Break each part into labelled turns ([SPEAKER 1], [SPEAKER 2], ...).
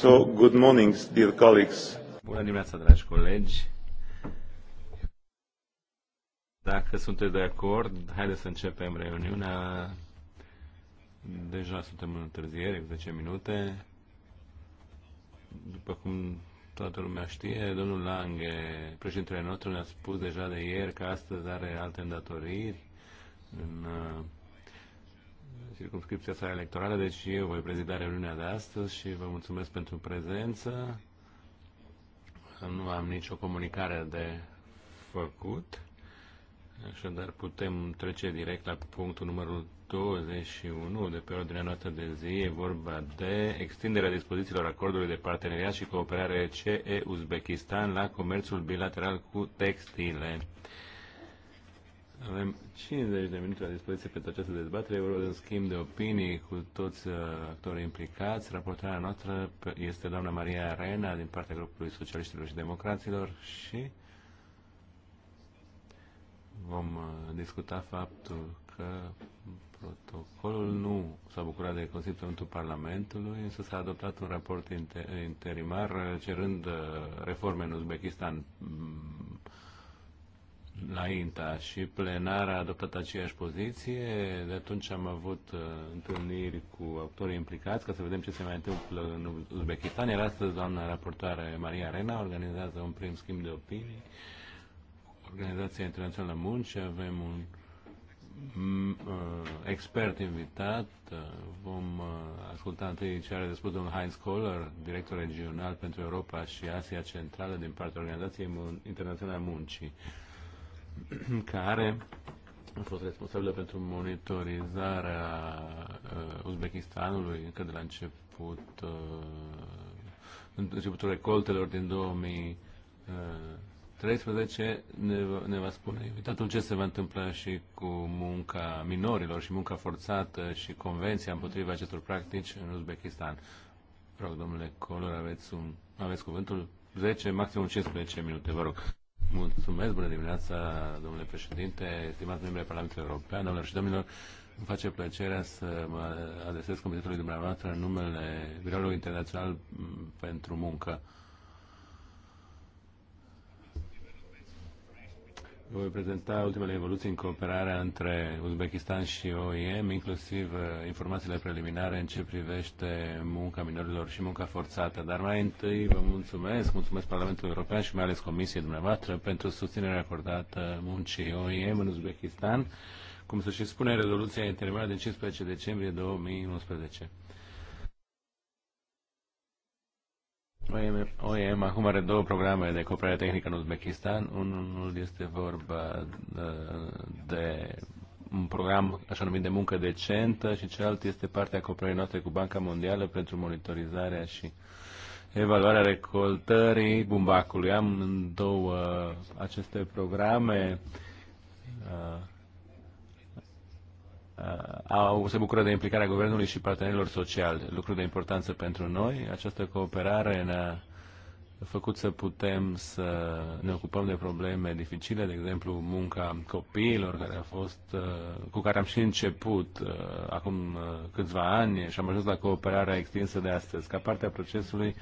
[SPEAKER 1] So, good morning, dear colleagues. Bună dimineața, dragi colegi. Dacă sunteți de acord, haideți să începem reuniunea. Deja suntem în întârziere, 10 minute. După cum toată lumea știe, domnul Lange, președintele nostru, ne-a spus deja de ieri că astăzi are alte îndatoriri în uh, circumscripția sa electorală, deci eu voi prezida reuniunea de astăzi și vă mulțumesc pentru prezență. Nu am nicio comunicare de făcut, așadar putem trece direct la punctul numărul 21 de pe ordinea noastră de zi. E vorba de extinderea dispozițiilor acordului de parteneriat și cooperare CE-Uzbekistan la comerțul bilateral cu textile. Avem 50 de minute la dispoziție pentru această dezbatere. Eu vorba de schimb de opinii cu toți uh, actorii implicați. Raportarea noastră este doamna Maria Arena din partea grupului Socialiștilor și Democraților și vom uh, discuta faptul că protocolul nu s-a bucurat de consimțământul Parlamentului, însă s-a adoptat un raport inter interimar uh, cerând reforme în Uzbekistan înaintea și plenara a adoptat aceeași poziție. De atunci am avut uh, întâlniri cu actorii implicați ca să vedem ce se mai întâmplă în Uzbekistan. Iar astăzi doamna raportoare Maria Arena organizează un prim schimb de opinii. Organizația Internațională Munci. avem un mm, uh, expert invitat. Uh, vom uh, asculta întâi ce are de spus domnul Heinz Kohler, director regional pentru Europa și Asia Centrală din partea Organizației Internaționale a Muncii. care a fost responsabilă pentru monitorizarea uh, Uzbekistanului încă de la început, uh, începutul recoltelor din 2013, uh, ne, va, ne va spune invitatul ce se va întâmpla și cu munca minorilor și munca forțată și convenția împotriva acestor practici în Uzbekistan. Rog, domnule Color, aveți, un, aveți cuvântul 10, maximum 15 minute, vă rog. Mulțumesc, bună dimineața, domnule președinte, stimați membri ai Parlamentului European, domnilor și domnilor. Îmi face plăcerea să mă adresez Comitetului dumneavoastră în numele Biroului Internațional pentru Muncă. voi prezenta ultimele evoluții în cooperarea între Uzbekistan și OIM, inclusiv uh, informațiile preliminare în ce privește munca minorilor și munca forțată. Dar mai întâi vă mulțumesc, mulțumesc Parlamentului European și mai ales Comisiei dumneavoastră pentru susținerea acordată muncii OIM în Uzbekistan, cum să și spune rezoluția interimară din 15 decembrie 2011. OIM, OIM acum are două programe de cooperare tehnică în Uzbekistan. Unul este vorba de, uh, de un program așa numit de muncă decentă și celălalt este partea cooperării noastre cu Banca Mondială pentru monitorizarea și evaluarea recoltării bumbacului. Am în două uh, aceste programe. Uh, Uh, au, se bucură de implicarea guvernului și partenerilor sociali, lucru de importanță pentru noi. Această cooperare ne-a făcut să putem să ne ocupăm de probleme dificile, de exemplu munca copiilor care a fost, uh, cu care am și început uh, acum câțiva ani și am ajuns la cooperarea extinsă de astăzi. Ca parte a procesului,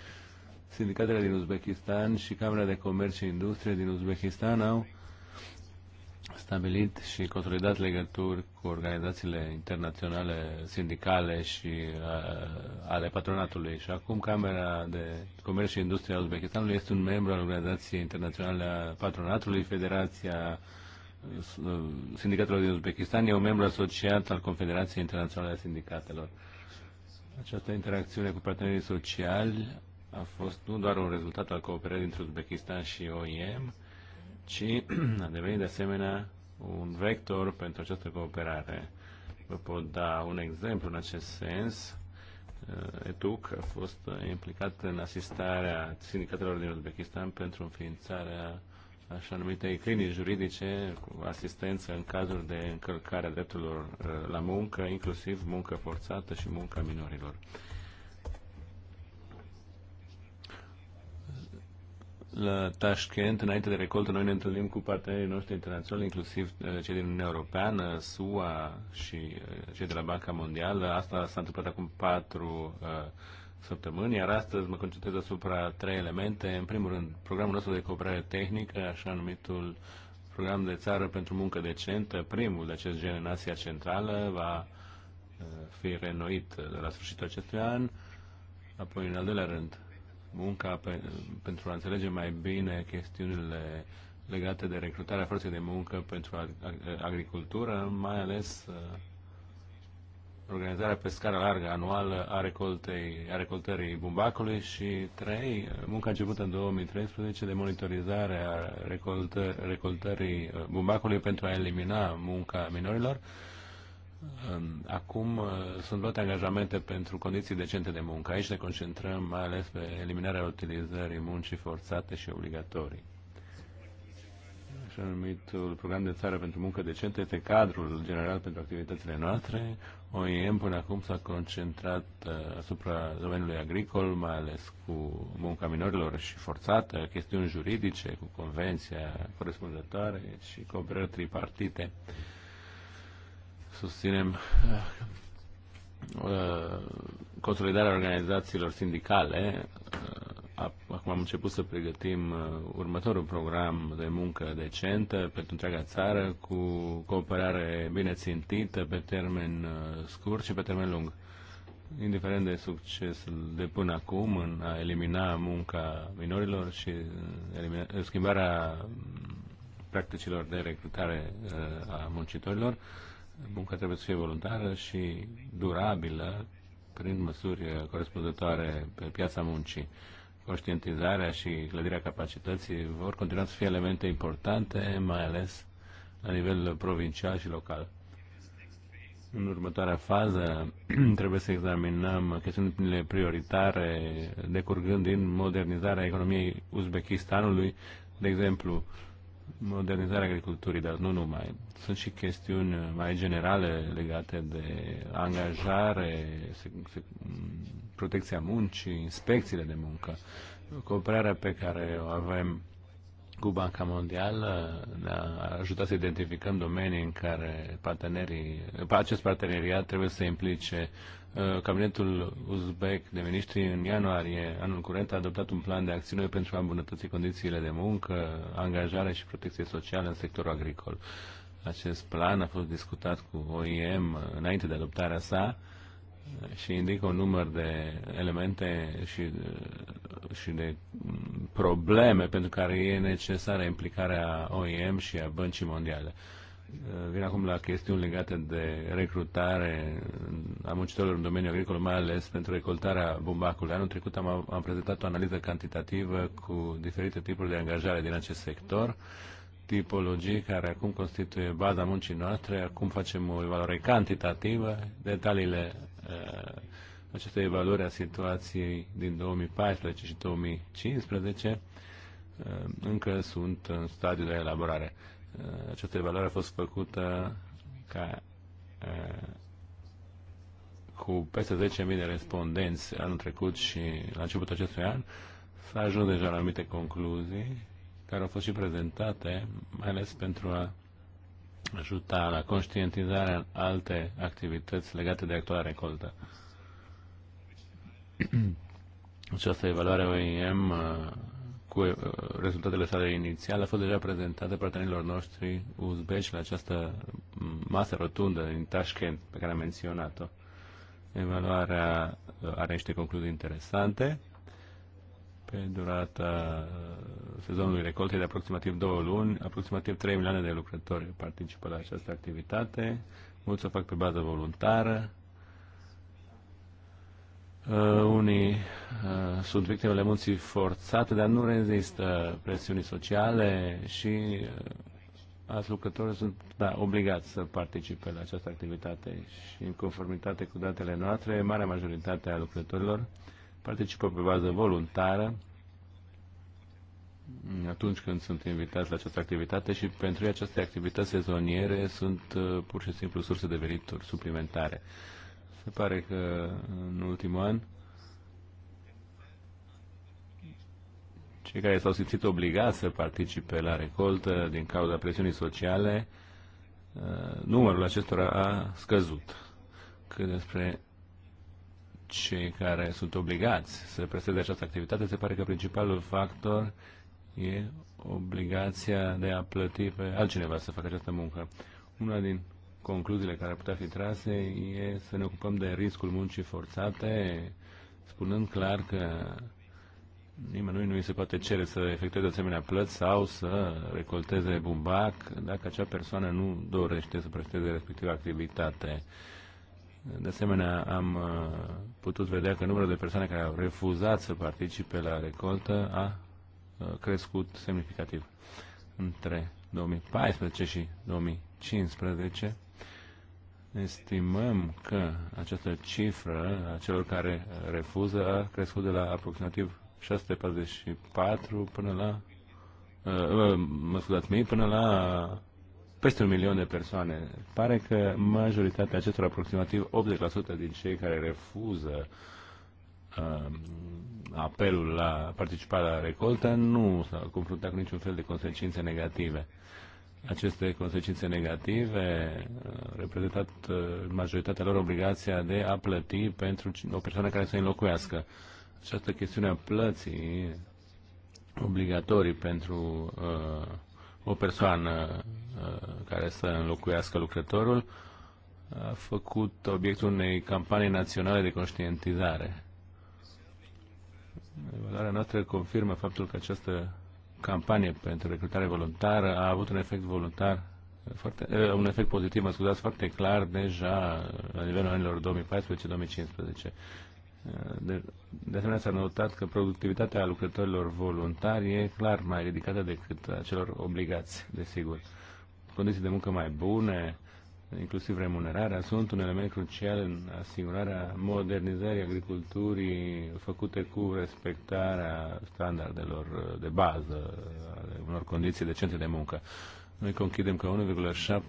[SPEAKER 1] sindicatele din Uzbekistan și Camera de Comerț și Industrie din Uzbekistan au stabilit și consolidat legături cu organizațiile internaționale, sindicale și uh, ale patronatului. Și acum Camera de Comerț și Industrie a Uzbekistanului este un membru al Organizației Internaționale a Patronatului, Federația uh, Sindicatelor din Uzbekistan e un membru asociat al Confederației Internaționale a Sindicatelor. Această interacțiune cu partenerii sociali a fost nu doar un rezultat al cooperării dintre Uzbekistan și OIM, ci a devenit de asemenea un vector pentru această cooperare. Vă pot da un exemplu în acest sens. Uh, ETUC a fost implicat în asistarea sindicatelor din Uzbekistan pentru înființarea așa numite clinici juridice cu asistență în cazuri de încălcare a drepturilor uh, la muncă, inclusiv muncă forțată și munca minorilor. la Tashkent, înainte de recoltă, noi ne întâlnim cu partenerii noștri internaționali, inclusiv uh, cei din Uniunea Europeană, SUA și uh, cei de la Banca Mondială. Asta s-a întâmplat acum patru uh, săptămâni, iar astăzi mă concentrez asupra trei elemente. În primul rând, programul nostru de cooperare tehnică, așa numitul program de țară pentru muncă decentă, primul de acest gen în Asia Centrală, va fi renoit de la sfârșitul acestui an. Apoi, în al doilea rând, munca pe, pentru a înțelege mai bine chestiunile legate de recrutarea forței de muncă pentru agricultură, mai ales uh, organizarea pe scară largă anuală a, recoltei, a recoltării bumbacului și, trei, munca începută în 2013 de monitorizare a recoltă, recoltării uh, bumbacului pentru a elimina munca minorilor Acum uh, sunt luate angajamente pentru condiții decente de muncă. Aici ne concentrăm mai ales pe eliminarea utilizării muncii forțate și obligatorii. Așa numitul program de țară pentru muncă decentă este cadrul general pentru activitățile noastre. OIM până acum s-a concentrat uh, asupra domeniului agricol, mai ales cu munca minorilor și forțată, chestiuni juridice, cu convenția corespunzătoare și cooperări tripartite susținem uh, consolidarea organizațiilor sindicale. Uh, acum am început să pregătim uh, următorul program de muncă decentă pentru întreaga țară cu cooperare bine țintită pe termen scurt și pe termen lung. Indiferent de succesul de până acum în a elimina munca minorilor și elimina, schimbarea mm, practicilor de recrutare a muncitorilor, munca trebuie să fie voluntară și durabilă prin măsuri corespunzătoare pe piața muncii. Conștientizarea și clădirea capacității vor continua să fie elemente importante, mai ales la nivel provincial și local. În următoarea fază trebuie să examinăm chestiunile prioritare decurgând din modernizarea economiei Uzbekistanului, de exemplu, modernizarea agriculturii, dar nu numai. Sunt și chestiuni mai generale legate de angajare, protecția muncii, inspecțiile de muncă, cooperarea pe care o avem cu Banca Mondială ne-a ajutat să identificăm domenii în care partenerii, acest parteneriat trebuie să implice Uh, cabinetul uzbek de ministri în ianuarie anul curent a adoptat un plan de acțiune pentru a îmbunătăți condițiile de muncă, angajare și protecție socială în sectorul agricol. Acest plan a fost discutat cu OIM înainte de adoptarea sa și indică un număr de elemente și, uh, și de mm, probleme pentru care e necesară implicarea OIM și a Băncii Mondiale. Eh, vin acum la chestiuni legate de recrutare a muncitorilor în domeniul agricol, mai ales pentru recoltarea bumbacului. Anul trecut am, am prezentat o analiză cantitativă cu diferite tipuri de angajare din acest sector, tipologii care acum constituie baza muncii noastre. Acum facem o evaluare cantitativă. Detaliile uh, acestei evaluări a situației din 2014 și 2015 uh, eh, încă sunt în stadiu de elaborare. Uh, această evaluare a fost făcută ca uh, cu peste 10.000 de respondenți anul trecut și la începutul acestui an, s-a ajuns deja la anumite concluzii care au fost și prezentate, mai ales pentru a ajuta la conștientizarea în alte activități legate de actuala recoltă. Această evaluare OIM uh, cu uh, rezultatele sale inițiale a fost deja prezentată partenerilor noștri uzbeci la această masă rotundă din Tashkent pe care am menționat-o. Evaluarea uh, are niște concluzii interesante pe durata uh, sezonului recolte de aproximativ două luni, aproximativ 3 milioane de lucrători participă la această activitate, mulți o fac pe bază voluntară, Uh, unii uh, sunt victimele munții forțate, dar nu rezistă presiunii sociale și uh, alți lucrători sunt da, obligați să participe la această activitate și în conformitate cu datele noastre, marea majoritate a lucrătorilor participă pe bază voluntară atunci când sunt invitați la această activitate și pentru ei aceste activități sezoniere sunt uh, pur și simplu surse de venituri suplimentare. Se pare că în ultimul an cei care s-au simțit obligați să participe la recoltă din cauza presiunii sociale, uh, numărul acestora a scăzut. Cât despre cei care sunt obligați să presteze această activitate, se pare că principalul factor e obligația de a plăti pe altcineva să facă această muncă. Una din concluziile care ar putea fi trase e să ne ocupăm de riscul muncii forțate, spunând clar că nimănui nu îi se poate cere să efectueze asemenea plăți sau să recolteze bumbac dacă acea persoană nu dorește să presteze respectiva activitate. De asemenea, am uh, putut vedea că numărul de persoane care au refuzat să participe la recoltă a uh, crescut semnificativ între 2014 și 2015. Estimăm că această cifră a celor care refuză a crescut de la aproximativ 644 până la, uh, uh, mă scuzați mii, până la peste un milion de persoane. Pare că majoritatea acestor, aproximativ 80% din cei care refuză uh, apelul la participarea la recoltă, nu s au confruntat cu niciun fel de consecințe negative aceste consecințe negative, uh, reprezentat uh, majoritatea lor obligația de a plăti pentru o persoană care să înlocuiască. Această chestiune a plății obligatorii pentru uh, o persoană uh, care să înlocuiască lucrătorul a făcut obiectul unei campanii naționale de conștientizare. Evaluarea noastră confirmă faptul că această campanie pentru recrutare voluntară a avut un efect voluntar foarte, eh, un efect pozitiv, mă scuzați, foarte clar deja la nivelul anilor 2014-2015. Eh, de, de asemenea, s-a notat că productivitatea lucrătorilor voluntari e clar mai ridicată decât a celor obligați, desigur. Condiții de muncă mai bune, inclusiv remunerarea, sunt un element crucial în asigurarea modernizării agriculturii făcute cu respectarea standardelor de bază, ale unor condiții decente de muncă. Noi conchidem că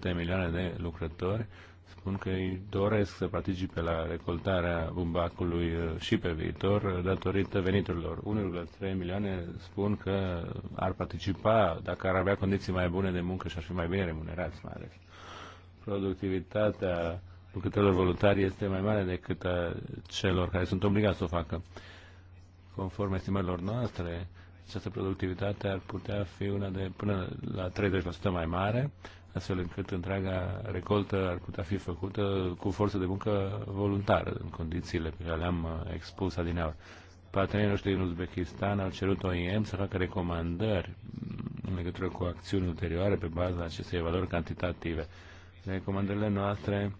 [SPEAKER 1] 1,7 milioane de lucrători spun că îi doresc să participe la recoltarea bumbacului și pe viitor datorită veniturilor. 1,3 milioane spun că ar participa dacă ar avea condiții mai bune de muncă și ar fi mai bine remunerați, mai ales productivitatea lucrătorilor voluntari este mai mare decât a celor care sunt obligați să o facă. Conform estimărilor noastre, această productivitate ar putea fi una de până la 30% mai mare, astfel încât întreaga recoltă ar putea fi făcută cu forță de muncă voluntară, în condițiile pe care le-am uh, expus adineaur. Partenerii noștri din Uzbekistan au cerut OIM să facă recomandări mm, în legătură cu acțiuni ulterioare pe baza acestei valori cantitative. Recomandările noastre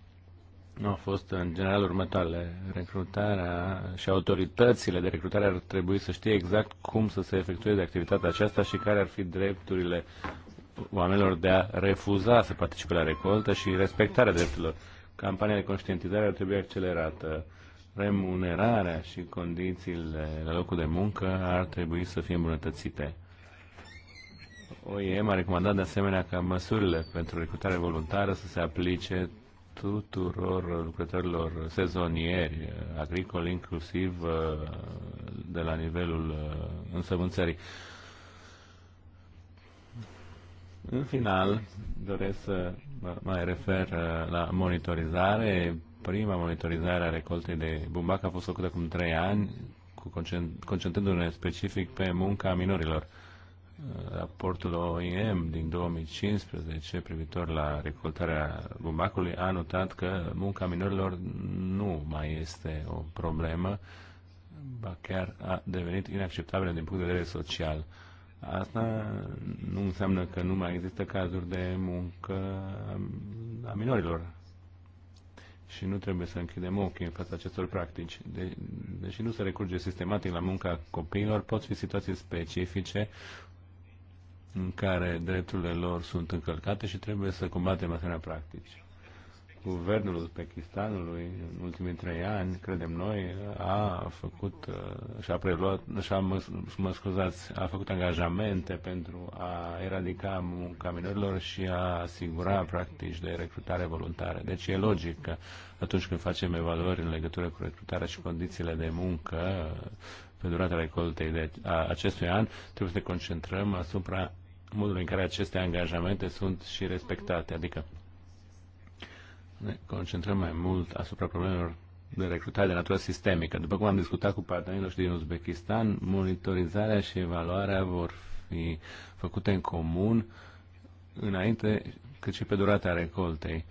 [SPEAKER 1] au fost în general următoarele. Recrutarea și autoritățile de recrutare ar trebui să știe exact cum să se efectueze activitatea aceasta și care ar fi drepturile oamenilor de a refuza să participe la recoltă și respectarea drepturilor. Campania de conștientizare ar trebui accelerată. Remunerarea și condițiile la locul de muncă ar trebui să fie îmbunătățite. OIM a recomandat de asemenea ca măsurile pentru recrutare voluntară să se aplice tuturor lucrătorilor sezonieri uh, agricoli, inclusiv uh, de la nivelul uh, însămânțării. În final, doresc să mai refer la monitorizare. Prima monitorizare a recoltei de bumbac a fost făcută acum trei ani, concentrându-ne specific pe munca minorilor raportul OIM din 2015 privitor la recoltarea bumbacului a notat că munca minorilor nu mai este o problemă, ba chiar a devenit inacceptabilă din punct de vedere social. Asta nu înseamnă că nu mai există cazuri de muncă a minorilor și nu trebuie să închidem ochii în fața acestor practici. De, deși nu se recurge sistematic la munca copiilor, pot fi situații specifice în care drepturile lor sunt încălcate și trebuie să combatem asemenea practici. Guvernul Uzbekistanului în ultimii trei ani, credem noi, a făcut uh, și-a preluat, și-a, mă, mă scuzați, a făcut angajamente pentru a eradica munca minorilor și a asigura practici de recrutare voluntară. Deci e logic că atunci când facem evaluări în legătură cu recrutarea și condițiile de muncă uh, pe durata recoltei de a acestui an, trebuie să ne concentrăm asupra modul în care aceste angajamente sunt și respectate, adică ne concentrăm mai mult asupra problemelor de recrutare de natură sistemică. După cum am discutat cu partenerii noștri din Uzbekistan, monitorizarea și evaluarea vor fi făcute în comun înainte cât și pe durata recoltei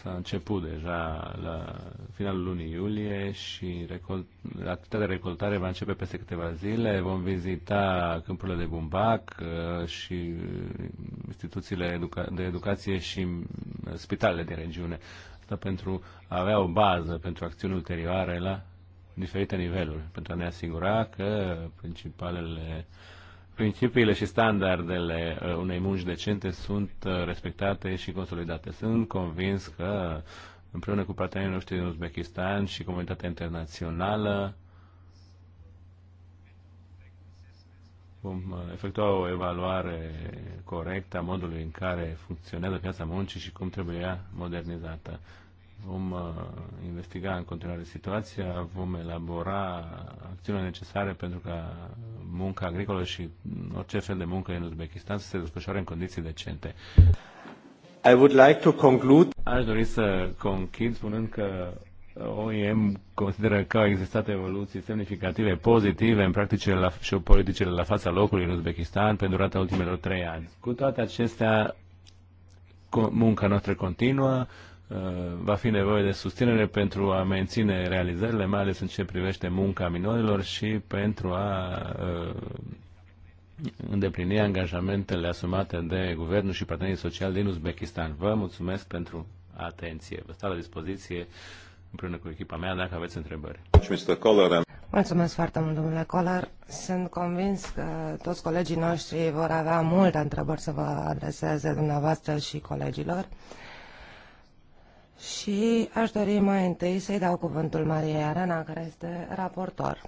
[SPEAKER 1] s-a început deja la finalul lunii iulie și recol- activitatea de recoltare va începe peste câteva zile. Vom vizita câmpurile de bumbac uh, și uh, instituțiile educa- de educație și uh, spitalele din regiune. Asta pentru a avea o bază pentru acțiuni ulterioare la diferite niveluri, pentru a ne asigura că principalele uh, principiile și standardele uh, unei munci decente sunt uh, respectate și consolidate. Sunt convins că împreună cu partenerii noștri din Uzbekistan și comunitatea internațională vom uh, efectua o evaluare corectă a modului în care funcționează piața muncii și cum trebuie ea modernizată. Vom uh, investiga în continuare situația, vom elabora acțiunile necesare pentru ca munca agricolă și orice fel de muncă în Uzbekistan să se desfășoare în condiții decente. I would like to conclude. Aș dori să conchid spunând că OIM consideră că au existat evoluții semnificative pozitive în practicile la, și politicile la fața locului în Uzbekistan pe durata ultimelor trei ani. Cu toate acestea, munca noastră continuă, Uh, va fi nevoie de susținere pentru a menține realizările, mai ales în ce privește munca minorilor și pentru a uh, îndeplini angajamentele asumate de guvernul și partenerii sociali din Uzbekistan. Vă mulțumesc pentru atenție. Vă stau la dispoziție împreună cu echipa mea dacă aveți întrebări.
[SPEAKER 2] Mulțumesc foarte mult, domnule Colar. Sunt convins că toți colegii noștri vor avea multe întrebări să vă adreseze dumneavoastră și colegilor. Și aș dori mai întâi să-i dau cuvântul Mariei Arena, care este raportor.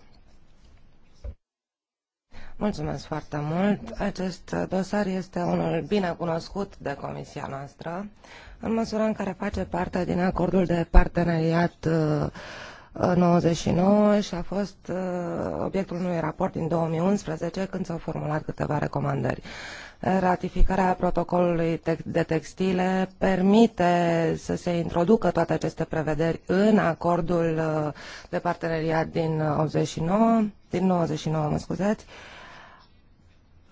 [SPEAKER 2] Mulțumesc foarte mult. Acest dosar este unul bine cunoscut de comisia noastră, în măsura în care face parte din acordul de parteneriat 99 uh, uh, și a fost uh, obiectul unui raport din 2011 când s-au formulat câteva recomandări. Ratificarea protocolului de textile permite să se introducă toate aceste prevederi în acordul uh, de parteneriat din 89, uh, din 99, mă scuzați,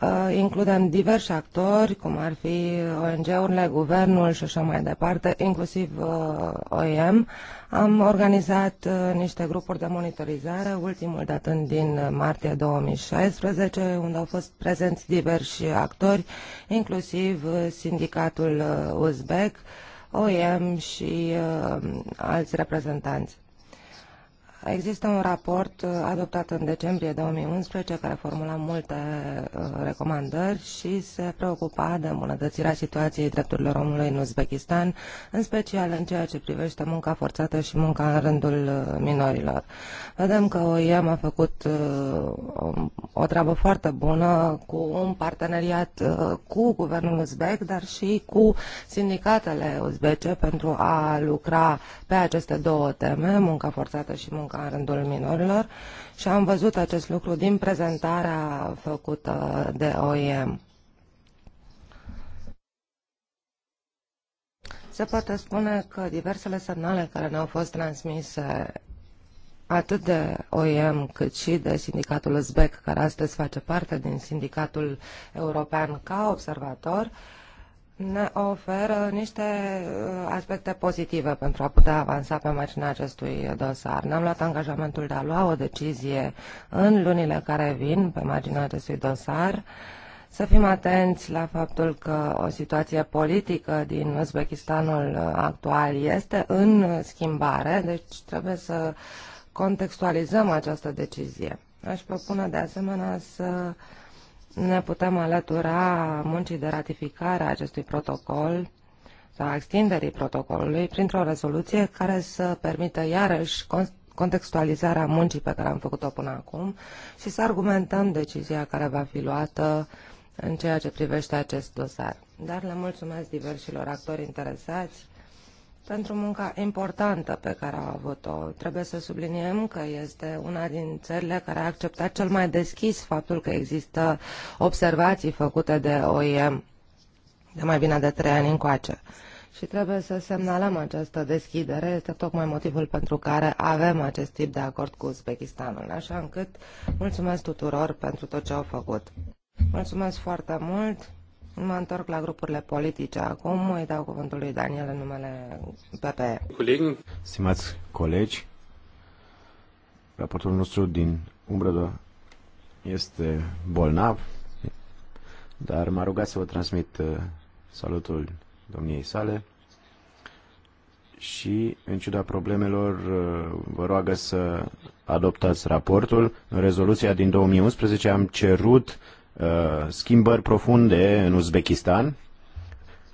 [SPEAKER 2] Uh, includem diversi actori, cum ar fi ONG-urile, guvernul și așa mai departe, inclusiv uh, OIM. Am organizat uh, niște grupuri de monitorizare, ultimul datând din martie 2016, unde au fost prezenți diversi actori, inclusiv sindicatul uzbek, OIM și alți reprezentanți. Există un raport uh, adoptat în decembrie 2011 care formula multe uh, recomandări și se preocupa de îmbunătățirea situației drepturilor omului în Uzbekistan, în special în ceea ce privește munca forțată și munca în rândul uh, minorilor. Vedem că OIM a făcut um, o treabă foarte bună cu un parteneriat cu guvernul uzbek, dar și cu sindicatele uzbece pentru a lucra pe aceste două teme, munca forțată și munca munca în rândul minorilor și am văzut acest lucru din prezentarea făcută de OIM. Se poate spune că diversele semnale care ne-au fost transmise atât de OIM cât și de sindicatul Uzbek, care astăzi face parte din sindicatul european ca observator, uh, ne oferă niște uh, aspecte pozitive pentru a putea avansa pe marginea acestui dosar. Ne-am luat angajamentul de a lua o decizie în lunile care vin pe marginea acestui dosar să fim atenți la faptul că o situație politică din Uzbekistanul actual este în schimbare, deci trebuie să contextualizăm această decizie. Aș propune de asemenea să uh, ne putem alătura muncii de ratificare a acestui protocol sau a extinderii protocolului printr-o rezoluție care să permită iarăși contextualizarea muncii pe care am făcut-o până acum și să argumentăm decizia care va fi luată în ceea ce privește acest dosar. Dar le mulțumesc diversilor actori interesați pentru munca importantă pe care a avut-o. Trebuie să subliniem că este una din țările care a acceptat cel mai deschis faptul că există observații făcute de OIM de mai bine de trei ani încoace. Și trebuie să semnalăm această deschidere, este tocmai motivul pentru care avem acest tip de acord cu Uzbekistanul, așa încât mulțumesc tuturor pentru tot ce au făcut. Mulțumesc foarte mult! Mă întorc la grupurile politice acum, îi dau cuvântul lui Daniel în numele PPE. Colegi,
[SPEAKER 3] stimați colegi, raportul nostru din umbră este bolnav, dar m-a rugat să vă transmit uh, salutul domniei sale și, în ciuda problemelor, uh, vă roagă să adoptați raportul. În rezoluția din 2011 am cerut Uh, schimbări profunde în Uzbekistan,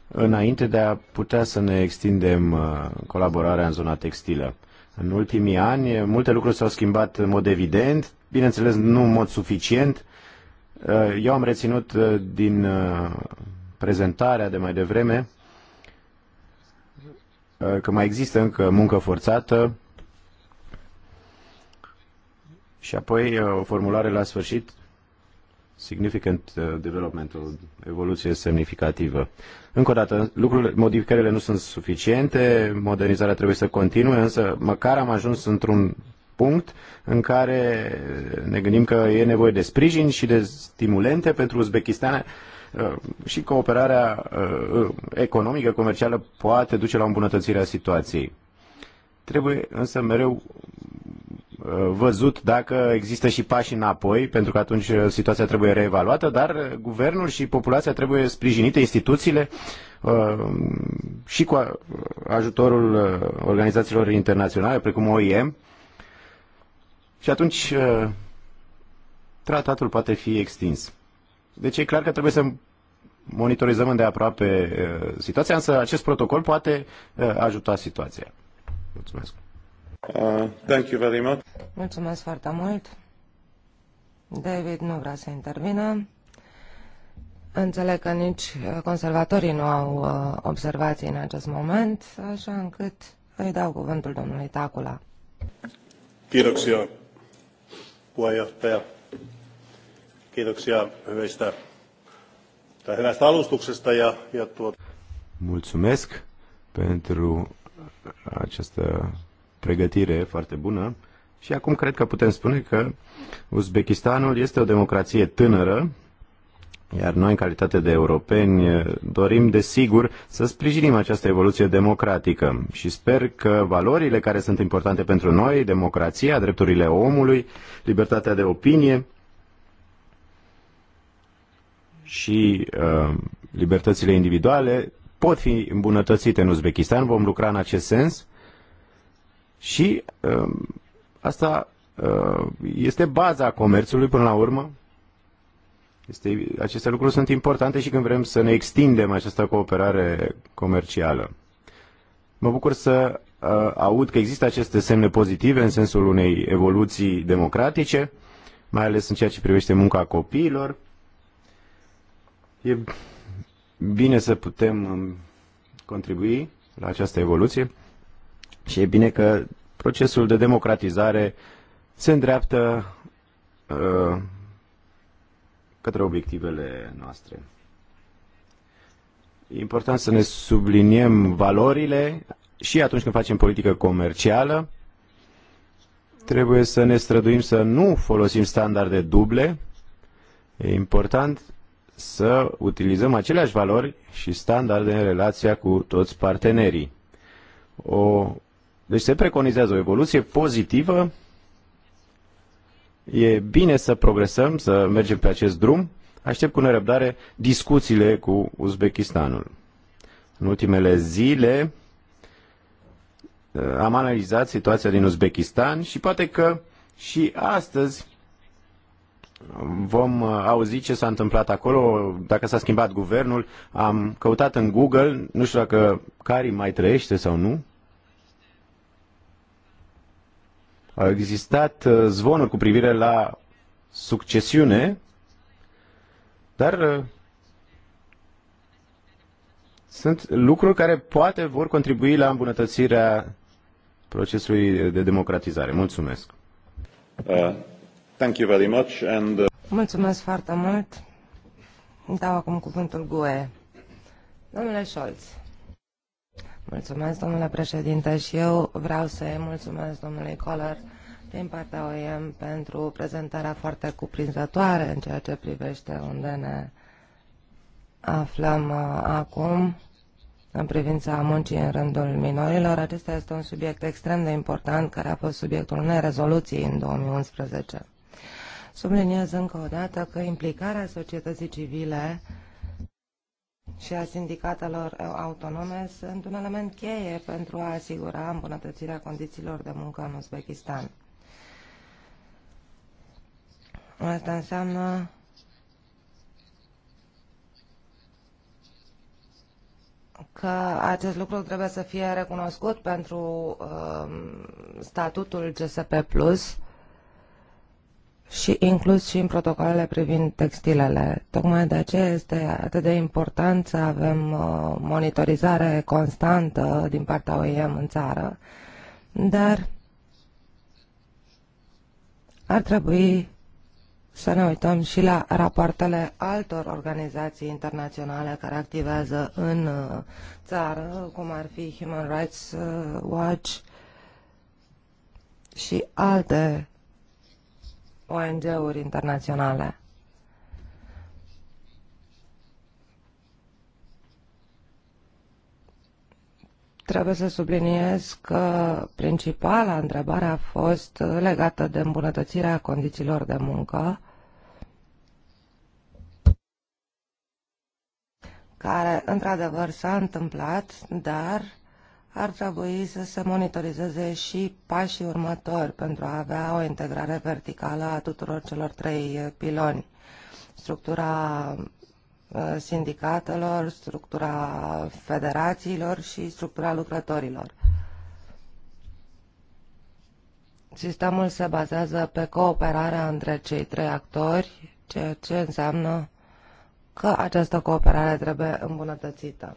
[SPEAKER 3] înainte de a putea să ne extindem uh, colaborarea în zona textilă. În ultimii ani, multe lucruri s-au schimbat în mod evident, bineînțeles nu în mod suficient. Uh, eu am reținut din prezentarea de mai devreme că mai există încă muncă forțată și apoi o formulare la sfârșit significant uh, o evoluție semnificativă. Încă o dată, lucrurile, modificările nu sunt suficiente, modernizarea trebuie să continue, însă măcar am ajuns într-un punct în care ne gândim că e nevoie de sprijin și de stimulente pentru Uzbekistan uh, și cooperarea uh, economică, comercială poate duce la îmbunătățirea situației. Trebuie însă mereu văzut dacă există și pași înapoi, pentru că atunci uh, situația trebuie reevaluată, dar uh, guvernul și populația trebuie sprijinite, instituțiile uh, și cu ajutorul organizațiilor internaționale, precum OIM. Și atunci tratatul poate fi extins. Deci e clar că trebuie să monitorizăm îndeaproape situația, însă acest protocol poate ajuta situația.
[SPEAKER 1] Mulțumesc. Uh, thank you very much.
[SPEAKER 2] Mulțumesc foarte mult. David nu vrea să intervină. Înțeleg că nici conservatorii nu au uh, observații în acest moment, așa încât îi dau cuvântul domnului Tacula.
[SPEAKER 3] Kiitoksia, puheenjohtaja. Kiitoksia hyvistä tai hyvästä alustuksesta ja, ja tuot... Mulțumesc pentru această pregătire foarte bună și acum cred că putem spune că Uzbekistanul este o democrație tânără, iar noi, în calitate de europeni, dorim, desigur, să sprijinim această evoluție democratică și sper că valorile care sunt importante pentru noi, democrația, drepturile omului, libertatea de opinie și uh, libertățile individuale, pot fi îmbunătățite în Uzbekistan. Vom lucra în acest sens și um, asta uh, este baza comerțului până la urmă. Este, aceste lucruri sunt importante și când vrem să ne extindem această cooperare comercială. Mă bucur să uh, aud că există aceste semne pozitive în sensul unei evoluții democratice, mai ales în ceea ce privește munca copiilor. E bine să putem um, contribui la această evoluție. Și e bine că procesul de democratizare se îndreaptă uh, către obiectivele noastre. E important să ne subliniem valorile și atunci când facem politică comercială. Trebuie să ne străduim să nu folosim standarde duble. E important să utilizăm aceleași valori și standarde în relația cu toți partenerii. O deci se preconizează o evoluție pozitivă. E bine să progresăm, să mergem pe acest drum. Aștept cu nerăbdare discuțiile cu Uzbekistanul. În ultimele zile uh, am analizat situația din Uzbekistan și poate că și astăzi vom uh, auzi ce s-a întâmplat acolo, dacă s-a schimbat guvernul. Am căutat în Google, nu știu dacă Cari mai trăiește sau nu. Au existat uh, zvonuri cu privire la succesiune, dar uh, sunt lucruri care poate vor contribui la îmbunătățirea procesului de democratizare. Mulțumesc. Uh, thank you very much
[SPEAKER 1] and, uh...
[SPEAKER 2] Mulțumesc foarte mult. Îmi dau acum cuvântul GUE. Domnule Scholz. Mulțumesc, domnule președinte, și eu vreau să-i mulțumesc domnului Coller din partea OIM pentru prezentarea foarte cuprinzătoare în ceea ce privește unde ne aflăm uh, acum în privința muncii în rândul minorilor. Acesta este un subiect extrem de important care a fost subiectul unei rezoluții în 2011. Subliniez încă o dată că implicarea societății civile și a sindicatelor autonome sunt un element cheie pentru a asigura îmbunătățirea condițiilor de muncă în Uzbekistan. Asta înseamnă că acest lucru trebuie să fie recunoscut pentru uh, statutul GSP Plus și inclus și în protocoalele privind textilele. Tocmai de aceea este atât de important să avem uh, monitorizare constantă din partea OEM în țară, dar ar trebui să ne uităm și la rapoartele altor organizații internaționale care activează în uh, țară, cum ar fi Human Rights uh, Watch și alte ONG-uri internaționale. Trebuie să subliniez că principala întrebare a fost legată de îmbunătățirea condițiilor de muncă, care într-adevăr s-a întâmplat, dar ar trebui să se monitorizeze și pașii următori pentru a avea o integrare verticală a tuturor celor trei eh, piloni. Structura eh, sindicatelor, structura federațiilor și structura lucrătorilor. Sistemul se bazează pe cooperarea între cei trei actori, ceea ce înseamnă că această cooperare trebuie îmbunătățită.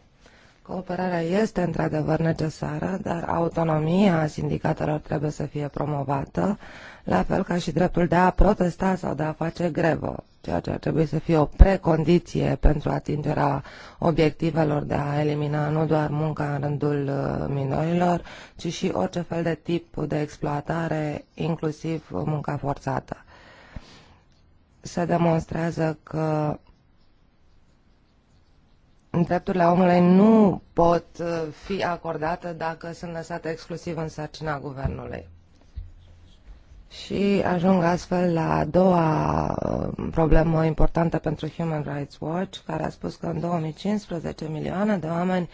[SPEAKER 2] Cooperarea este într-adevăr necesară, dar autonomia sindicatelor trebuie să fie promovată, la fel ca și dreptul de a protesta sau de a face grevă, ceea ce ar trebui să fie o precondiție pentru atingerea obiectivelor de a elimina nu doar munca în rândul uh, minorilor, ci și orice fel de tip de exploatare, inclusiv munca forțată. Se demonstrează că drepturile omului nu pot uh, fi acordate dacă sunt lăsate exclusiv în sarcina guvernului. Și ajung astfel la a doua uh, problemă importantă pentru Human Rights Watch, care a spus că în 2015 milioane de oameni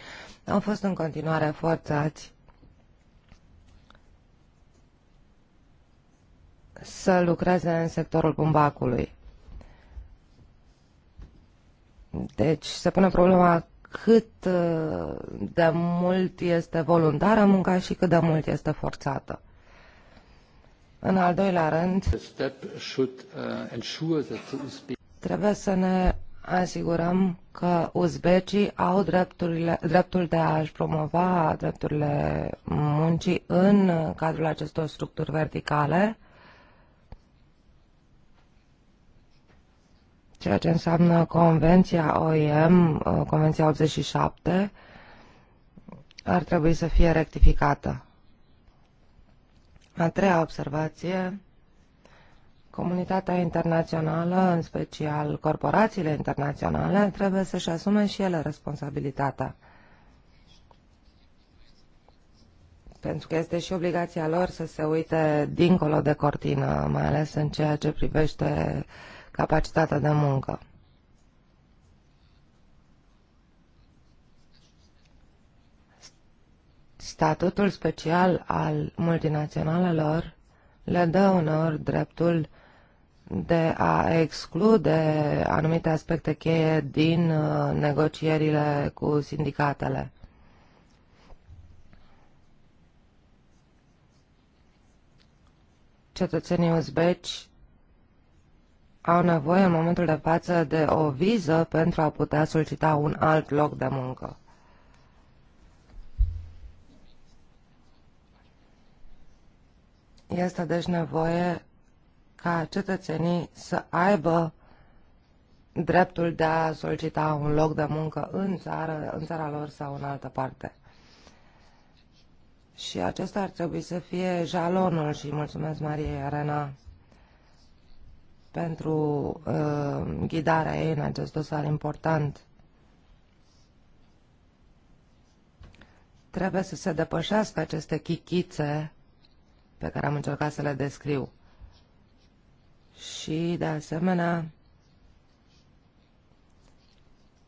[SPEAKER 2] au fost în continuare forțați să lucreze în sectorul bumbacului. Deci se pune problema cât uh, de mult este voluntară munca și cât de mult este forțată. În al doilea rând, uh, trebuie să ne asigurăm că uzbecii au drepturile, dreptul de a-și promova drepturile muncii în uh, cadrul acestor structuri verticale ceea ce înseamnă Convenția OIM, uh, Convenția 87, ar trebui să fie rectificată. A treia observație, comunitatea internațională, în special corporațiile internaționale, trebuie să-și asume și ele responsabilitatea. Pentru că este și obligația lor să se uite dincolo de cortină, mai ales în ceea ce privește uh, capacitatea de muncă. Statutul special al multinaționalelor le dă uneori dreptul de a exclude anumite aspecte cheie din uh, negocierile cu sindicatele. Cetățenii uzbeci au nevoie în momentul de față de o viză pentru a putea solicita un alt loc de muncă. Este deci nevoie ca cetățenii să aibă dreptul de a solicita un loc de muncă în țară, în țara lor sau în altă parte. Și acesta ar trebui să fie jalonul și mulțumesc Mariei Arena pentru uh, ghidarea ei în acest dosar important. Trebuie să se depășească aceste chichițe pe care am încercat să le descriu. Și, de asemenea,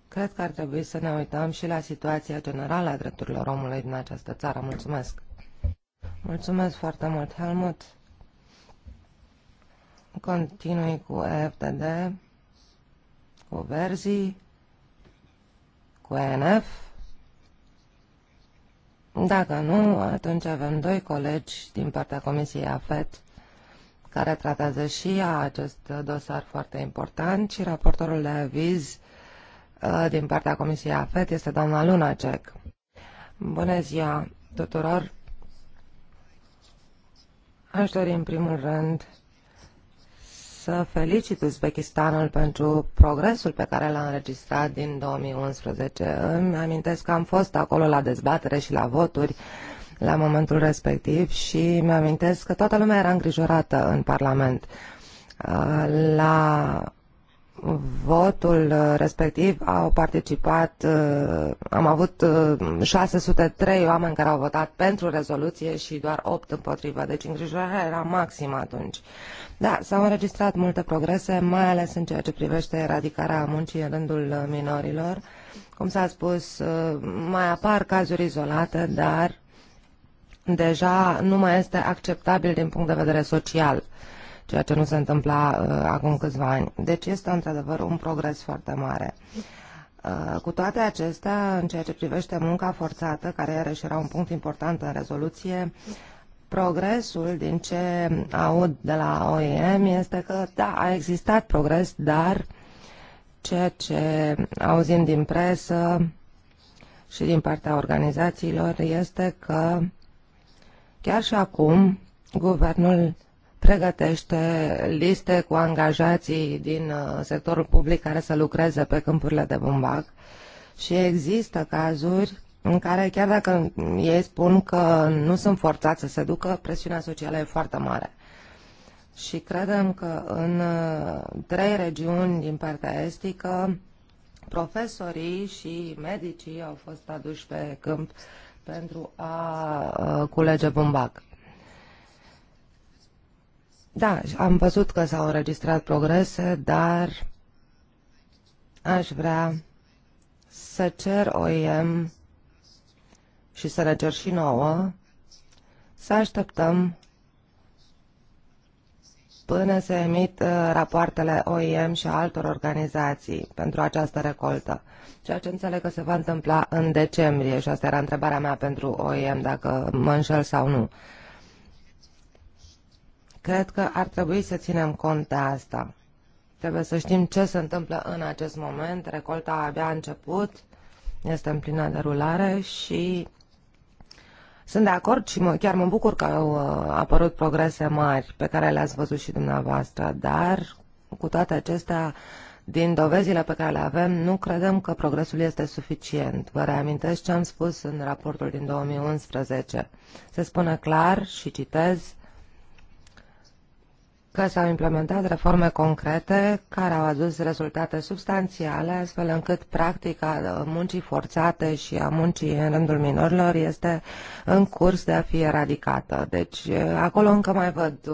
[SPEAKER 2] cred că ar trebui să ne uităm și la situația generală a drepturilor omului din această țară. Mulțumesc! Mulțumesc foarte mult, Helmut! Continui cu EFTD, cu Verzi, cu NF. Dacă nu, atunci avem doi colegi din partea Comisiei AFET care tratează și ea acest dosar foarte important și raportorul de aviz uh, din partea Comisiei AFET este doamna Lunacek. Bună ziua tuturor! Aș dori în primul rând să felicit Uzbekistanul pentru progresul pe care l-a înregistrat din 2011. Îmi amintesc că am fost acolo la dezbatere și la voturi la momentul respectiv și îmi amintesc că toată lumea era îngrijorată în Parlament. La votul uh, respectiv au participat, uh, am avut 603 uh, oameni care au votat pentru rezoluție și doar 8 împotrivă, deci îngrijorarea era maximă atunci. Da, s-au înregistrat multe progrese, mai ales în ceea ce privește eradicarea muncii în rândul minorilor. Cum s-a spus, mai apar cazuri izolate, dar deja nu mai este acceptabil din punct de vedere social. Uh, ceea ce nu se întâmpla uh, acum câțiva ani. Deci este într-adevăr un progres foarte mare. Uh, cu toate acestea, în ceea ce privește munca forțată, care iarăși era un punct important în rezoluție, progresul din ce aud de la OIM este că, da, a existat progres, dar ceea ce auzim din presă și din partea organizațiilor este că chiar și acum guvernul pregătește liste cu angajații din uh, sectorul public care să lucreze pe câmpurile de bumbac și există cazuri în care chiar dacă ei spun că nu sunt forțați să se ducă, presiunea socială e foarte mare. Și credem că în uh, trei regiuni din partea estică, profesorii și medicii au fost aduși pe câmp pentru a uh, culege bumbac. Da, am văzut că s-au înregistrat progrese, dar aș vrea să cer OIM și să ne cer și nouă să așteptăm până se emit uh, rapoartele OIM și a altor organizații pentru această recoltă, ceea ce înțeleg că se va întâmpla în decembrie și asta era întrebarea mea pentru OIM, dacă mă înșel sau nu. Cred că ar trebui să ținem cont de asta. Trebuie să știm ce se întâmplă în acest moment. Recolta abia a început, este în plină derulare și sunt de acord și mă, chiar mă bucur că au uh, apărut progrese mari pe care le-ați văzut și dumneavoastră, dar cu toate acestea, din dovezile pe care le avem, nu credem că progresul este suficient. Vă reamintesc ce am spus în raportul din 2011. Se spune clar și citez că s-au implementat reforme concrete care au adus rezultate substanțiale, astfel încât practica muncii forțate și a muncii în rândul minorilor este în curs de a fi eradicată. Deci acolo încă mai văd o,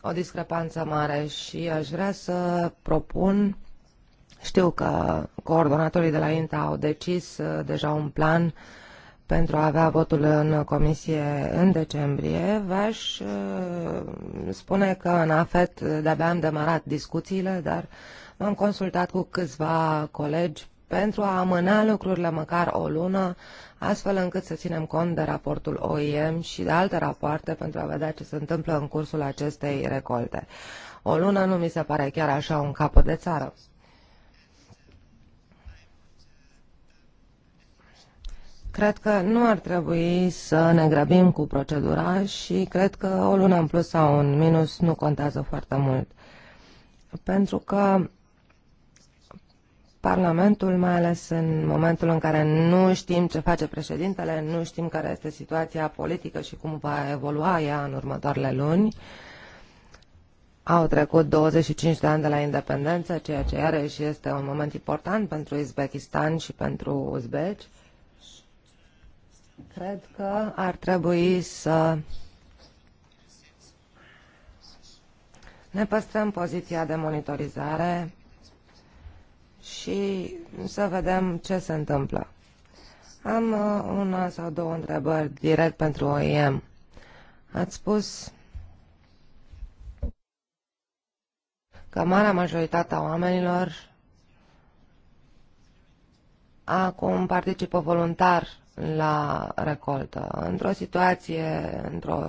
[SPEAKER 2] o discrepanță mare și aș vrea să propun, știu că coordonatorii de la INTA au decis deja un plan uh, pentru a avea votul în comisie în decembrie, v-aș uh, spune că în AFET de-abia am demarat discuțiile, dar m-am consultat cu câțiva colegi pentru a amâna lucrurile măcar o lună, astfel încât să ținem cont de raportul OIM și de alte rapoarte pentru a vedea ce se întâmplă în cursul acestei recolte. O lună nu mi se pare chiar așa un capăt de țară. Cred că nu ar trebui să ne grăbim cu procedura și cred că o lună în plus sau un minus nu contează foarte mult. Pentru că Parlamentul, mai ales în momentul în care nu știm ce face președintele, nu știm care este situația politică și cum va evolua ea în următoarele luni. Au trecut 25 de ani de la independență, ceea ce iarăși este un moment important pentru Uzbekistan și pentru uzbeci. Cred că ar trebui să ne păstrăm poziția de monitorizare și să vedem ce se întâmplă. Am uh, una sau două întrebări direct pentru OIM. Ați spus că marea majoritate a oamenilor acum participă voluntar la recoltă. Într-o situație, într-o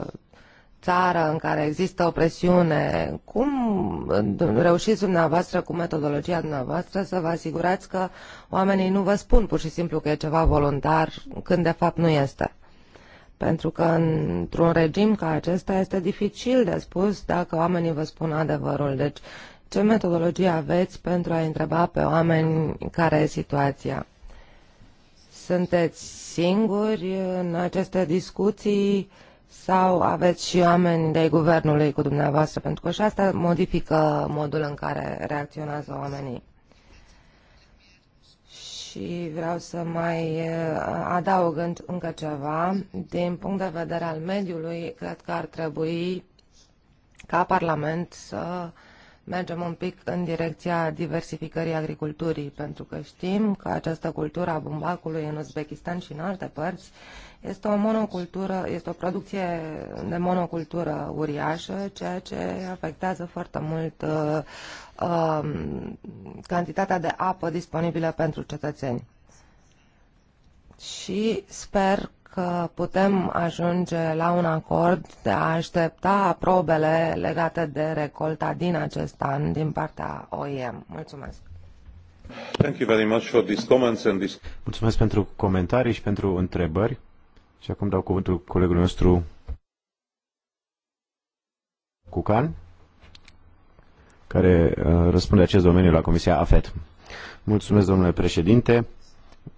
[SPEAKER 2] țară în care există o presiune, cum reușiți dumneavoastră cu metodologia dumneavoastră să vă asigurați că oamenii nu vă spun pur și simplu că e ceva voluntar când de fapt nu este? Pentru că într-un regim ca acesta este dificil de spus dacă oamenii vă spun adevărul. Deci, ce metodologie aveți pentru a întreba pe oameni care e situația? Sunteți singuri în aceste discuții sau aveți și oameni de guvernului cu dumneavoastră? Pentru că și asta modifică modul în care reacționează oamenii. Și vreau să mai eh, adaug încă ceva. Din punct de vedere al mediului, cred că ar trebui ca Parlament să uh, mergem un pic în direcția diversificării agriculturii, pentru că știm că această cultură a bumbacului în Uzbekistan și în alte părți este o monocultură, este o producție de monocultură uriașă, ceea ce afectează foarte mult uh, um, cantitatea de apă disponibilă pentru cetățeni. Și sper că putem ajunge la un acord de a aștepta probele legate de recolta din acest an din partea OIM. Mulțumesc!
[SPEAKER 1] Thank you very much for these comments and this...
[SPEAKER 3] Mulțumesc pentru comentarii și pentru întrebări. Și acum dau cuvântul colegului nostru Cucan, care uh, răspunde acest domeniu la Comisia AFET. Mulțumesc, domnule președinte.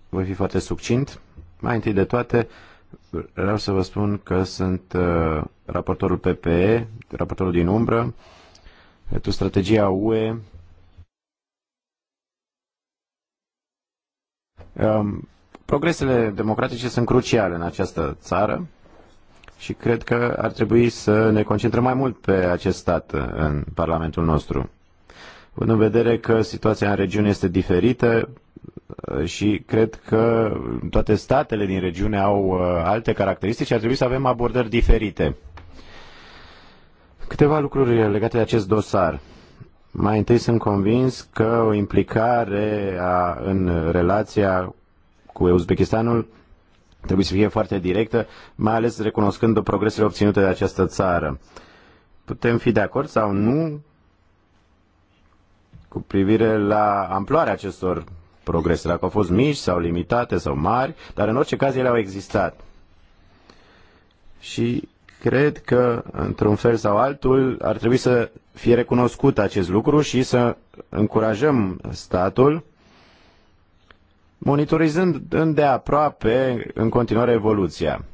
[SPEAKER 3] Voi fi foarte succint mai întâi de toate, vreau să vă spun că sunt uh, raportorul PPE, raportorul din umbră, pentru strategia UE. Um, progresele democratice sunt cruciale în această țară și cred că ar trebui să ne concentrăm mai mult pe acest stat în Parlamentul nostru. În vedere că situația în regiune este diferită, și cred că toate statele din regiune au uh, alte caracteristici și ar trebui să avem abordări diferite. Câteva lucruri legate de acest dosar. Mai întâi sunt convins că o implicare a, în relația cu Uzbekistanul trebuie să fie foarte directă, mai ales recunoscând progresele obținute de această țară. Putem fi de acord sau nu cu privire la amploarea acestor progresele, dacă au fost mici sau limitate sau mari, dar în orice caz ele au existat. Și cred că, într-un fel sau altul, ar trebui să fie recunoscut acest lucru și să încurajăm statul monitorizând îndeaproape în continuare evoluția.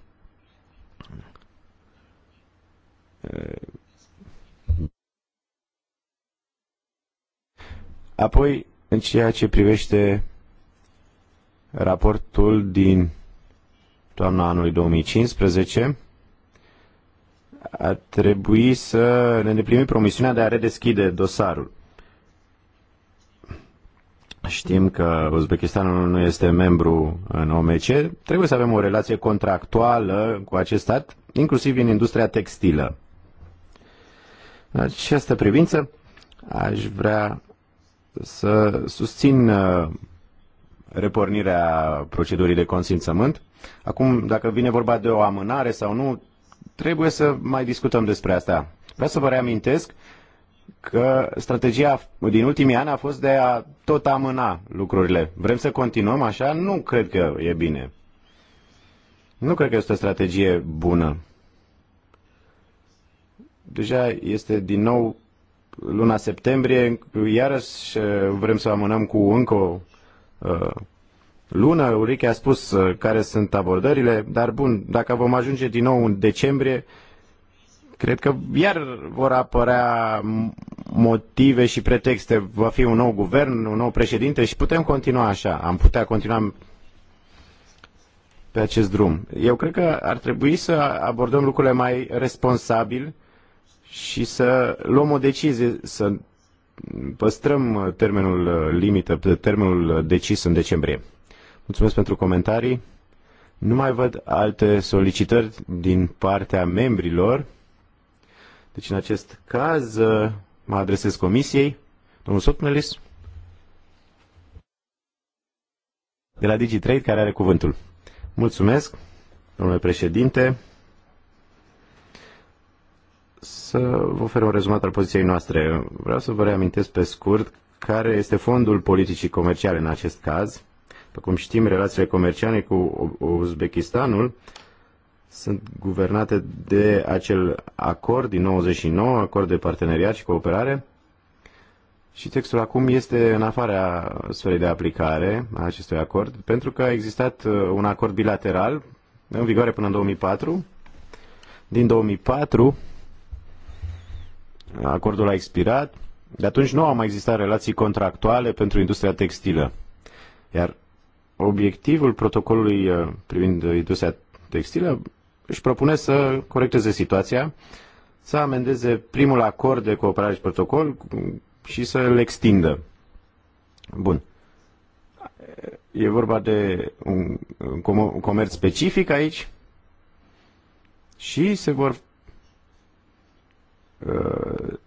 [SPEAKER 3] Apoi, în ceea ce privește raportul din toamna anului 2015, a trebui să ne îndeplinim promisiunea de a redeschide dosarul. Știm că Uzbekistanul nu este membru în OMC, trebuie să avem o relație contractuală cu acest stat, inclusiv în industria textilă. În această privință, aș vrea să susțin uh, repornirea procedurii de consimțământ. Acum, dacă vine vorba de o amânare sau nu, trebuie să mai discutăm despre asta. Vreau să vă reamintesc că strategia din ultimii ani a fost de a tot amâna lucrurile. Vrem să continuăm așa? Nu cred că e bine. Nu cred că este o strategie bună. Deja este din nou luna septembrie, iarăși eh, vrem să amânăm cu încă o eh, lună. Ulrike a spus eh, care sunt abordările, dar bun, dacă vom ajunge din nou în decembrie, cred că iar vor apărea motive și pretexte. Va fi un nou guvern, un nou președinte și putem continua așa. Am putea continua pe acest drum. Eu cred că ar trebui să abordăm lucrurile mai responsabil și să luăm o decizie, să păstrăm uh, termenul uh, limită, uh, termenul decis în decembrie. Mulțumesc pentru comentarii. Nu mai văd alte solicitări din partea membrilor. Deci, în acest caz, mă adresez comisiei. Domnul Sotmelis, de la DigiTrade, care are cuvântul. Mulțumesc, domnule președinte să vă ofer un rezumat al poziției noastre. Vreau să vă reamintesc pe scurt care este fondul politicii comerciale în acest caz. După cum știm, relațiile comerciale cu Uzbekistanul sunt guvernate de acel acord din 99, acord de parteneriat și cooperare. Și textul acum este în afara sferei de aplicare a acestui acord, pentru că a existat uh, un acord bilateral în vigoare până în 2004. Din 2004 acordul a expirat, de atunci nu au mai existat relații contractuale pentru industria textilă. Iar obiectivul protocolului uh, privind industria textilă își propune să corecteze situația, să amendeze primul acord de cooperare și protocol și să îl extindă. Bun. E vorba de un comerț specific aici și se vor Uh,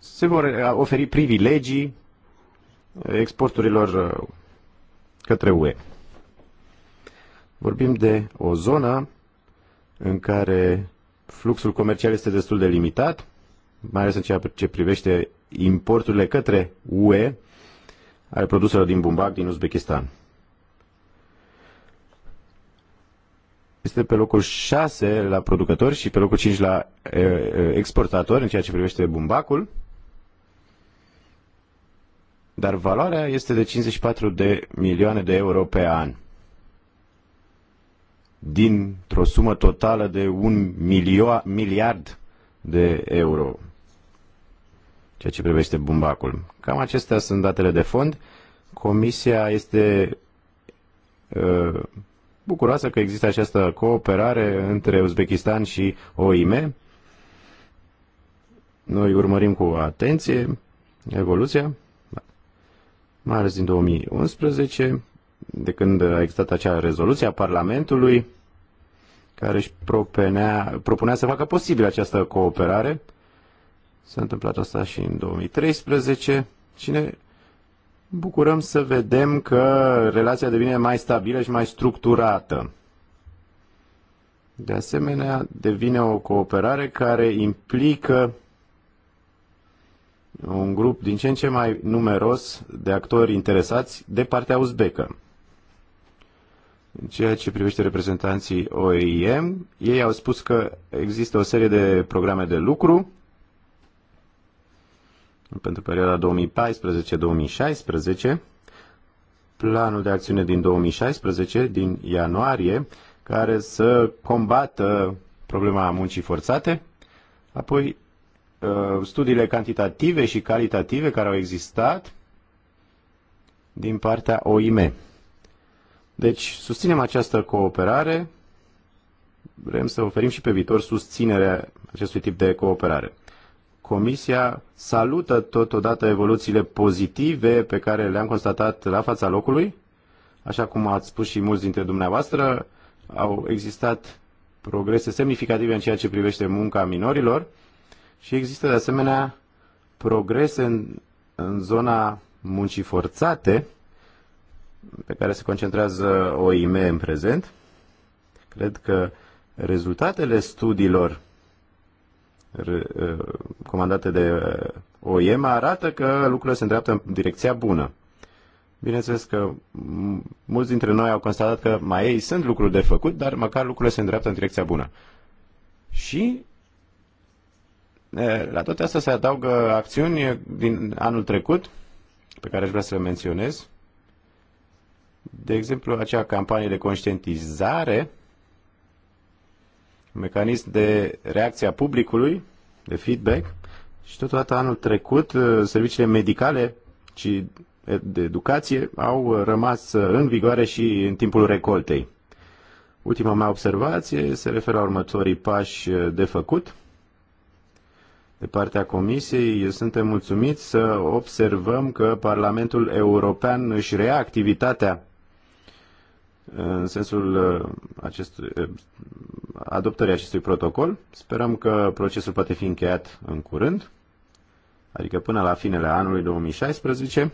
[SPEAKER 3] se vor uh, oferi privilegii uh, exporturilor către UE. Vorbim de o zonă în care fluxul comercial este destul de limitat, mai ales în ceea ce privește importurile către UE ale produselor din Bumbac, din Uzbekistan. este pe locul 6 la producători și pe locul 5 la exportatori în ceea ce privește bumbacul. Dar valoarea este de 54 de milioane de euro pe an. Dintr-o sumă totală de un milio- miliard de euro. Ceea ce privește bumbacul. Cam acestea sunt datele de fond. Comisia este bucuroasă că există această cooperare între Uzbekistan și OIM. Noi urmărim cu atenție evoluția, mai ales din 2011, de când a existat acea rezoluție a Parlamentului care își propunea, propunea să facă posibil această cooperare. S-a întâmplat asta și în 2013 și bucurăm să vedem că relația devine mai stabilă și mai structurată. De asemenea, devine o cooperare care implică un grup din ce în ce mai numeros de actori interesați de partea uzbecă. În ceea ce privește reprezentanții OIM, ei au spus că există o serie de programe de lucru pentru perioada 2014-2016, planul de acțiune din 2016, din ianuarie, care să combată problema muncii forțate, apoi uh, studiile cantitative și calitative care au existat din partea OIM. Deci, susținem această cooperare, vrem să oferim și pe viitor susținerea acestui tip de cooperare. Comisia salută totodată evoluțiile pozitive pe care le-am constatat la fața locului. Așa cum ați spus și mulți dintre dumneavoastră, au existat progrese semnificative în ceea ce privește munca minorilor și există de asemenea progrese în, în zona muncii forțate, pe care se concentrează OIM în prezent. Cred că rezultatele studiilor comandate de OIM arată că lucrurile se îndreaptă în direcția bună. Bineînțeles că mulți dintre noi au constatat că mai ei sunt lucruri de făcut, dar măcar lucrurile se îndreaptă în direcția bună. Și la toate astea se adaugă acțiuni din anul trecut, pe care aș vrea să le menționez. De exemplu, acea campanie de conștientizare mecanism de reacție a publicului, de feedback, și totodată anul trecut uh, serviciile medicale și de educație au uh, rămas uh, în vigoare și în timpul recoltei. Ultima mea observație se referă la următorii pași de făcut. De partea Comisiei, suntem mulțumiți să observăm că Parlamentul European își reia activitatea în sensul uh, acestui, uh, adoptării acestui protocol. Sperăm că procesul poate fi încheiat în curând, adică până la finele anului 2016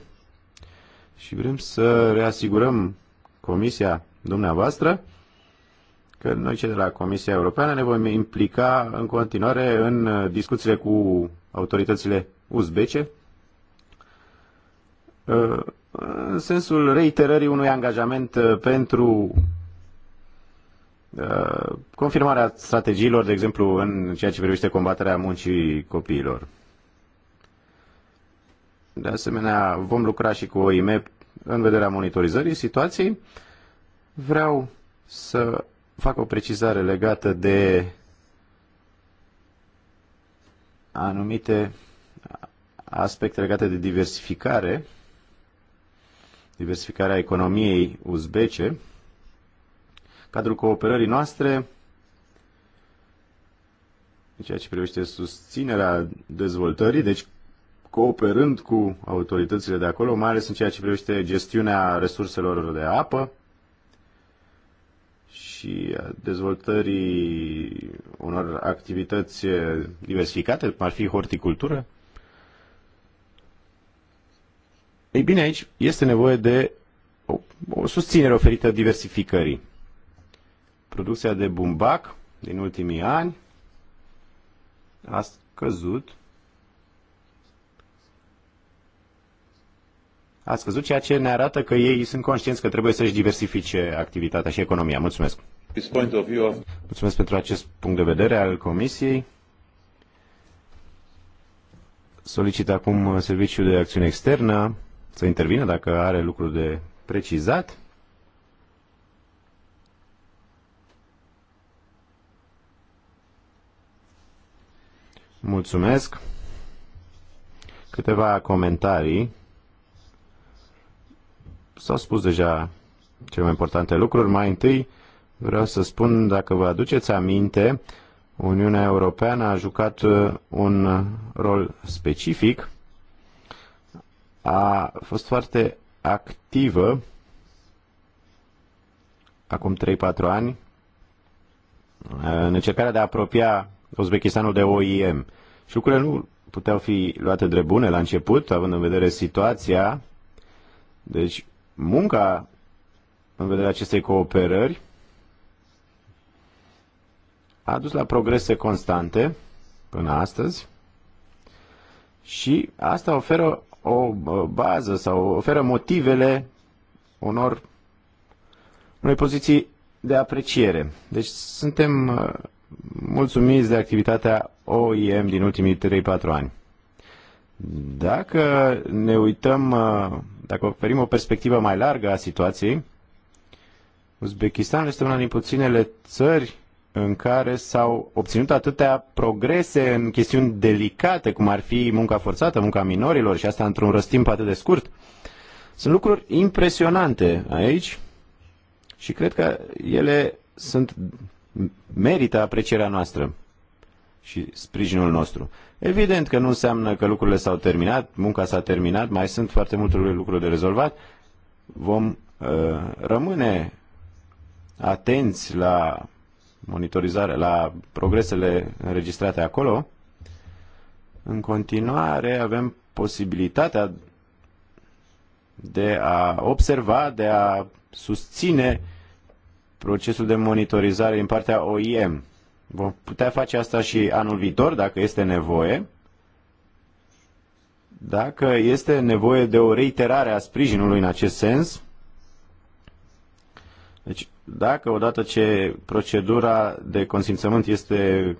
[SPEAKER 3] și vrem să reasigurăm Comisia dumneavoastră că noi cei de la Comisia Europeană ne vom implica în continuare în uh, discuțiile cu autoritățile uzbece în sensul reiterării unui angajament uh, pentru uh, confirmarea strategiilor, de exemplu, în ceea ce privește combaterea muncii copiilor. De asemenea, vom lucra și cu OIM în vederea monitorizării situației. Vreau să fac o precizare legată de anumite aspecte legate de diversificare diversificarea economiei uzbece, cadrul cooperării noastre, în ceea ce privește susținerea dezvoltării, deci cooperând cu autoritățile de acolo, mai ales în ceea ce privește gestiunea resurselor de apă și dezvoltării unor activități diversificate, cum ar fi horticultură, Ei bine, aici este nevoie de o, o susținere oferită diversificării. Producția de bumbac din ultimii ani a scăzut a scăzut, ceea ce ne arată că ei sunt conștienți că trebuie să-și diversifice activitatea și economia. Mulțumesc! Mulțumesc pentru acest punct de vedere al Comisiei. Solicit acum Serviciul de Acțiune Externă să intervină dacă are lucruri de precizat. Mulțumesc. Câteva comentarii. S-au spus deja cele mai importante lucruri. Mai întâi vreau să spun, dacă vă aduceți aminte, Uniunea Europeană a jucat uh, un rol specific a fost foarte activă acum 3-4 ani în încercarea de a apropia Uzbekistanul de OIM. Și lucrurile nu puteau fi luate drept bune la început, având în vedere situația. Deci, munca în vederea acestei cooperări a dus la progrese constante până astăzi și asta oferă o bază sau oferă motivele unor unei poziții de apreciere. Deci suntem uh, mulțumiți de activitatea OIM din ultimii 3-4 ani. Dacă ne uităm, uh, dacă oferim o perspectivă mai largă a situației, Uzbekistanul este una din puținele țări în care s-au obținut atâtea progrese în chestiuni delicate, cum ar fi munca forțată, munca minorilor și asta într-un răstimp atât de scurt. Sunt lucruri impresionante aici și cred că ele sunt merită aprecierea noastră și sprijinul nostru. Evident că nu înseamnă că lucrurile s-au terminat, munca s-a terminat, mai sunt foarte multe lucruri de rezolvat. Vom uh, rămâne atenți la monitorizare, la progresele înregistrate acolo, în continuare avem posibilitatea de a observa, de a susține procesul de monitorizare din partea OIM. Vom putea face asta și anul viitor, dacă este nevoie. Dacă este nevoie de o reiterare a sprijinului în acest sens, deci dacă odată ce procedura de consimțământ este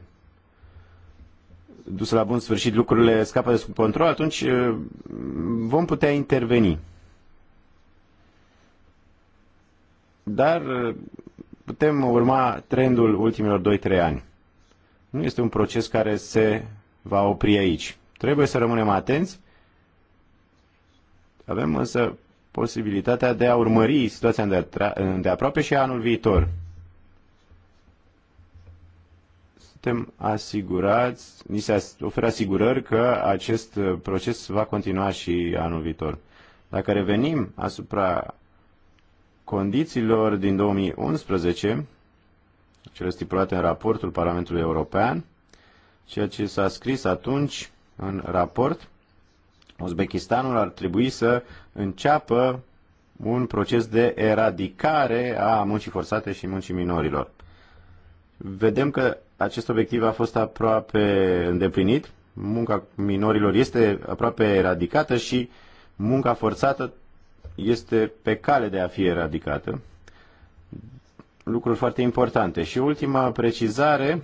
[SPEAKER 3] dusă la bun sfârșit, lucrurile scapă de sub control, atunci uh, vom putea interveni. Dar uh, putem urma trendul ultimilor 2-3 ani. Nu este un proces care se va opri aici. Trebuie să rămânem atenți. Avem însă posibilitatea de a urmări situația de aproape și anul viitor. Suntem asigurați, ni se oferă asigurări că acest proces va continua și anul viitor. Dacă revenim asupra condițiilor din 2011, cele stipulate în raportul Parlamentului European, ceea ce s-a scris atunci în raport, Uzbekistanul ar trebui să înceapă un proces de eradicare a muncii forțate și muncii minorilor. Vedem că acest obiectiv a fost aproape îndeplinit, munca minorilor este aproape eradicată și munca forțată este pe cale de a fi eradicată. Lucruri foarte importante. Și ultima precizare,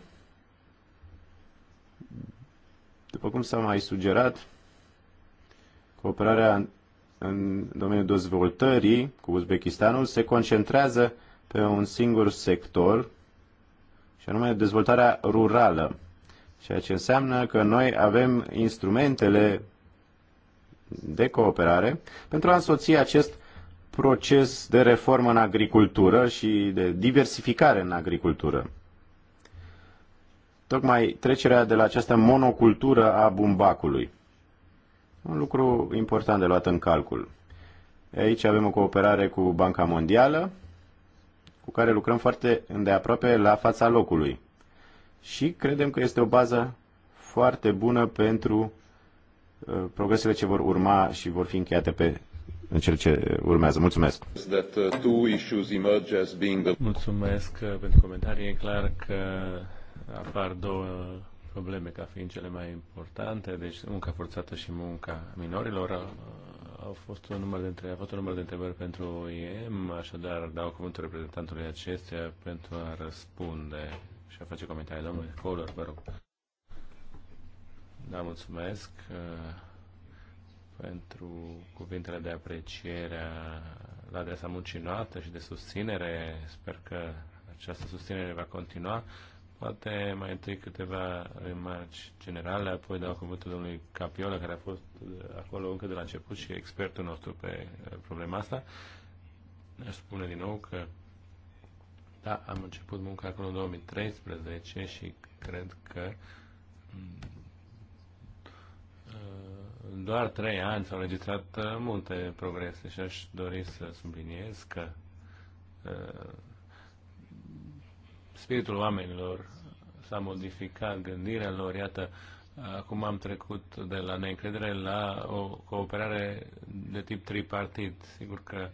[SPEAKER 3] după cum s-a mai sugerat, cooperarea în domeniul dezvoltării cu Uzbekistanul se concentrează pe un singur sector, și anume dezvoltarea rurală. Ceea ce înseamnă că noi avem instrumentele de cooperare pentru a însoți acest proces de reformă în agricultură și de diversificare în agricultură. Tocmai trecerea de la această monocultură a bumbacului. Un lucru important de luat în calcul. Aici avem o cooperare cu Banca Mondială, cu care lucrăm foarte îndeaproape la fața locului. Și credem că este o bază foarte bună pentru uh, progresele ce vor urma și vor fi încheiate pe în cel ce urmează. Mulțumesc!
[SPEAKER 1] Uh, Mulțumesc uh, pentru comentarii. E clar că apar două probleme ca fiind cele mai importante, deci munca forțată și munca minorilor. Uh, au, fost un număr de întrebări, a fost un număr de întrebări pentru OIM, așadar dau cuvântul reprezentantului acestea pentru a răspunde și a face comentarii. Domnul Color, vă rog. Da, mulțumesc uh, pentru cuvintele de apreciere la adresa muncii noastre și de susținere. Sper că această susținere va continua. Poate mai întâi câteva remarci generale, apoi dau cuvântul domnului Capiola, care a fost uh, acolo încă de la început și expertul nostru pe uh, problema asta. Aș spune din nou că da, am început munca acolo în 2013 și cred că în mm, uh, doar trei ani s-au înregistrat multe progrese și aș dori să subliniez că spiritul oamenilor s-a modificat, gândirea lor, iată, acum am trecut de la neîncredere la o cooperare de tip tripartit. Sigur că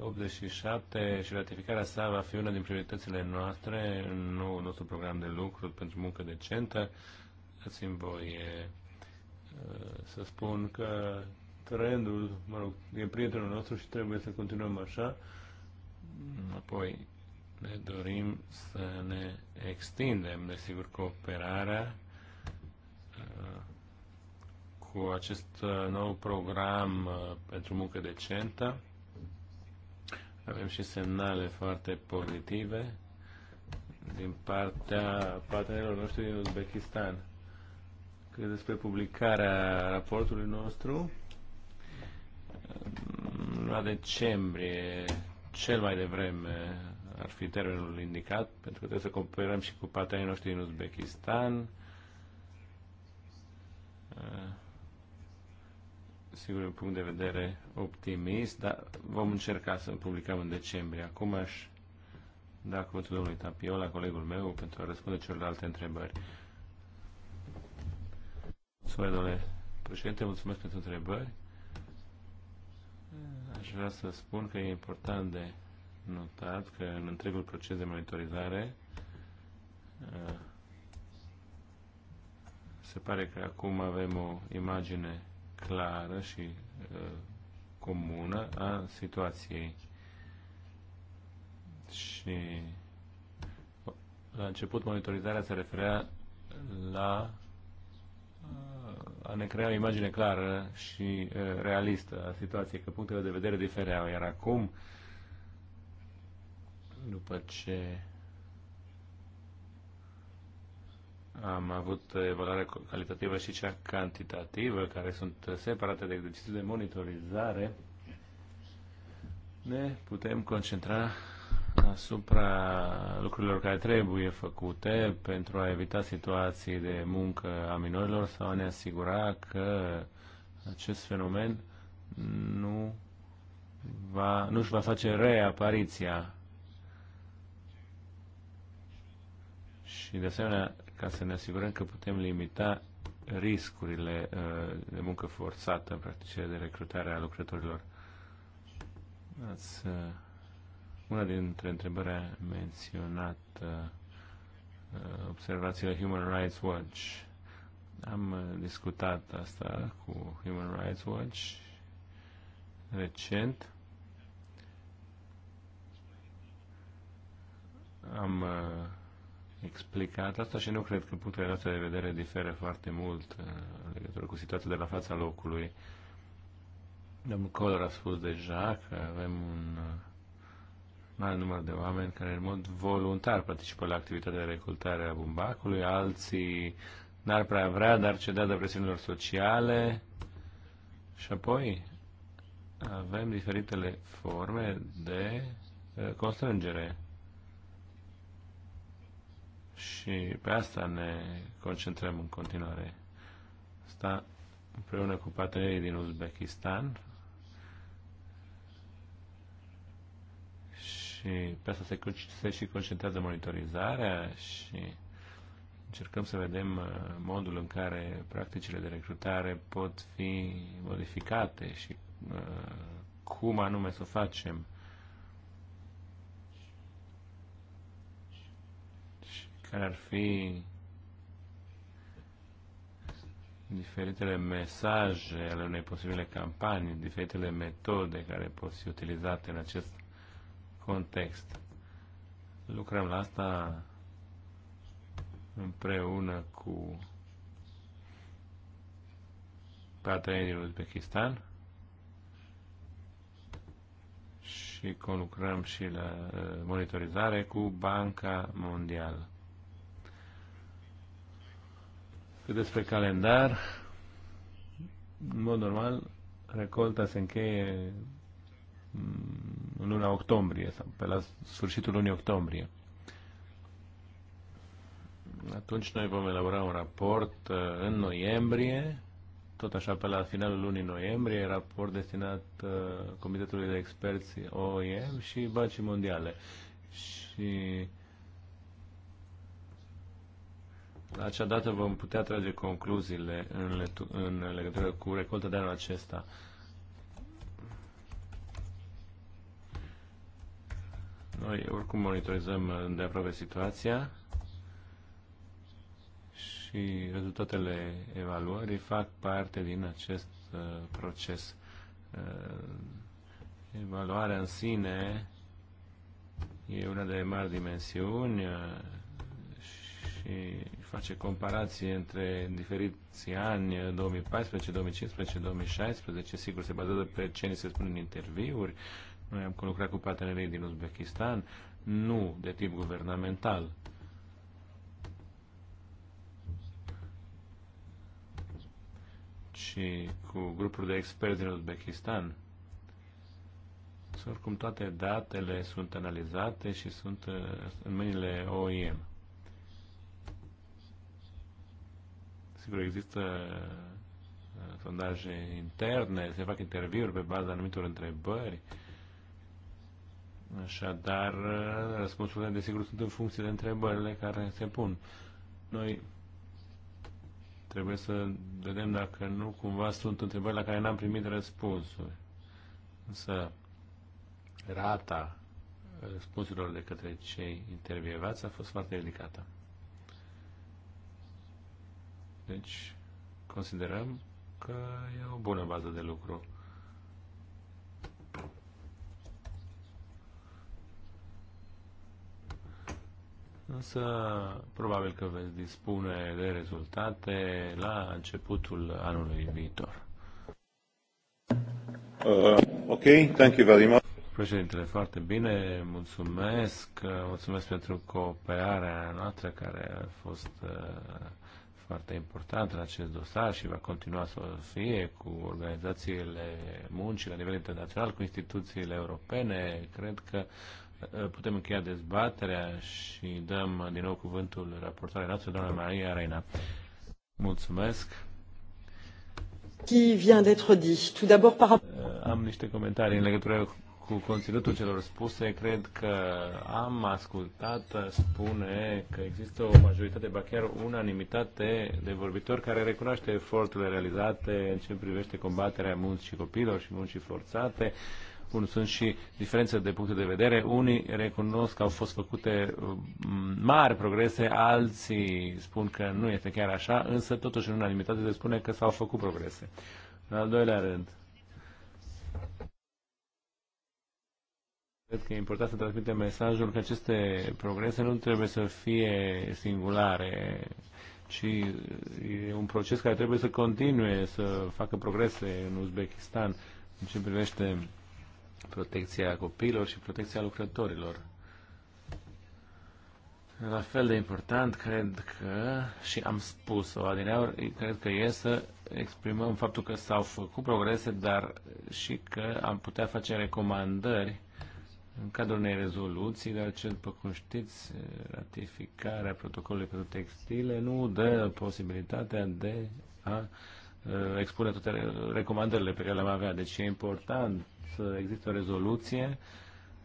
[SPEAKER 1] 87 uh, și ratificarea sa va fi una din prioritățile noastre în noul nostru program de lucru pentru muncă decentă. Dați-mi voie uh, să spun că trendul, mă rog, e prietenul nostru și trebuie să continuăm așa. Apoi ne dorim să ne extindem, desigur, cooperarea uh, cu acest uh, nou program uh, pentru muncă decentă. Avem și semnale foarte pozitive din partea partenerilor noștri din Uzbekistan. Cât despre publicarea raportului nostru, la decembrie cel mai devreme ar fi termenul indicat, pentru că trebuie să cooperăm și cu partenerii noștri din Uzbekistan. Eh, sigur, un punct de vedere optimist, dar vom încerca să publicăm în decembrie. Acum aș da cuvântul domnului Tapiola, colegul meu, pentru a răspunde celorlalte întrebări. Mulțumesc, domnule președinte, mulțumesc pentru întrebări. Aș vrea să spun că e important de notat că în întregul proces de monitorizare uh, se pare că acum avem o imagine clară și uh, comună a situației. Și la început monitorizarea se referea la a ne crea o imagine clară și realistă a situației, că punctele de vedere difereau. Iar acum, după ce am avut evaluarea calitativă și cea cantitativă, care sunt separate de exerciții de monitorizare, ne putem concentra asupra lucrurilor care trebuie făcute pentru a evita situații de muncă a minorilor sau a ne asigura că acest fenomen nu va, nu își va face reapariția. Și de asemenea, ca să ne asigurăm că putem limita riscurile uh, de muncă forțată în de recrutare a lucrătorilor. Ați uh, una dintre întrebările menționată, uh, observațiile Human Rights Watch. Am uh, discutat asta cu Human Rights Watch recent. Am uh, explicat asta și nu cred că punctele noastre de vedere diferă foarte mult în legătură cu situația de la fața locului. Domnul Color a spus deja că avem un mare număr de oameni care în mod voluntar participă la activitatea de recoltare a bumbacului, alții n-ar prea vrea, dar cedează presiunilor sociale și apoi avem diferitele forme de uh, constrângere. Și pe asta ne concentrăm în continuare. Asta împreună cu partenerii din Uzbekistan și pe asta se, se și concentrează monitorizarea și încercăm să vedem uh, modul în care practicile de recrutare pot fi modificate și uh, cum anume să o facem. Și care ar fi diferitele mesaje ale unei posibile campanii, diferitele metode care pot fi utilizate în acest context. Lucrăm la asta împreună cu partenerii din Uzbekistan și conlucrăm și la uh, monitorizare cu Banca Mondială. Cât despre calendar, în mod normal, recolta se încheie mm, în luna octombrie sau pe la sfârșitul lunii octombrie. Atunci noi vom elabora un raport uh, în noiembrie, tot așa pe la finalul lunii noiembrie, raport destinat uh, Comitetului de Experți OIM și Bacii Mondiale. Și la acea dată vom putea trage concluziile în, în legătură cu recolta de anul acesta. Noi oricum monitorizăm de aproape situația și rezultatele evaluării fac parte din acest uh, proces. Uh, evaluarea în sine e una de mari dimensiuni uh, și face comparație între diferiți ani 2014, 2015, 2016. Sigur, se bazează pe ce ni se spune în interviuri, uh, noi am lucrat cu partenerii din Uzbekistan, nu de tip guvernamental. și cu grupuri de experți din Uzbekistan. Oricum, toate datele sunt analizate și sunt uh, în mâinile OIM. Sigur, există uh, sondaje interne, se fac interviuri pe baza anumitor întrebări, Așadar, răspunsurile, desigur, sunt în funcție de întrebările care se pun. Noi trebuie să vedem dacă nu cumva sunt întrebări la care n-am primit răspunsuri. Însă, rata răspunsurilor de către cei intervievați a fost foarte ridicată. Deci, considerăm că e o bună bază de lucru. Însă, probabil că veți dispune de rezultate la începutul anului viitor. Uh, ok, thank you very much. Președintele, foarte bine, mulțumesc, uh, mulțumesc pentru cooperarea noastră care a fost uh, foarte importantă în acest dosar și va continua să fie cu organizațiile muncii la nivel internațional, cu instituțiile europene. Cred că Uh, putem încheia dezbaterea și dăm din nou cuvântul raportoarei noastre, doamna Maria Arena. Mulțumesc. Qui vient d'être dit. Tout d'abord par uh, Am niște comentarii în legătură cu conținutul celor spuse. Cred că am ascultat spune că există o majoritate, ba chiar unanimitate de vorbitori care recunoaște eforturile realizate în ce privește combaterea muncii copiilor și muncii forțate Bun, sunt și diferențe de puncte de vedere. Unii recunosc că au fost făcute mm, mari progrese, alții spun că nu este chiar așa, însă totuși în unanimitate se spune că s-au făcut progrese. În al doilea rând, Cred că e important să transmitem mesajul că aceste progrese nu trebuie să fie singulare, ci e un proces care trebuie să continue să facă progrese în Uzbekistan în ce privește protecția copiilor și protecția lucrătorilor. La fel de important, cred că, și am spus-o adineaur, cred că e să exprimăm faptul că s-au făcut progrese, dar și că am putea face recomandări în cadrul unei rezoluții, dar ce, după cum știți, ratificarea protocolului pentru textile nu dă posibilitatea de a uh, expune toate recomandările pe care le-am avea. Deci e important să existe o rezoluție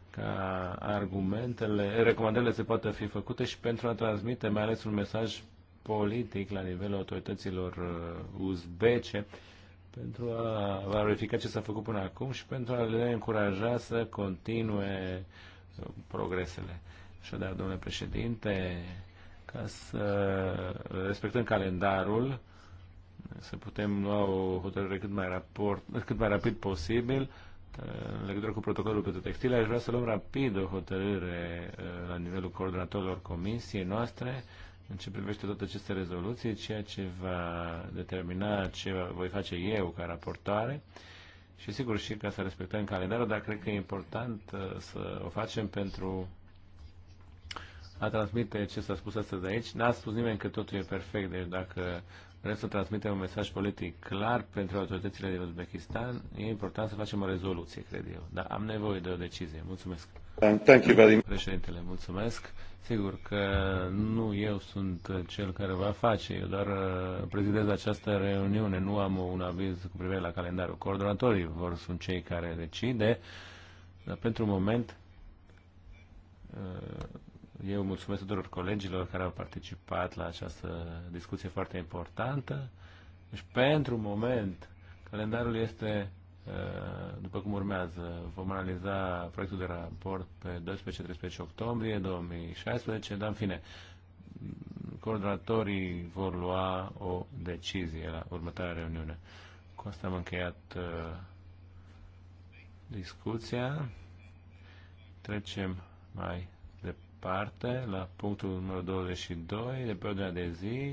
[SPEAKER 1] ca argumentele, recomandările se poată fi făcute și pentru a transmite mai ales un mesaj politic la nivelul autorităților uh, uzbece pentru a verifica ce s-a făcut până acum și pentru a le încuraja să continue uh, progresele. Așadar, domnule președinte, ca să respectăm calendarul, să putem lua o hotărâre cât mai, raport, cât mai rapid posibil, în legătură cu protocolul pentru textile, aș vrea să luăm rapid o hotărâre uh, la nivelul coordonatorilor comisiei noastre în ce privește toate aceste rezoluții, ceea ce va determina ce voi face eu ca raportoare și sigur și ca să respectăm calendarul, dar cred că e important uh, să o facem pentru a transmite ce s-a spus astăzi aici. N-a spus nimeni că totul e perfect, deci dacă Vrem să transmitem un mesaj politic clar pentru autoritățile din Uzbekistan. E important să facem o rezoluție, cred eu. Dar am nevoie de o decizie. Mulțumesc. Thank you very much. Președintele, mulțumesc. Sigur că nu eu sunt cel care va face, eu doar uh, prezidez această reuniune, nu am un aviz cu privire la calendarul. Coordonatorii vor sunt cei care decide, dar pentru un moment uh, eu mulțumesc tuturor colegilor care au participat la această discuție foarte importantă. Deci, pentru moment, calendarul este uh, după cum urmează. Vom analiza proiectul de raport pe 12-13 octombrie 2016, dar în fine, coordonatorii vor lua o decizie la următoarea reuniune. Cu asta am încheiat uh, discuția. Trecem mai parte, la punctul numărul 22 de pe ordinea de zi,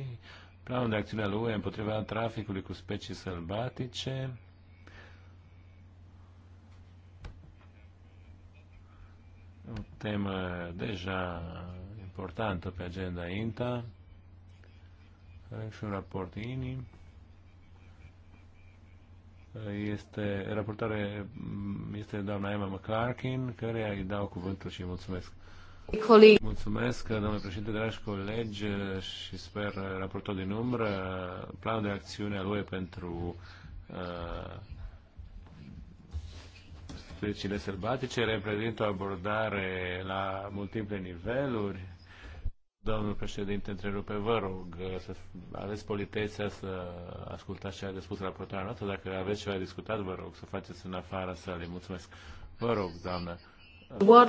[SPEAKER 1] planul de acțiune al UE împotriva traficului cu specii sălbatice. O temă deja importantă pe agenda INTA. și un raport INI. Este, raportare este doamna Emma McClarkin, care îi dau cuvântul și mulțumesc. Mulțumesc, domnule președinte, dragi colegi și sper raportor din umbră, planul de acțiune al UE pentru uh, speciile sălbatice reprezintă o abordare la multiple niveluri. Domnul președinte, întrerupe, vă rog să aveți politețea să ascultați ce a spus raportarea noastră. Dacă aveți ceva discutat, vă rog să faceți în afara sălii. Mulțumesc. Vă rog, doamnă.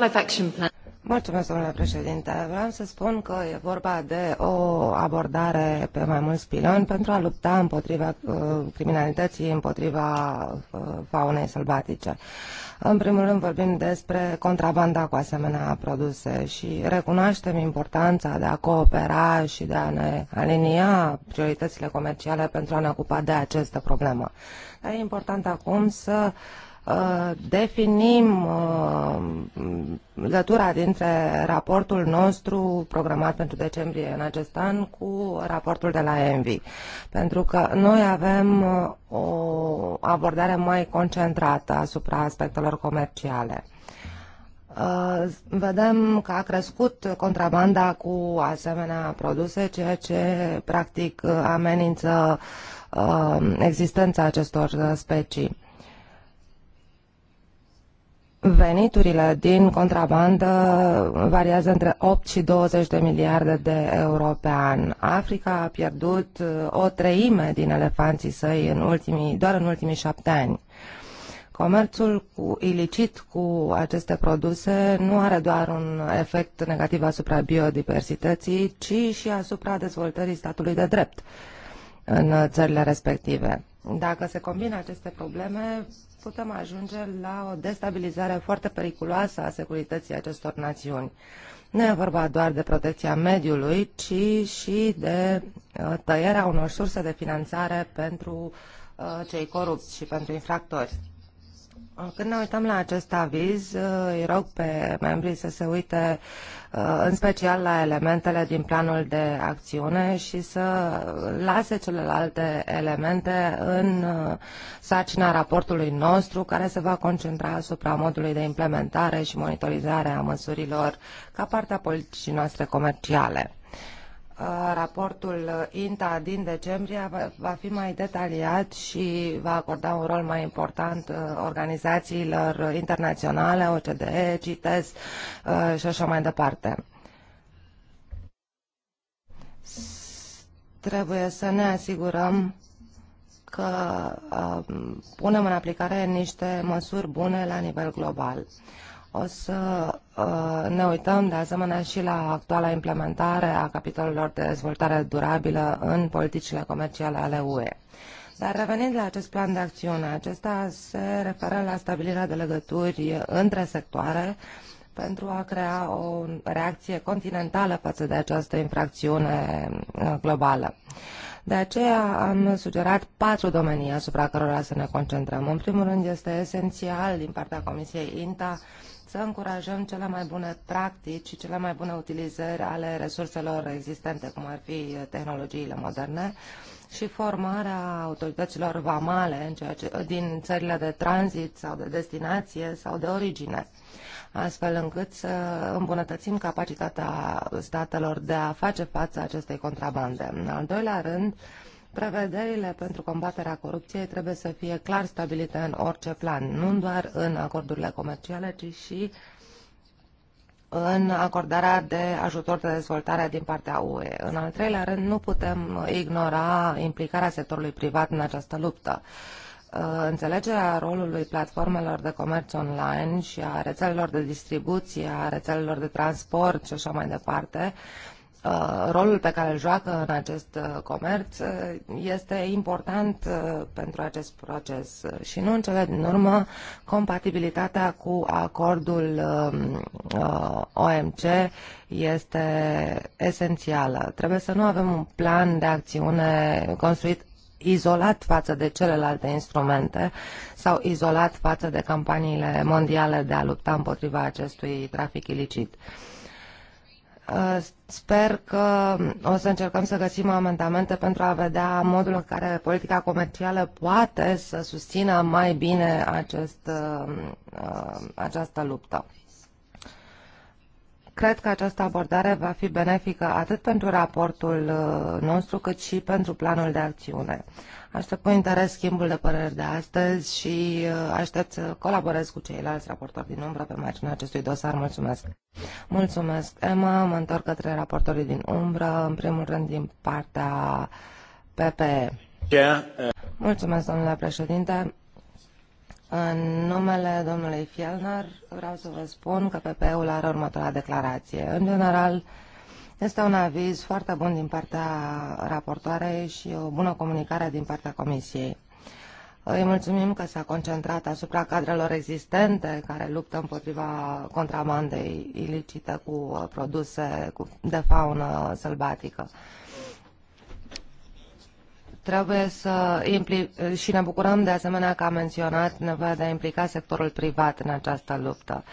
[SPEAKER 2] Life Action Plan. Mulțumesc, domnule președinte. Vreau să spun că e vorba de o abordare pe mai mulți piloni pentru a lupta împotriva uh, criminalității, împotriva uh, faunei sălbatice. În primul rând vorbim despre contrabanda cu asemenea produse și recunoaștem importanța de a coopera și de a ne alinia prioritățile comerciale pentru a ne ocupa de această problemă. Dar e important acum să uh, Uh, definim uh, legătura dintre raportul nostru programat pentru decembrie în acest an cu raportul de la ENVI. Pentru că noi avem uh, o abordare mai concentrată asupra aspectelor comerciale. Vedem că a crescut contrabanda cu asemenea produse, ceea ce practic amenință existența acestor specii Veniturile din contrabandă variază între 8 și 20 de miliarde de euro pe an. Africa a pierdut uh, o treime din elefanții săi în ultimii, doar în ultimii șapte ani. Comerțul cu, ilicit cu aceste produse nu are doar un efect negativ asupra biodiversității, ci și asupra dezvoltării statului de drept în uh, țările respective. Dacă se combină aceste probleme, putem ajunge la o destabilizare foarte periculoasă a securității acestor națiuni. Nu e vorba doar de protecția mediului, ci și de uh, tăierea unor surse de finanțare pentru uh, cei corupți și pentru infractori. Uh, când ne uităm la acest aviz, uh, îi rog pe membrii să se uite uh, în special la elementele din planul de acțiune și să lase celelalte elemente în sarcina raportului nostru, care se va concentra asupra modului de implementare și monitorizare a măsurilor ca partea politicii noastre comerciale. Uh, raportul INTA din decembrie va fi mai detaliat și va acorda un rol mai important uh, organizațiilor internaționale, OCDE, CITES uh, și așa mai departe. Trebuie să ne asigurăm că punem în aplicare niște măsuri bune la nivel global. O să uh, ne uităm de asemenea și la actuala implementare a capitolelor de dezvoltare durabilă în politicile comerciale ale UE. Dar revenind la acest plan de acțiune, acesta se referă la stabilirea de legături între sectoare pentru a crea o reacție continentală față de această infracțiune uh, globală. De aceea am sugerat patru domenii asupra cărora să ne concentrăm. În primul rând este esențial din partea Comisiei INTA să încurajăm cele mai bune practici și cele mai bune utilizări ale resurselor existente, cum ar fi tehnologiile moderne și formarea autorităților vamale în ceea ce, din țările de tranzit sau de destinație sau de origine, astfel încât să îmbunătățim capacitatea statelor de a face față acestei contrabande. În al doilea rând, Prevederile pentru combaterea corupției trebuie să fie clar stabilite în orice plan, nu doar în acordurile comerciale, ci și în acordarea de ajutor de dezvoltare din partea UE. În al treilea rând, nu putem ignora implicarea sectorului privat în această luptă. Uh, înțelegerea rolului platformelor de comerț online și a rețelelor de distribuție, a rețelelor de transport și așa mai departe Uh, rolul pe care îl joacă în acest uh, comerț uh, este important pentru acest proces și nu în cele din urmă compatibilitatea cu acordul um, OMC este esențială. Trebuie să nu avem un plan de acțiune construit izolat față de celelalte instrumente sau izolat față de campaniile mondiale de a lupta împotriva acestui trafic ilicit Sper că o să încercăm să găsim amendamente pentru a vedea modul în care politica comercială poate să susțină mai bine acest, uh, această luptă. Cred că această abordare va fi benefică atât pentru raportul uh, nostru cât și pentru planul de acțiune. Aștept cu interes schimbul de păreri de astăzi și uh, aștept să colaborez cu ceilalți raportori din umbră pe marginea acestui dosar. Mulțumesc! Mulțumesc, Emma. Mă întorc către raportorii din umbră, în primul rând din partea PPE. Mulțumesc, domnule președinte. În numele domnului Fielner vreau să vă spun că PPE-ul are următoarea declarație. În general, este un aviz foarte bun din partea raportoarei și o bună comunicare din partea Comisiei. Îi mulțumim că s-a concentrat asupra cadrelor existente care luptă împotriva contrabandei ilicite cu produse de faună sălbatică. Trebuie să impli- și ne bucurăm de asemenea că a menționat nevoia de a implica sectorul privat în această luptă.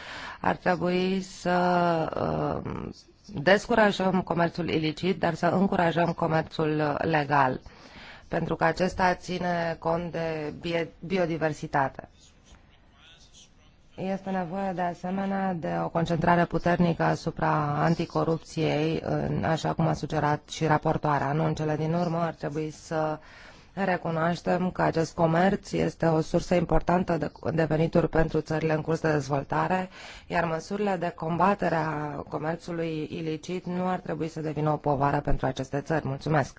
[SPEAKER 2] Ar trebui să uh, descurajăm comerțul ilicit, dar să încurajăm comerțul legal, pentru că acesta ține cont de biodiversitate. Este nevoie de asemenea de o concentrare puternică asupra anticorupției, așa cum a sugerat și raportoarea. Nu în cele din urmă ar trebui să uh, Recunoaștem că acest comerț este o sursă importantă de venituri pentru țările în curs de dezvoltare, iar măsurile de combatere a comerțului ilicit nu ar trebui să devină o povară pentru aceste țări. Mulțumesc!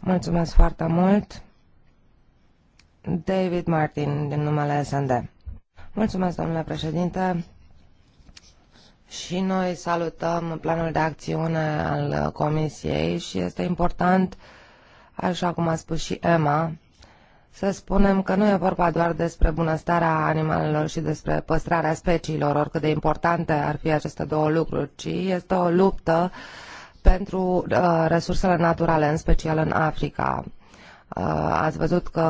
[SPEAKER 2] Mulțumesc foarte mult! David Martin, din numele SND. Mulțumesc, domnule președinte! Și noi salutăm planul de acțiune al Comisiei și este important așa cum a spus și Emma, să spunem că nu e vorba doar despre bunăstarea animalelor și despre păstrarea speciilor, oricât de importante ar fi aceste două lucruri, ci este o luptă pentru uh, resursele naturale, în special în Africa. Uh, ați văzut că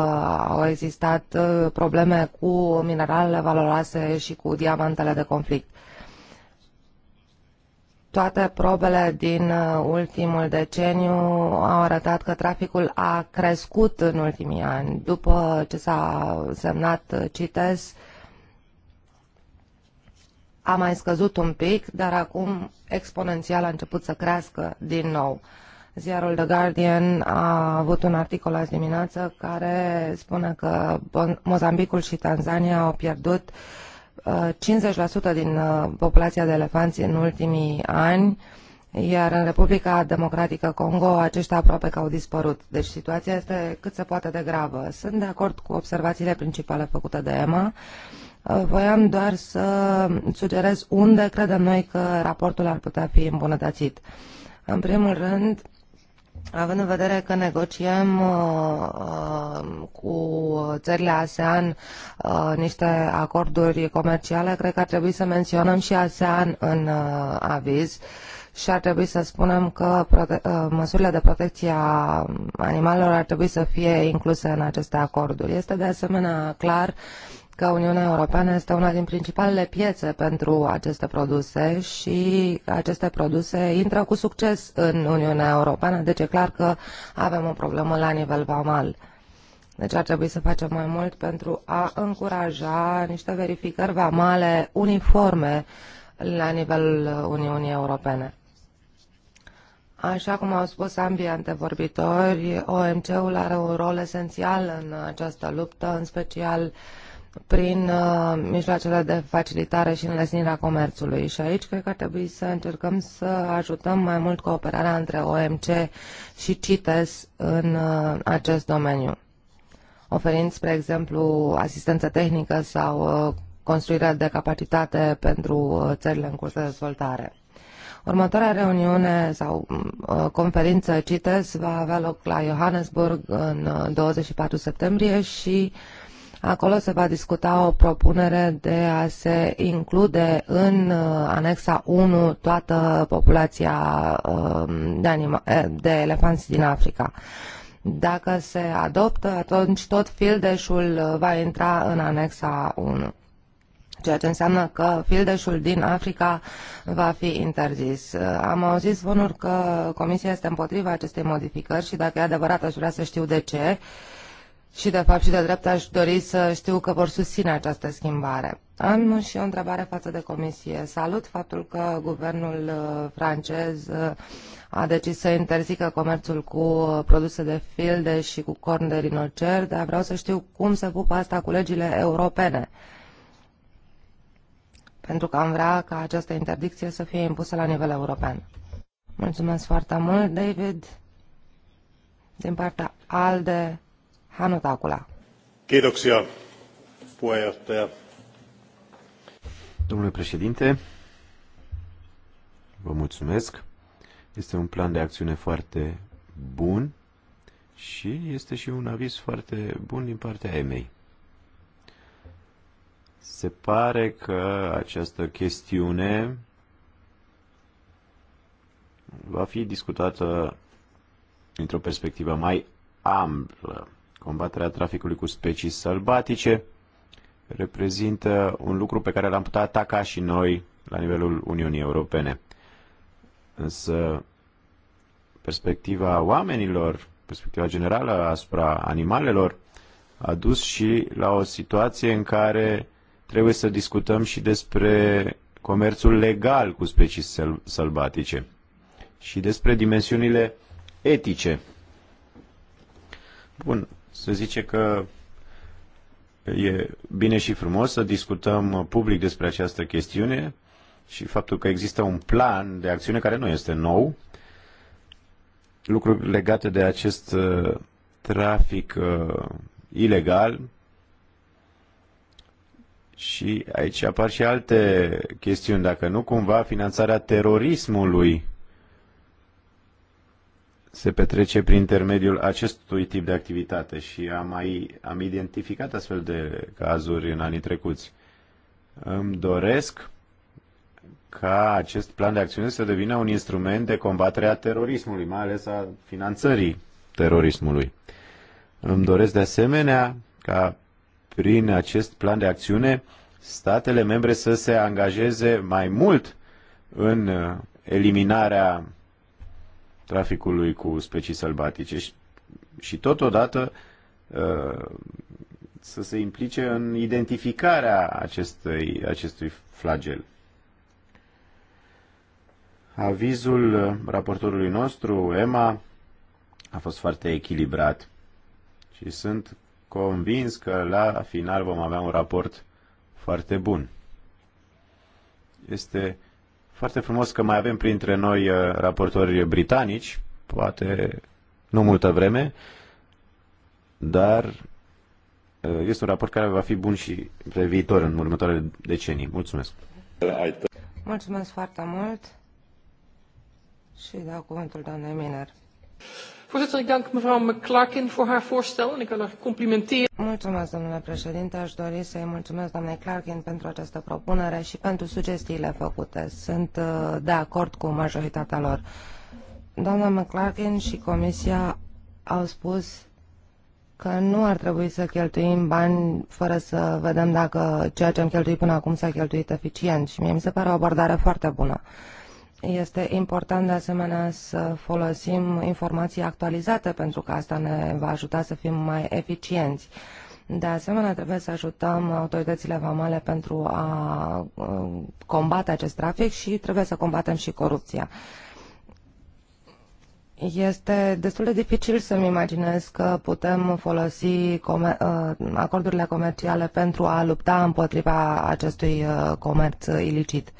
[SPEAKER 2] au existat uh, probleme cu mineralele valoroase și cu diamantele de conflict. Toate probele din uh, ultimul deceniu au arătat că traficul a crescut în ultimii ani. După ce s-a semnat uh, CITES, a mai scăzut un pic, dar acum exponențial a început să crească din nou. Ziarul The Guardian a avut un articol azi dimineață care spune că Mozambicul și Tanzania au pierdut uh, 50% din uh, populația de elefanți în ultimii ani, iar în Republica Democratică Congo aceștia aproape că au dispărut. Deci situația este cât se poate de gravă. Sunt de acord cu observațiile principale făcute de EMA. Uh, voiam doar să sugerez unde credem noi că raportul ar putea fi îmbunătățit. În primul rând, Având în vedere că negociem uh, uh, cu țările ASEAN uh, niște acorduri comerciale, cred că ar trebui să menționăm și ASEAN în uh, aviz și ar trebui să spunem că uh, măsurile de protecție a animalelor ar trebui să fie incluse în aceste acorduri. Este de asemenea clar uh, că Uniunea Europeană este una din principalele piețe pentru aceste produse și aceste produse intră cu succes în Uniunea Europeană, deci e clar că avem o problemă la nivel vamal. Deci ar trebui să facem mai mult pentru a încuraja niște verificări vamale uniforme la nivelul Uniunii Europene. Așa cum au spus ambii antevorbitori, OMC-ul are un rol esențial în această luptă, în special uh, prin uh, mijloacele de facilitare și înlesnirea comerțului. Și aici cred că ar trebui să încercăm să ajutăm mai mult cooperarea între OMC și CITES în uh, acest domeniu, oferind, spre exemplu, asistență tehnică sau uh, construirea de capacitate pentru uh, țările în curs de dezvoltare. Următoarea reuniune sau mm, uh, conferință CITES va avea loc la Johannesburg în 24 uh, septembrie și uh, Acolo se va discuta o propunere de a se include în uh, anexa 1 toată populația um, de, anima, eh, de elefanți din Africa. Dacă se adoptă, atunci tot fildeșul uh, va intra în anexa 1 ceea ce înseamnă că fildeșul din Africa va fi interzis. Uh, am auzit zvonuri că Comisia este împotriva acestei modificări și dacă e adevărat aș vrea să știu de ce și de fapt și de drept aș dori să știu că vor susține această schimbare. Am și o întrebare față de comisie. Salut faptul că guvernul uh, francez uh, a decis să interzică comerțul cu uh, produse de filde și cu corn de rinocer, dar vreau să știu cum se pupă asta cu legile europene. Pentru că am vrea ca această interdicție să fie impusă la nivel european. Mulțumesc foarte mult, David. Din partea ALDE, Domnule președinte,
[SPEAKER 3] Este un plan de acțiune foarte bun și este și un aviz foarte bun din partea EMEI. Se pare că această chestiune va fi discutată dintr-o perspectivă mai amplă. Combaterea traficului cu specii sălbatice reprezintă un lucru pe care l-am putea ataca și noi la nivelul Uniunii Europene. Însă perspectiva oamenilor, perspectiva generală asupra animalelor, a dus și la o situație în care trebuie să discutăm și despre comerțul legal cu specii sălbatice și despre dimensiunile etice. Bun, se zice că e bine și frumos să discutăm public despre această chestiune și faptul că există un plan de acțiune care nu este nou, lucruri legate de acest uh, trafic uh, ilegal și aici apar și alte chestiuni. Dacă nu, cumva finanțarea terorismului se petrece prin intermediul acestui tip de activitate și am, mai, am identificat astfel de cazuri în anii trecuți. Îmi doresc ca acest plan de acțiune să devină un instrument de combatere a terorismului, mai ales a finanțării terorismului. Îmi doresc de asemenea ca prin acest plan de acțiune statele membre să se angajeze mai mult în uh, eliminarea traficului cu specii sălbatice și, și totodată uh, să se implice în identificarea acestui, acestui flagel. Avizul raportorului nostru, Emma a fost foarte echilibrat și sunt convins că la final vom avea un raport foarte bun. Este foarte frumos că mai avem printre noi uh, raportori britanici, poate nu multă vreme, dar uh, este un raport care va fi bun și pe viitor, în următoarele decenii. Mulțumesc!
[SPEAKER 2] Mulțumesc foarte mult și dau cuvântul doamnei Miner. Voorzitter, ik dank mevrouw McClarkin voor haar voorstel en ik wil haar complimenteren. Mulțumesc, domnule președinte. Aș dori să-i mulțumesc doamnei Clarkin pentru această propunere și pentru sugestiile făcute. Sunt uh, de acord cu majoritatea lor. Doamna McClarkin și Comisia au spus că nu ar trebui să cheltuim bani fără să vedem dacă ceea ce am cheltuit până acum s-a cheltuit eficient și mie mi se pare o abordare foarte bună. Este important de asemenea să folosim informații actualizate pentru că asta ne va ajuta să fim mai eficienți. De asemenea, trebuie să ajutăm autoritățile vamale pentru a uh, combate acest trafic și trebuie să combatem și corupția. Este destul de dificil să-mi imaginez că putem folosi uh, acordurile comerciale pentru a lupta împotriva acestui uh, comerț ilicit.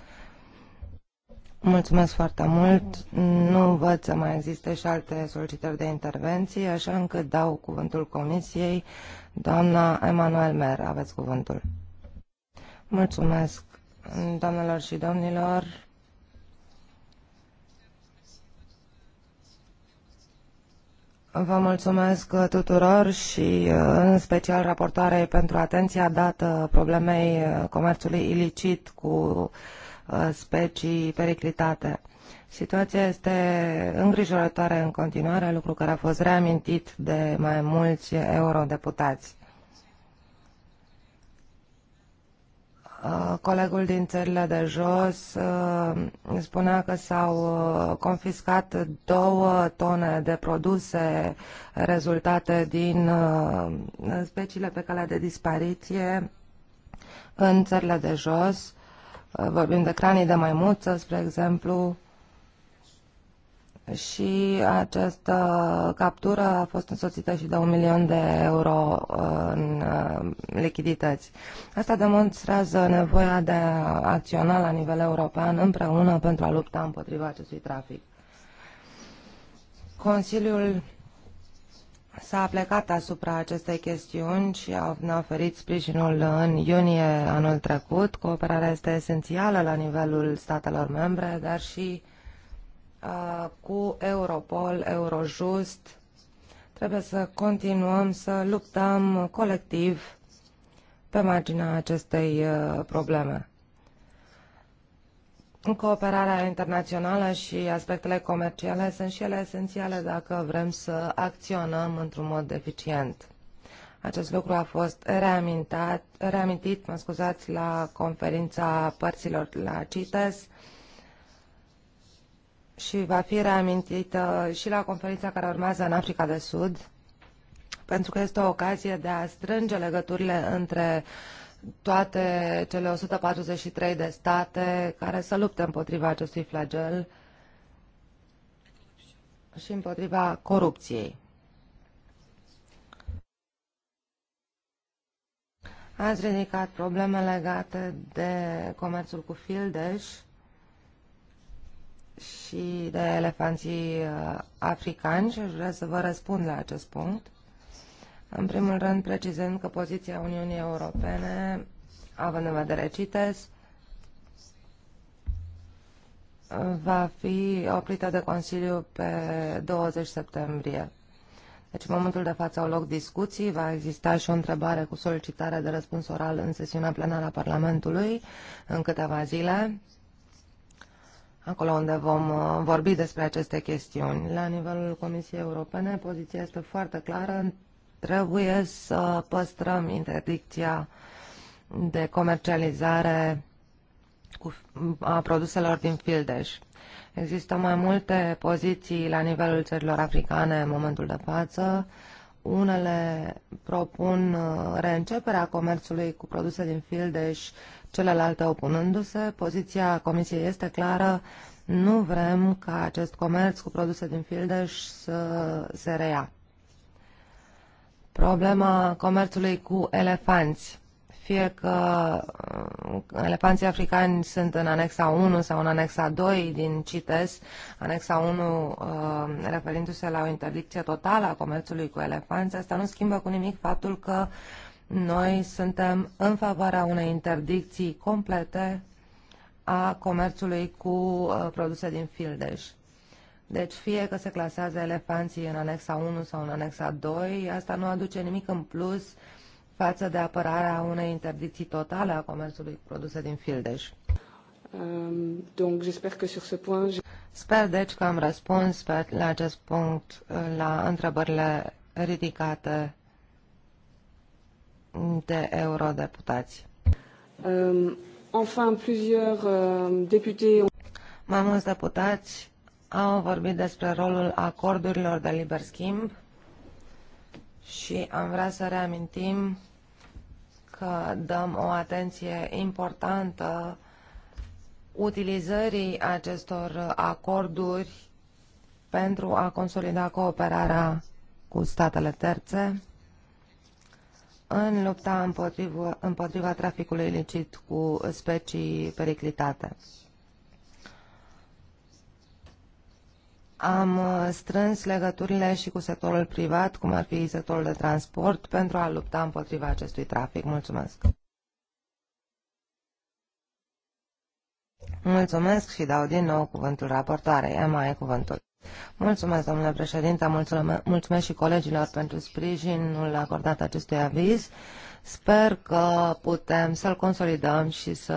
[SPEAKER 2] Mulțumesc foarte mult. Nu văd să mai existe și alte solicitări de intervenție, așa încât dau cuvântul Comisiei. Doamna Emanuel Mer, aveți cuvântul. Mulțumesc, doamnelor și domnilor. Vă mulțumesc tuturor și în special raportoarei pentru atenția dată problemei comerțului ilicit cu uh, Uh, specii periclitate. Situația este îngrijorătoare în continuare, lucru care a fost reamintit de mai mulți eurodeputați. Uh, colegul din țările de jos uh, spunea că s-au confiscat două tone de produse rezultate din speciile pe calea de dispariție în țările de jos vorbim de cranii de maimuță, spre exemplu, și această captură a fost însoțită și de un milion de euro uh, în uh, lichidități. Asta demonstrează nevoia de a acționa la nivel european împreună pentru a lupta împotriva acestui trafic. Consiliul s-a plecat asupra acestei chestiuni și ne-a oferit sprijinul în iunie anul trecut. Cooperarea este esențială la nivelul statelor membre, dar și uh, cu Europol, Eurojust. Trebuie să continuăm să luptăm colectiv pe marginea acestei uh, probleme. Cooperarea internațională și aspectele comerciale sunt și ele esențiale dacă vrem să acționăm într-un mod eficient. Acest lucru a fost reamintit mă scuzați, la conferința părților la CITES și va fi reamintită și la conferința care urmează în Africa de Sud, pentru că este o ocazie de a strânge legăturile între uh, toate cele 143 de state care să lupte împotriva acestui flagel și împotriva corupției. Ați ridicat probleme legate de comerțul cu fildeș și de elefanții uh, africani și aș vrea să vă răspund la acest punct. În primul rând, precizând că poziția Uniunii Europene, având în vedere CITES, va fi oprită de Consiliu pe 20 septembrie. Deci, în momentul de față au loc discuții, va exista și o întrebare cu solicitare de răspuns oral în sesiunea plenară a Parlamentului în câteva zile, acolo unde vom uh, vorbi despre aceste chestiuni. La nivelul Comisiei Europene, poziția este foarte clară Trebuie să păstrăm interdicția de comercializare a produselor din fildeș. Există mai multe poziții la nivelul țărilor africane în momentul de față. Unele propun uh, reînceperea comerțului cu produse din fildeș, celelalte opunându-se. Poziția Comisiei este clară. Nu vrem ca acest comerț cu produse din fildeș să se reia. Problema comerțului cu elefanți. Fie că uh, elefanții africani sunt în anexa 1 sau în anexa 2 din CITES, anexa 1 uh, referindu-se la o interdicție totală a comerțului cu elefanți, asta nu schimbă cu nimic faptul că noi suntem în favoarea unei interdicții complete a comerțului cu uh, produse din fildeș. Deci fie că se clasează elefanții în anexa 1 sau în anexa 2, asta nu aduce nimic în plus față de apărarea unei interdicții totale a comerțului cu produse din fildeș. Um, donc que sur ce point... Sper deci că am răspuns pe, la acest punct la întrebările ridicate de eurodeputați. Um, enfin, plusieurs euh, députés... Mai mulți deputați am vorbit despre rolul acordurilor de liber schimb și am vrea să reamintim că dăm o atenție importantă utilizării acestor acorduri pentru a consolida cooperarea cu statele terțe în lupta împotriva, împotriva traficului ilicit cu specii periclitate. Am uh, strâns legăturile și cu sectorul privat, cum ar fi sectorul de transport, pentru a lupta împotriva acestui trafic. Mulțumesc! Mulțumesc și dau din nou cuvântul Ea mai e cuvântul. Mulțumesc, domnule președinte, mulțumesc, mulțumesc și colegilor pentru sprijinul acordat acestui aviz. Sper că putem să-l consolidăm și să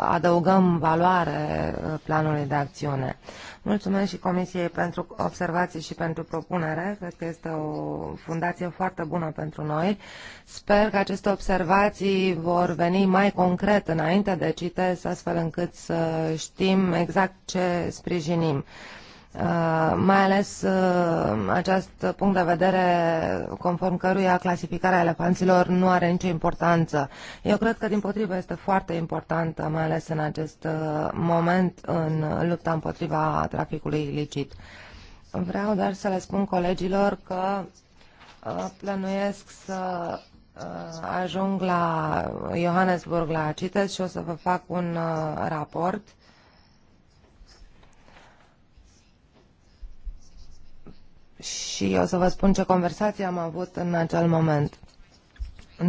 [SPEAKER 2] adăugăm valoare uh, planului de acțiune. Mulțumesc și Comisiei pentru observații și pentru propunere. Cred că este o fundație foarte bună pentru noi. Sper că aceste observații vor veni mai concret înainte de CITES, astfel încât să știm exact ce sprijinim. Uh, mai ales uh, acest punct de vedere conform căruia clasificarea elefanților nu are nicio importanță. Eu cred că din potrivă este foarte importantă, mai ales în acest uh, moment, în lupta împotriva traficului ilicit. Vreau doar să le spun colegilor că plănuiesc să ajung la Johannesburg la CITES și o să vă fac un raport și o să vă spun ce conversație am avut în acel moment.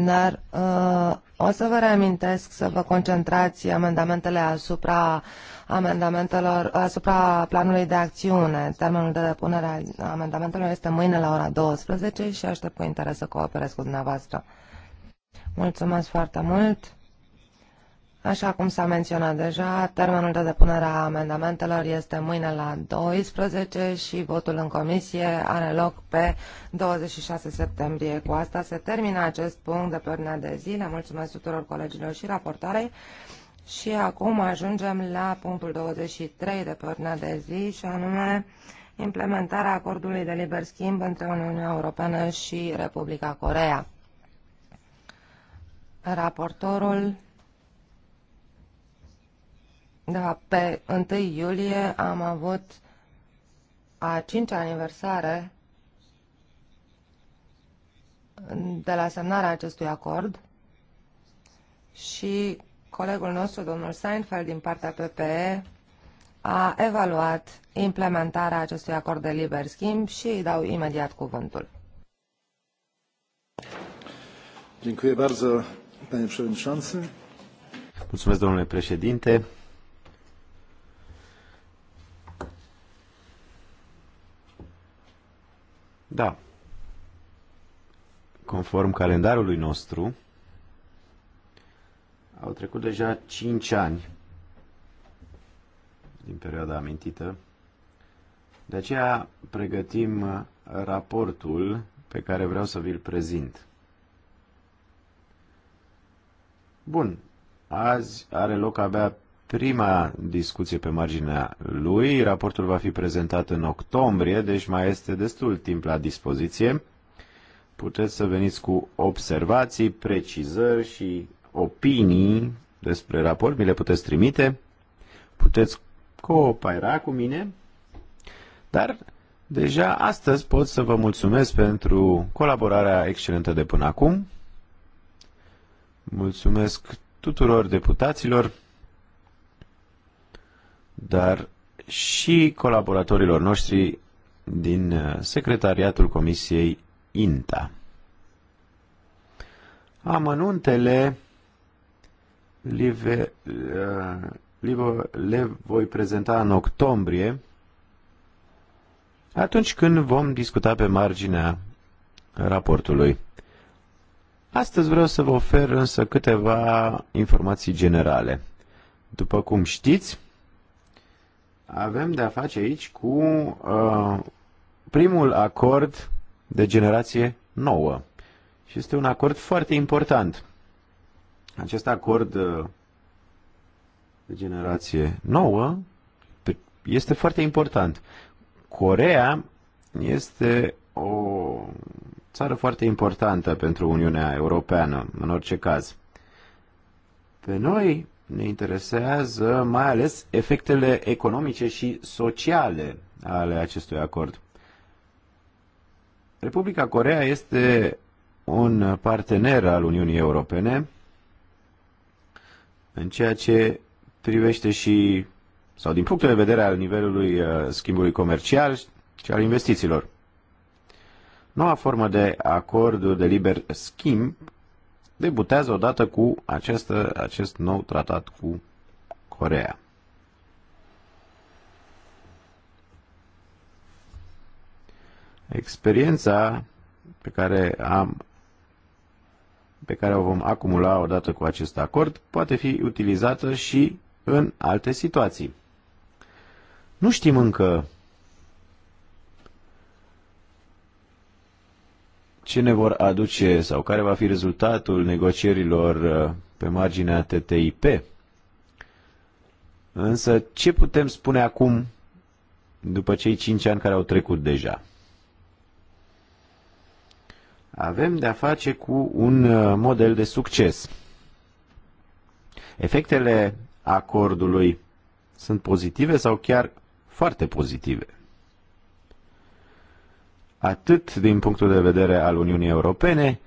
[SPEAKER 2] Dar uh, o să vă reamintesc să vă concentrați amendamentele asupra amendamentelor, asupra planului de acțiune. Termenul de depunere a amendamentelor este mâine la ora 12 și aștept cu interes să cooperez cu dumneavoastră. Mulțumesc foarte mult! Așa cum s-a menționat deja, termenul de depunere a amendamentelor este mâine la 12 și votul în comisie are loc pe 26 septembrie. Cu asta se termină acest punct de pe ordinea de zi. Le mulțumesc tuturor colegilor și raportarei. Și acum ajungem la punctul 23 de pe ordinea de zi și anume implementarea acordului de liber schimb între Uniunea Europeană și Republica Coreea. Raportorul da, pe 1 iulie am avut a cincea aniversare de la semnarea acestui acord și colegul nostru, domnul Seinfeld, din partea PPE, a evaluat implementarea acestui acord de liber schimb și îi dau imediat cuvântul.
[SPEAKER 3] Mulțumesc, domnule președinte. Da. Conform calendarului nostru, au trecut deja 5 ani din perioada amintită. De aceea pregătim raportul pe care vreau să vi-l prezint. Bun, azi are loc abia prima discuție pe marginea lui. Raportul va fi prezentat în octombrie, deci mai este destul timp la dispoziție. Puteți să veniți cu observații, precizări și opinii despre raport, mi le puteți trimite. Puteți coopera cu mine, dar deja astăzi pot să vă mulțumesc pentru colaborarea excelentă de până acum. Mulțumesc tuturor deputaților dar și colaboratorilor noștri din uh, secretariatul Comisiei INTA. Amănuntele live, uh, le voi prezenta în octombrie, atunci când vom discuta pe marginea raportului. Astăzi vreau să vă ofer însă câteva informații generale. După cum știți, avem de a face aici cu uh, primul acord de generație nouă. Și este un acord foarte important. Acest acord uh, de generație nouă este foarte important. Corea este o țară foarte importantă pentru Uniunea Europeană, în orice caz. Pe noi ne interesează mai ales efectele economice și sociale ale acestui acord. Republica Corea este un partener al Uniunii Europene în ceea ce privește și, sau din punctul de vedere al nivelului uh, schimbului comercial și al investițiilor. Noua formă de acord de liber schimb debutează odată cu acest, acest nou tratat cu Corea. Experiența pe care am pe care o vom acumula odată cu acest acord poate fi utilizată și în alte situații. Nu știm încă ce ne vor aduce sau care va fi rezultatul negocierilor uh, pe marginea TTIP. Însă, ce putem spune acum, după cei cinci ani care au trecut deja? Avem de-a face cu un uh, model de succes. Efectele acordului sunt pozitive sau chiar foarte pozitive atât din punctul de vedere al Uniunii Europene,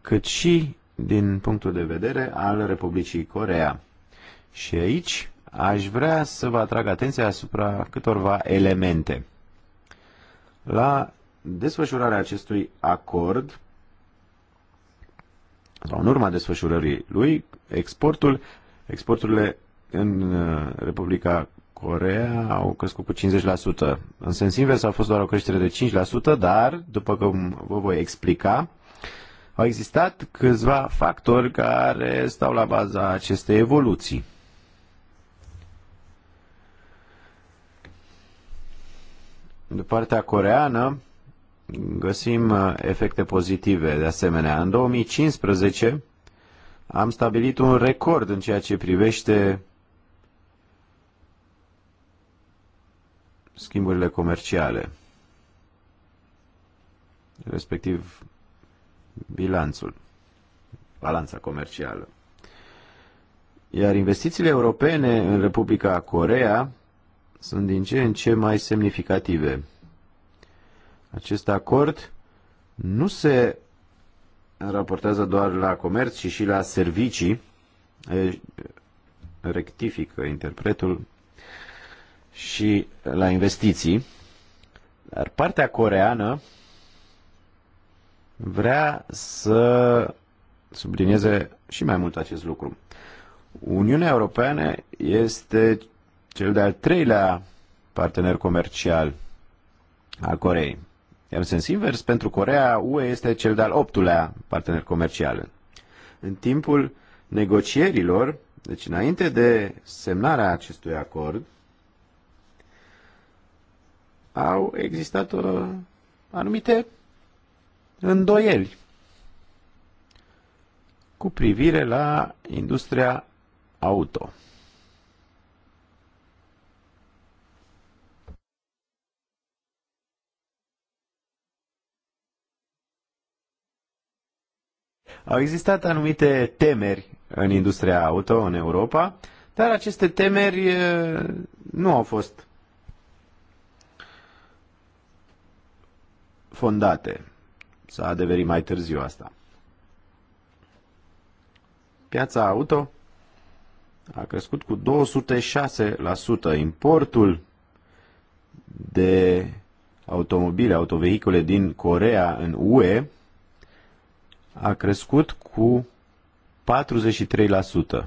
[SPEAKER 3] cât și din punctul de vedere al Republicii Corea. Și aici aș vrea să vă atrag atenția asupra câtorva elemente. La desfășurarea acestui acord, sau în urma desfășurării lui, exportul, exporturile în uh, Republica Corea au crescut cu 50%. În sens invers a fost doar o creștere de 5%, dar, după cum vă voi explica, au existat câțiva factori care stau la baza acestei evoluții. De partea coreană găsim uh, efecte pozitive de asemenea. În 2015 am stabilit un record în ceea ce privește schimburile comerciale, respectiv bilanțul, balanța comercială. Iar investițiile europene în Republica Corea sunt din ce în ce mai semnificative. Acest acord nu se raportează doar la comerț, ci și la servicii. Rectifică interpretul și la investiții, dar partea coreană vrea să sublinieze și mai mult acest lucru. Uniunea Europeană este cel de-al treilea partener comercial al Coreei. Iar în sens invers, pentru Corea, UE este cel de-al optulea partener comercial. În timpul negocierilor, deci înainte de semnarea acestui acord, au existat uh, anumite îndoieli cu privire la industria auto. Au existat anumite temeri în industria auto în Europa, dar aceste temeri uh, nu au fost fondate. S-a adeverit mai târziu asta. Piața auto a crescut cu 206% importul de automobile, autovehicule din Corea în UE a crescut cu 43%.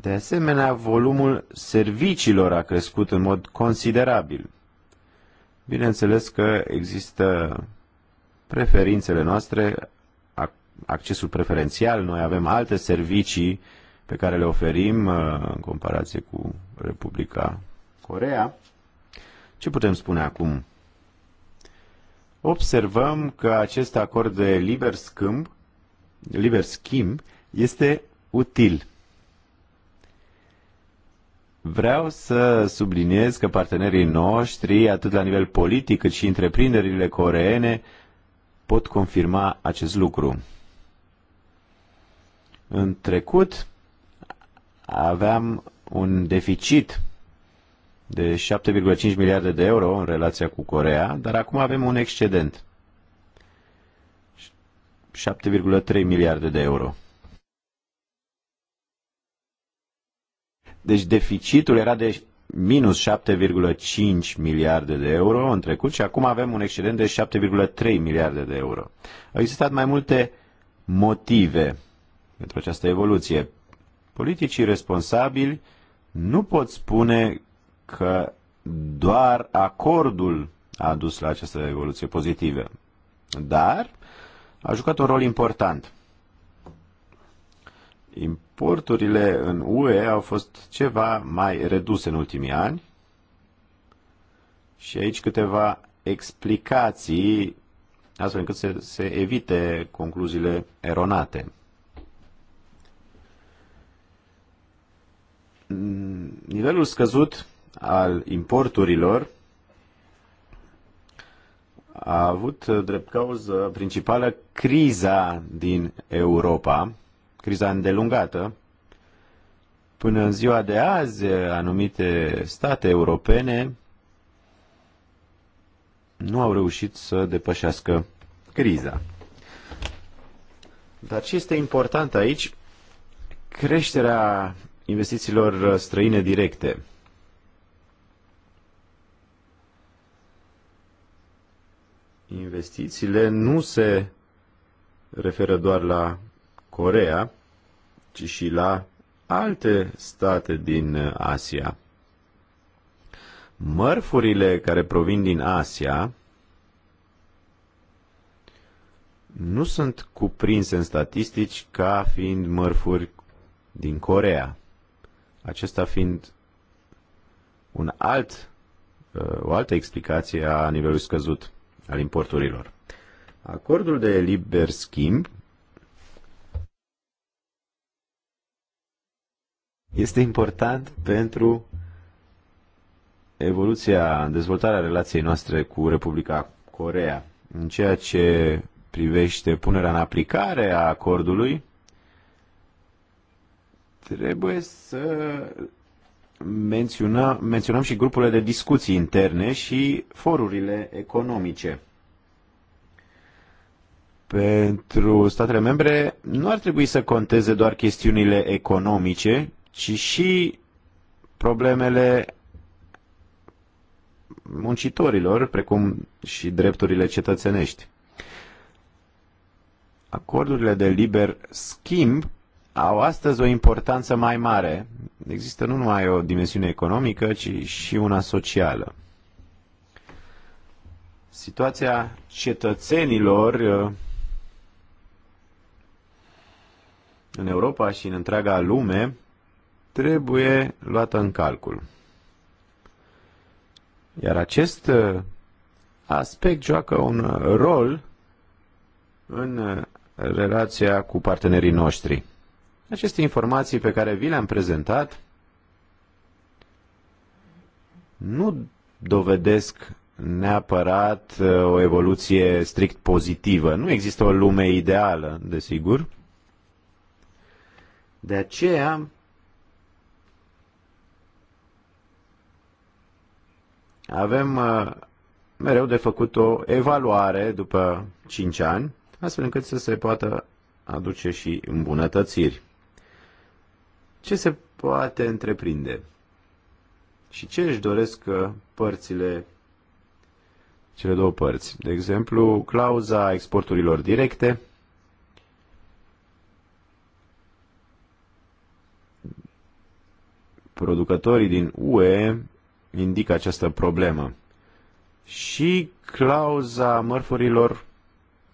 [SPEAKER 3] De asemenea, volumul serviciilor a crescut în mod considerabil. Bineînțeles că există preferințele noastre, accesul preferențial, noi avem alte servicii pe care le oferim uh, în comparație cu Republica Corea. Ce putem spune acum? Observăm că acest acord de liber schimb, liber schimb este util. Vreau să subliniez că partenerii noștri, atât la nivel politic cât și întreprinderile coreene, pot confirma acest lucru. În trecut aveam un deficit de 7,5 miliarde de euro în relația cu Corea, dar acum avem un excedent. 7,3 miliarde de euro. Deci deficitul era de minus 7,5 miliarde de euro în trecut și acum avem un excedent de 7,3 miliarde de euro. Au existat mai multe motive pentru această evoluție. Politicii responsabili nu pot spune că doar acordul a dus la această evoluție pozitivă, dar a jucat un rol important. Important exporturile în UE au fost ceva mai reduse în ultimii ani. Și aici câteva explicații astfel încât să se, se evite concluziile eronate. Nivelul scăzut al importurilor a avut drept cauză principală criza din Europa, criza îndelungată. Până în ziua de azi, anumite state europene nu au reușit să depășească criza. Dar ce este important aici? Creșterea investițiilor străine directe. Investițiile nu se referă doar la Corea, ci și la alte state din Asia. Mărfurile care provin din Asia nu sunt cuprinse în statistici ca fiind mărfuri din Corea. Acesta fiind un alt, uh, o altă explicație a nivelului scăzut al importurilor. Acordul de liber schimb este important pentru evoluția, dezvoltarea relației noastre cu Republica Corea. În ceea ce privește punerea în aplicare a acordului, trebuie să menționa, menționăm și grupurile de discuții interne și forurile economice. Pentru statele membre nu ar trebui să conteze doar chestiunile economice, ci și problemele muncitorilor, precum și drepturile cetățenești. Acordurile de liber schimb au astăzi o importanță mai mare. Există nu numai o dimensiune economică, ci și una socială. Situația cetățenilor uh, în Europa și în întreaga lume trebuie luată în calcul. Iar acest uh, aspect joacă un rol în uh, relația cu partenerii noștri. Aceste informații pe care vi le-am prezentat nu dovedesc neapărat uh, o evoluție strict pozitivă. Nu există o lume ideală, desigur. De aceea avem uh, mereu de făcut o evaluare după 5 ani, astfel încât să se poată aduce și îmbunătățiri. Ce se poate întreprinde? Și ce își doresc uh, părțile, cele două părți? De exemplu, clauza exporturilor directe, producătorii din UE indică această problemă. Și clauza mărfurilor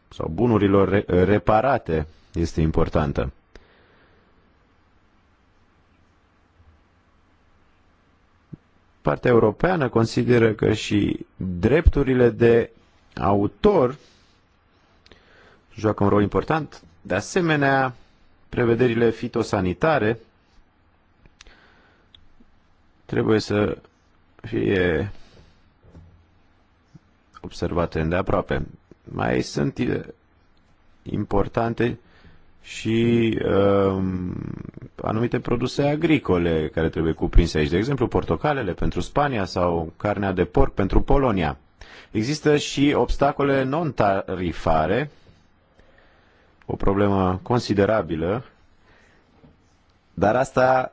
[SPEAKER 3] sau bunurilor re reparate este importantă. Partea europeană consideră că și drepturile de autor joacă un rol important. De asemenea, prevederile fitosanitare trebuie să fie observate îndeaproape.
[SPEAKER 2] Mai sunt
[SPEAKER 3] importante și um, anumite produse agricole care trebuie cuprinse aici. De exemplu, portocalele pentru Spania sau carnea de porc pentru Polonia. Există și obstacole non-tarifare, o problemă considerabilă, dar asta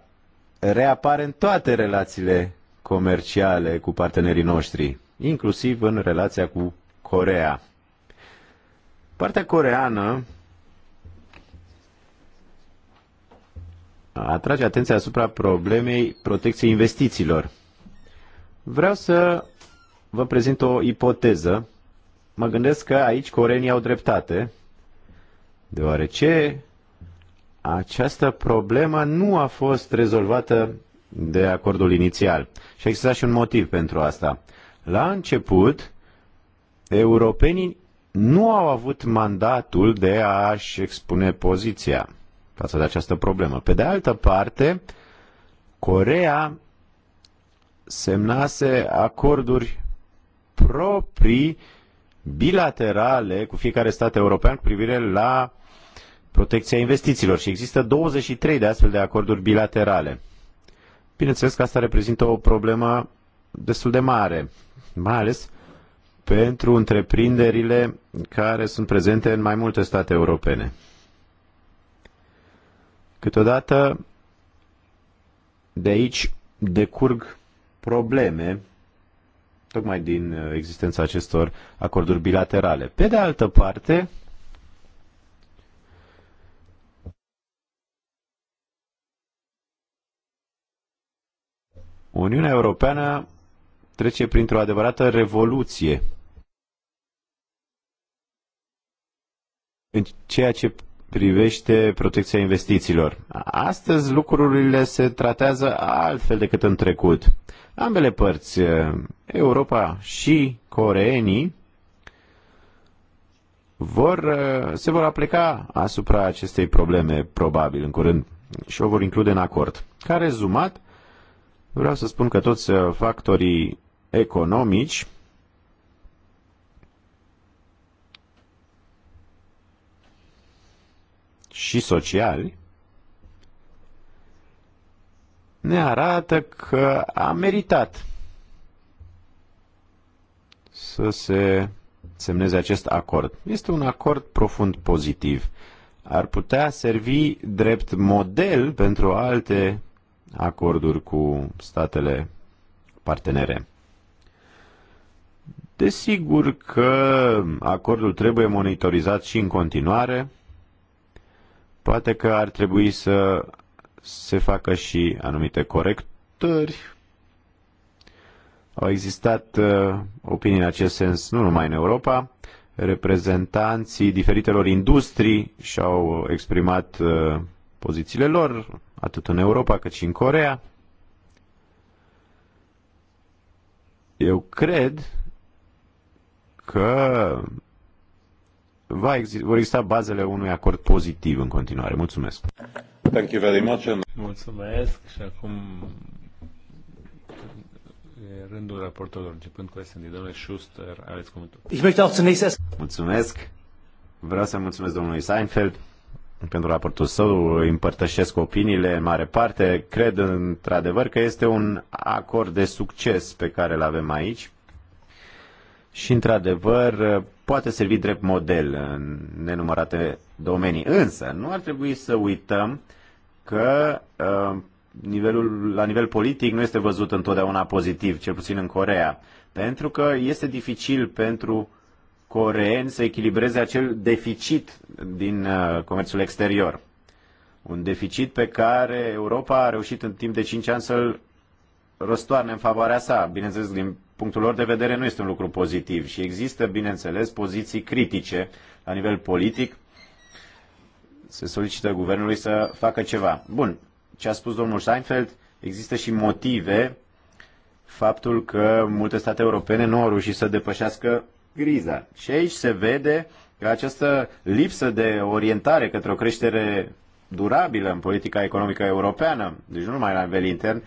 [SPEAKER 3] reapare în toate relațiile comerciale cu partenerii noștri, inclusiv în relația cu Corea. Partea coreană atrage atenția asupra problemei protecției investițiilor. Vreau să vă prezint o ipoteză. Mă gândesc că aici coreenii au dreptate, deoarece această problemă nu a fost rezolvată de acordul inițial. Și exista și un motiv pentru asta. La început, europenii nu au avut mandatul de a-și expune poziția față de această problemă. Pe de altă parte, Corea semnase acorduri proprii bilaterale cu fiecare stat european cu privire la protecția investițiilor și există 23 de astfel de acorduri bilaterale. Bineînțeles că asta reprezintă o problemă destul de mare, mai ales pentru întreprinderile care sunt prezente în mai multe state europene. Câteodată de aici decurg probleme tocmai din uh, existența acestor acorduri bilaterale. Pe de altă parte, Uniunea Europeană trece printr-o adevărată revoluție în ceea ce privește protecția investițiilor. Astăzi lucrurile se tratează altfel decât în trecut. Ambele părți, eh, Europa și coreenii, vor, eh, se vor aplica asupra acestei probleme, probabil, în curând, și o vor include în acord. Ca rezumat, Vreau să spun că toți uh, factorii economici și sociali ne arată că a meritat să se semneze acest acord. Este un acord profund pozitiv. Ar putea servi drept model pentru alte acorduri cu statele partenere. Desigur că acordul trebuie monitorizat și în continuare. Poate că ar trebui să se facă și anumite corectări. Au existat uh, opinii în acest sens nu numai în Europa. Reprezentanții diferitelor industrii și-au exprimat uh, pozițiile lor atât în Europa cât și în Corea. Eu cred că va exista, vor exista bazele unui acord pozitiv în continuare. Mulțumesc!
[SPEAKER 1] Thank you very much. And... Mulțumesc și acum rândul raportorilor, începând cu S&D. Domnule Schuster, aveți cuvântul. Ich
[SPEAKER 2] möchte auch zunächst
[SPEAKER 3] erst... Mulțumesc! Vreau să mulțumesc domnului Seinfeld pentru raportul său, împărtășesc opiniile în mare parte. Cred într-adevăr că este un acord de succes pe care îl avem aici și într-adevăr poate servi drept model în nenumărate domenii. Însă nu ar trebui să uităm că uh, nivelul, la nivel politic nu este văzut întotdeauna pozitiv, cel puțin în Corea, pentru că este dificil pentru coreen să echilibreze acel deficit din uh, comerțul exterior. Un deficit pe care Europa a reușit în timp de 5 ani să-l răstoarne în favoarea sa. Bineînțeles, din punctul lor de vedere nu este un lucru pozitiv și există, bineînțeles, poziții critice la nivel politic. Se solicită guvernului să facă ceva. Bun, ce a spus domnul Seinfeld, există și motive faptul că multe state europene nu au reușit să depășească criza. Și aici se vede că această lipsă de orientare către o creștere durabilă în politica economică europeană, deci nu numai la nivel intern,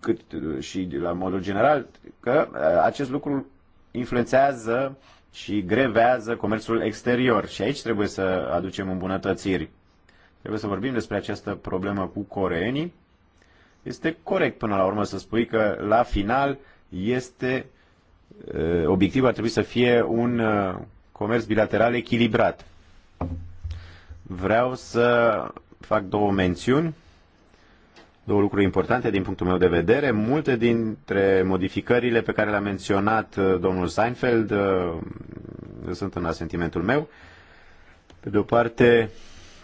[SPEAKER 3] cât și la modul general, că uh, acest lucru influențează și grevează comerțul exterior. Și aici trebuie să aducem îmbunătățiri. Trebuie să vorbim despre această problemă cu coreenii. Este corect până la urmă să spui că la final este Eh, obiectivul ar trebui să fie un eh, comerț bilateral echilibrat. Vreau să fac două mențiuni, două lucruri importante din punctul meu de vedere. Multe dintre modificările pe care le-a menționat eh, domnul Seinfeld sunt în asentimentul meu. Pe de o parte,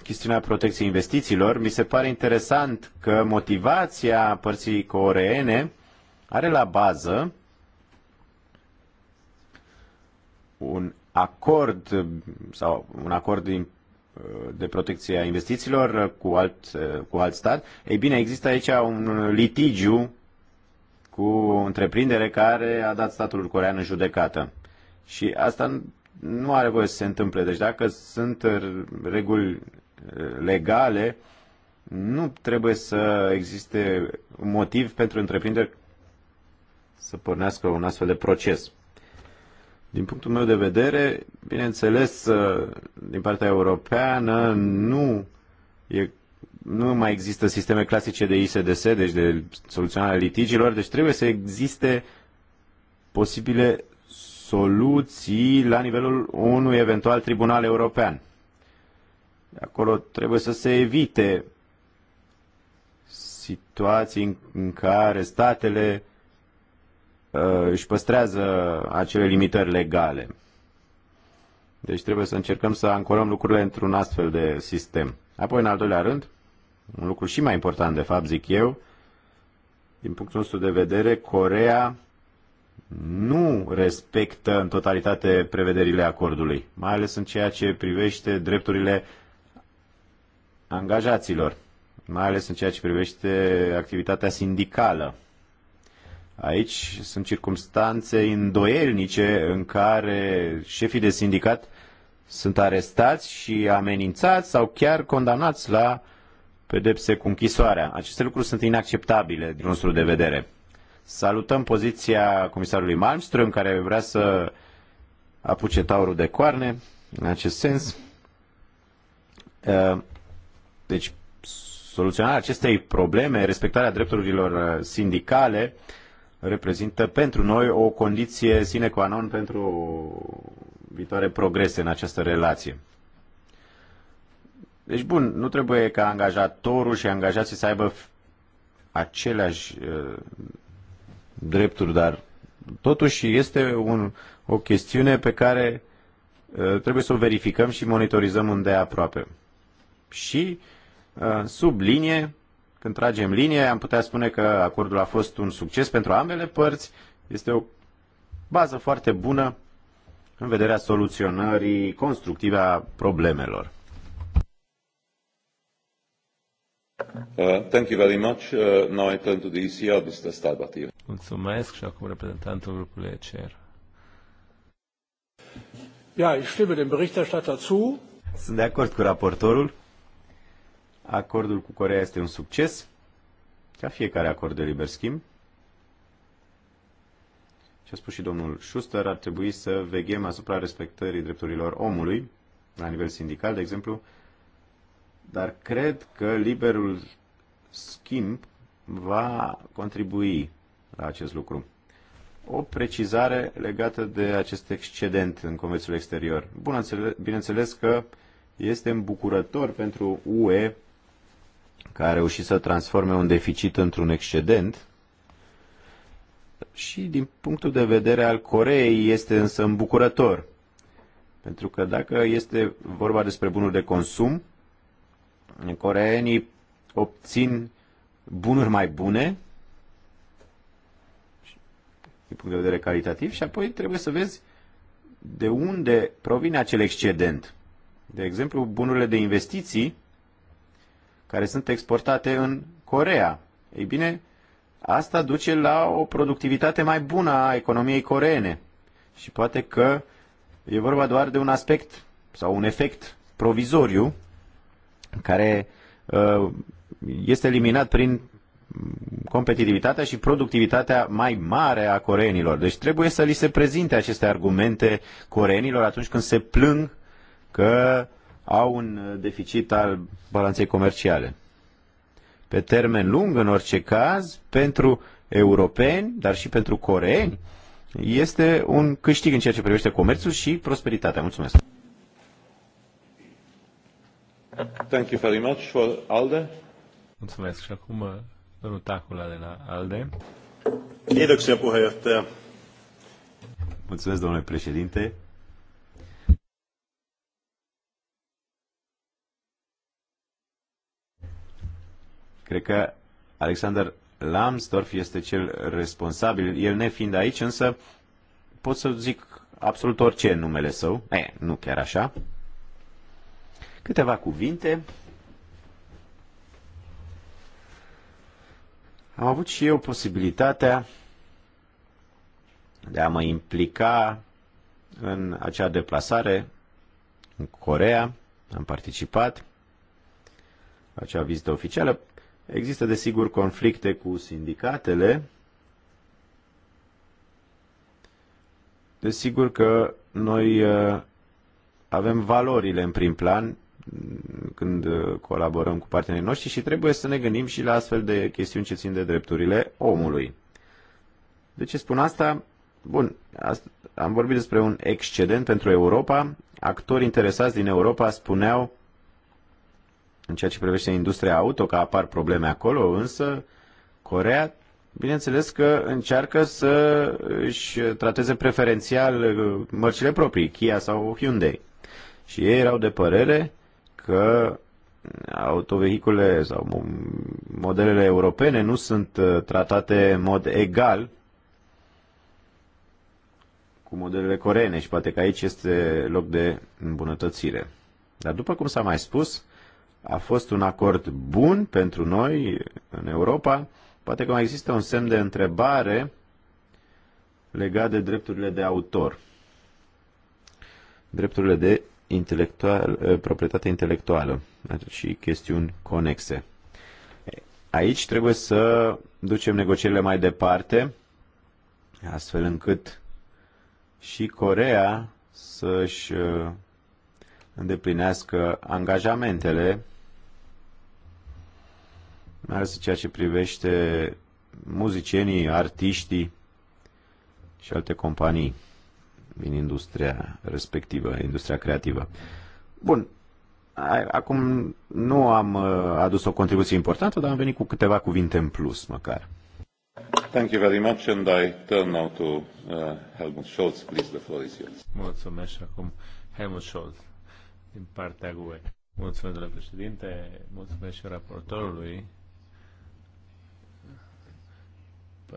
[SPEAKER 3] chestiunea protecției investițiilor. Mi se pare interesant că motivația părții coreene are la bază un acord sau un acord de protecție a investițiilor cu alt, cu alt stat, ei bine, există aici un litigiu cu o întreprindere care a dat statul corean în judecată. Și asta nu are voie să se întâmple. Deci dacă sunt reguli eh, legale, nu trebuie să existe motiv pentru întreprinderi să pornească un astfel de proces. Din punctul meu de vedere, bineînțeles, uh, din partea europeană nu, e, nu mai există sisteme clasice de ISDS, deci de soluționarea litigilor, deci trebuie să existe posibile soluții la nivelul unui eventual tribunal european. Acolo trebuie să se evite situații în care statele Uh, își păstrează acele limitări legale. Deci trebuie să încercăm să ancorăm lucrurile într-un astfel de sistem. Apoi, în al doilea rând, un lucru și mai important, de fapt, zic eu, din punctul nostru de vedere, Corea nu respectă în totalitate prevederile acordului, mai ales în ceea ce privește drepturile angajaților, mai ales în ceea ce privește activitatea sindicală. Aici sunt circumstanțe îndoielnice în care șefii de sindicat sunt arestați și amenințați sau chiar condamnați la pedepse cu închisoarea. Aceste lucruri sunt inacceptabile din nostru de vedere. Salutăm poziția comisarului Malmström, care vrea să apuce taurul de coarne în acest sens. Uh, deci, soluționarea acestei probleme, respectarea drepturilor sindicale, reprezintă pentru noi o condiție sine qua non pentru viitoare progrese în această relație. Deci, bun, nu trebuie ca angajatorul și angajații să aibă aceleași uh, drepturi, dar totuși este un, o chestiune pe care uh, trebuie să o verificăm și monitorizăm îndeaproape. Și, uh, sub linie, când tragem linie, am putea spune că acordul a fost un succes pentru ambele părți. Este o bază foarte bună în vederea soluționării constructive a problemelor.
[SPEAKER 1] Uh, thank you very much. Uh, now I turn to the ECR, Mr. Starbatir. Mulțumesc și acum reprezentantul grupului ECR.
[SPEAKER 2] Ja, ich stimme dem Berichterstatter zu.
[SPEAKER 1] Sunt de acord
[SPEAKER 3] cu raportorul. Acordul cu Corea este un succes, ca fiecare acord de liber schimb. Ce a spus și domnul Schuster, ar trebui să veghem asupra respectării drepturilor omului, la nivel sindical, de exemplu, dar cred că liberul schimb va contribui la acest lucru. O precizare legată de acest excedent în comerțul exterior. Bun, bineînțeles că este îmbucurător pentru UE că a reușit să transforme un deficit într-un excedent. Și din punctul de vedere al Coreei este însă îmbucurător. Pentru că dacă este vorba despre bunuri de consum, coreenii obțin bunuri mai bune din punct de vedere calitativ și apoi trebuie să vezi de unde provine acel excedent. De exemplu, bunurile de investiții care sunt exportate în Corea. Ei bine, asta duce la o productivitate mai bună a economiei coreene. Și poate că e vorba doar de un aspect sau un efect provizoriu care uh, este eliminat prin competitivitatea și productivitatea mai mare a coreenilor. Deci trebuie să li se prezinte aceste argumente coreenilor atunci când se plâng că uh, au un uh, deficit al balanței comerciale. Pe termen lung, în orice caz, pentru europeni, dar și pentru coreeni, este un câștig în ceea ce privește comerțul și prosperitatea. Mulțumesc!
[SPEAKER 1] Thank you very much for ALDE. Mulțumesc. Și acum uh, domnul Tacula de la ALDE.
[SPEAKER 3] Mulțumesc, domnule președinte. Cred că Alexander Lambsdorff este cel responsabil, el nefiind aici, însă pot să zic absolut orice în numele său. E, nu chiar așa. Câteva cuvinte. Am avut și eu posibilitatea de a mă implica în acea deplasare în Corea. Am participat la acea vizită oficială Există, desigur, conflicte cu sindicatele. Desigur că noi uh, avem valorile în prim plan mm, când uh, colaborăm cu partenerii noștri și trebuie să ne gândim și la astfel de chestiuni ce țin de drepturile omului. De ce spun asta? Bun, am vorbit despre un excedent pentru Europa. Actori interesați din Europa spuneau în ceea ce privește industria auto, că apar probleme acolo, însă Corea, bineînțeles că încearcă să își trateze preferențial uh, mărcile proprii, Kia sau Hyundai. Și ei erau de părere că autovehicule sau modelele europene nu sunt uh, tratate în mod egal cu modelele coreene și poate că aici este loc de îmbunătățire. Dar după cum s-a mai spus, a fost un acord bun pentru noi în Europa. Poate că mai există un semn de întrebare legat de drepturile de autor, drepturile de intelectual, eh, proprietate intelectuală și chestiuni conexe. Aici trebuie să ducem negocierile mai departe, astfel încât și Corea să-și eh, îndeplinească angajamentele mai ales ceea ce privește muzicienii, artiștii și alte companii din industria respectivă, industria creativă. Bun, acum nu am uh, adus o contribuție importantă, dar am venit cu câteva cuvinte în plus,
[SPEAKER 1] măcar. Thank you very much and I turn now to uh, Helmut Scholz. Please, the floor is yours. Mulțumesc acum Helmut Scholz din partea GUE. Mulțumesc, domnule președinte, mulțumesc și raportorului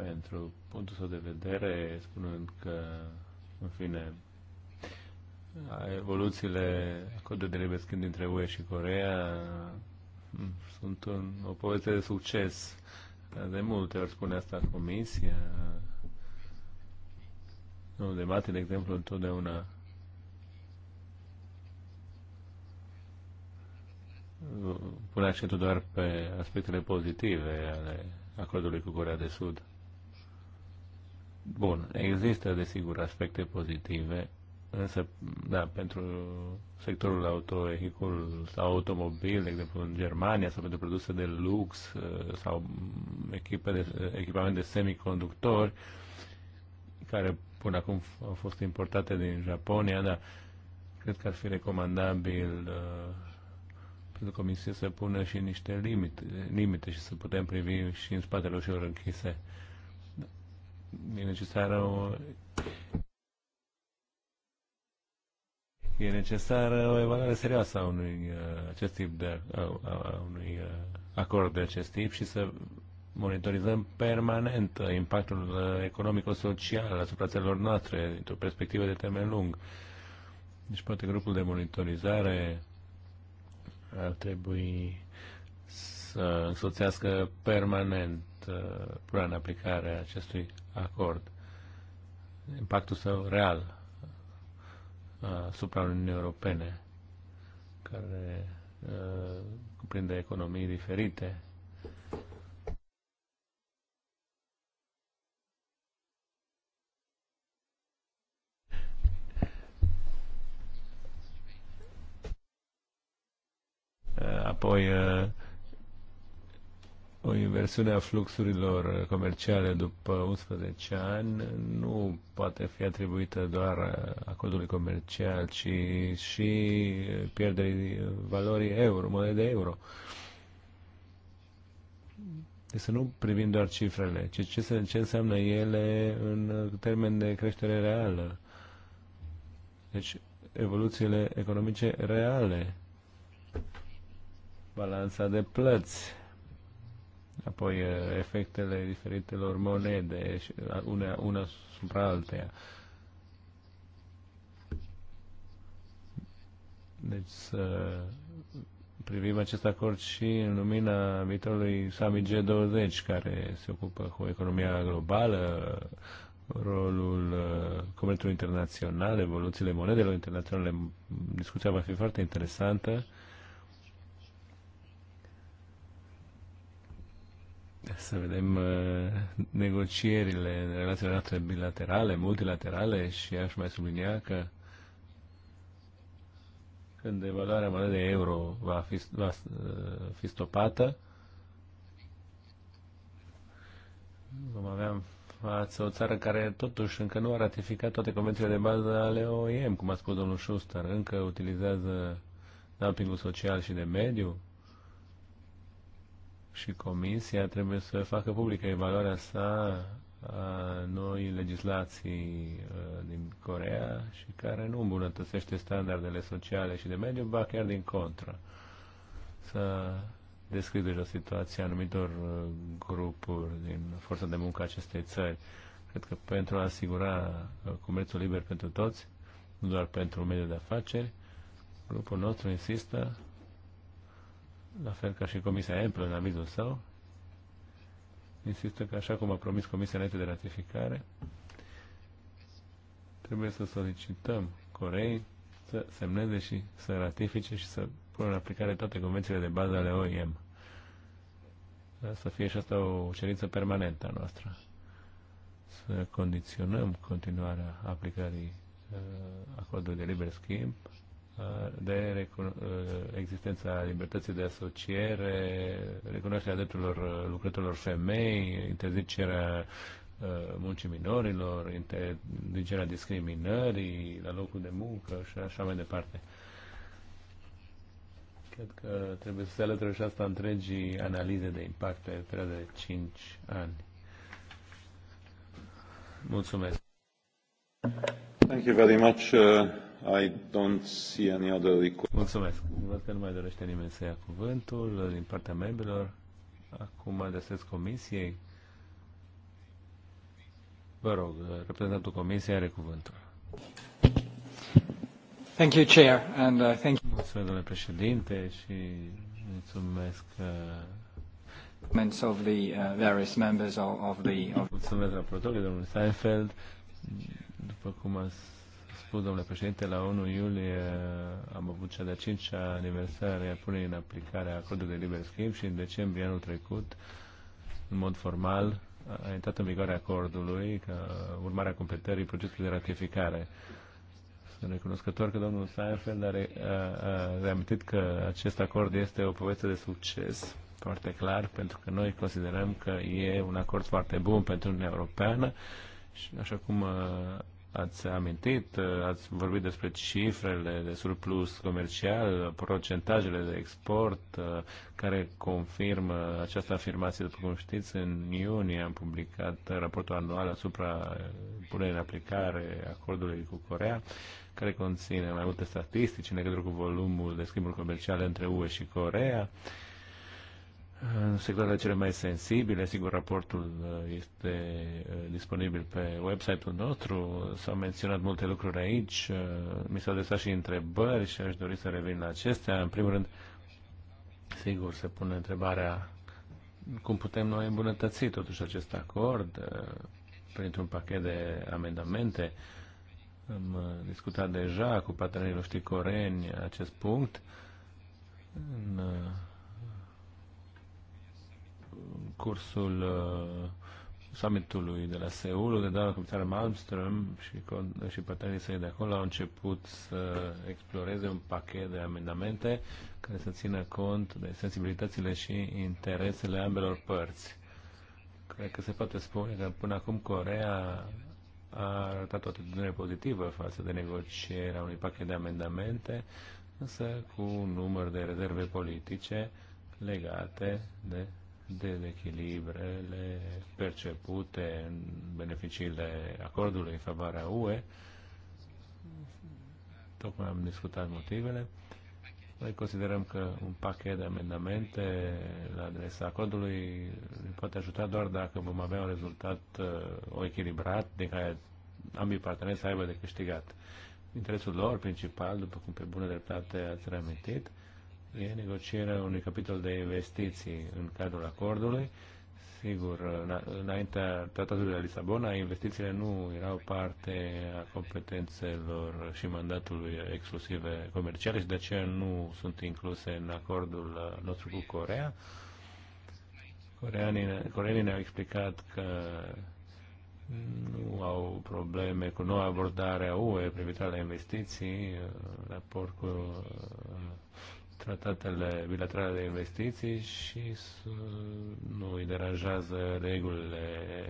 [SPEAKER 1] pentru punctul său de vedere, spunând că, în fine, evoluțiile codului de liber schimb dintre UE și Corea mm, sunt un, o poveste de succes. De multe ori spune asta Comisia. Nu, de mate, de exemplu, întotdeauna pune accentul doar pe aspectele pozitive ale acordului cu Corea de Sud. Bun, există desigur aspecte pozitive, însă, da, pentru sectorul autovehicul sau automobil, de exemplu în Germania, sau pentru produse de lux uh, sau echipe de, echipament de semiconductori, care până acum au fost importate din Japonia, da, cred că ar fi recomandabil uh, pentru Comisie să pună și niște limite, limite și să putem privi și în spatele ușilor închise. Uh, e necesară o, e necesară o evaluare serioasă a unui uh, acest tip de a, a unui uh, acord de acest tip și să monitorizăm permanent impactul uh, economico-social asupra țărilor noastre dintr-o perspectivă de termen lung. Deci poate grupul de monitorizare ar trebui să însoțească permanent până în aplicarea acestui acord, impactul său real uh, asupra Uniunii Europene, care uh, cuprinde economii diferite. Uh, apoi, uh, o inversiune a fluxurilor comerciale după 11 ani nu poate fi atribuită doar acordului comercial, ci și pierderii valorii euro, monede euro. Deci să nu privim doar cifrele, ci ce, ce înseamnă ele în termen de creștere reală. Deci evoluțiile economice reale, balanța de plăți, apoi eh, efectele diferitelor monede, eh, una, una supra altea. Deci să privim acest acord și în lumina viitorului Summit G20, care se ocupă cu economia globală, rolul eh, comerțului internațional, evoluțiile monedelor internaționale. Discuția va fi foarte interesantă să vedem uh, negocierile în relațiile noastre bilaterale, multilaterale și aș mai sublinia că când evaluarea monedei euro va fi, va uh, fi stopată, vom avea în față o țară care totuși încă nu a ratificat toate convențiile de bază ale OIM, cum a spus domnul Schuster, încă utilizează dumpingul social și de mediu și Comisia trebuie să facă publică evaluarea sa a noi legislații din Corea și care nu îmbunătățește standardele sociale și de mediu, ba chiar din contră. Să descrie deja situația anumitor grupuri din forța de muncă acestei țări. Cred că pentru a asigura comerțul liber pentru toți, nu doar pentru mediul de afaceri, grupul nostru insistă la fel ca și Comisia Emplă în avizul său, insistă că așa cum a promis Comisia înainte de ratificare, trebuie să solicităm Corei să semneze și să ratifice și să pună în aplicare toate convențiile de bază ale OIM. Să fie și asta o cerință permanentă a noastră. Să condiționăm continuarea aplicării uh, acordului de liber schimb de uh, existența libertății de asociere, recunoașterea drepturilor uh, lucrătorilor femei, interzicerea uh, muncii minorilor, interzicerea discriminării la locul de muncă și așa mai departe. Cred că trebuie să se alătură și asta întregii analize de impact pe perioada de 5 ani. Mulțumesc! Thank you very much. Uh... I don't see any other request. Mulțumesc. Văd că nu mai dorește nimeni să ia cuvântul din partea membrilor. Acum adresez comisiei. Vă rog, reprezentantul comisiei are cuvântul. Thank you, Chair, and uh, thank you. Mulțumesc, domnule președinte, și mulțumesc uh, comments of the uh, various members of, of the... Of... Mulțumesc raportorului, domnul Seinfeld. După cum ați spus, domnule președinte, la 1 iulie am avut cea de-a cincea aniversare a punerii în aplicare a acordului de liber schimb și în decembrie anul trecut, în mod formal, a intrat în vigoare acordului ca urmarea completării procesului de ratificare. Sunt recunoscător că domnul Seinfeld a, re, a, a reamintit că acest acord este o poveste de succes foarte clar, pentru că noi considerăm că e un acord foarte bun pentru Uniunea Europeană și așa cum ați amintit, ați vorbit despre cifrele de surplus comercial, procentajele de export care confirmă această afirmație. După cum știți, în iunie am publicat raportul anual asupra punerii în aplicare acordului cu Corea, care conține mai multe statistici în legătură cu volumul de schimburi comerciale între UE și Corea în sectoarele cele mai sensibile, sigur, raportul uh, este uh, disponibil pe website-ul nostru, s-au menționat multe lucruri aici, uh, mi s-au adresat și întrebări și aș dori să revin la acestea. În primul rând, sigur, se pune întrebarea cum putem noi îmbunătăți totuși acest acord printr-un pachet de amendamente. Am discutat deja cu partenerii noștri coreni acest punct. În, cursul uh, summitului de la Seul, unde doamna comisară Malmström și, și partenerii săi de acolo au început să exploreze un pachet de amendamente care să țină cont de sensibilitățile și interesele ambelor părți. Cred că se poate spune că până acum Corea a arătat o atitudine pozitivă față de negocierea unui pachet de amendamente, însă cu un număr de rezerve politice legate de dezechilibrele percepute în beneficiile acordului în favoarea UE. Tocmai am discutat motivele. Noi considerăm că un pachet de amendamente la adresa acordului ne poate ajuta doar dacă vom avea un rezultat uh, o echilibrat de care ambii parteneri să aibă de câștigat. Interesul lor principal, după cum pe bună dreptate ați reamintit, e negocierea unui capitol de investiții în cadrul acordului. Sigur, înaintea tratatului de la Lisabona, investițiile nu erau parte a competențelor și mandatului exclusive comerciale și de aceea nu sunt incluse în acordul nostru cu Corea. Coreanii, coreenii ne-au explicat că nu au probleme cu noua abordare a UE privitoare la investiții, în raport cu tratatele bilaterale de investiții și nu îi deranjează regulile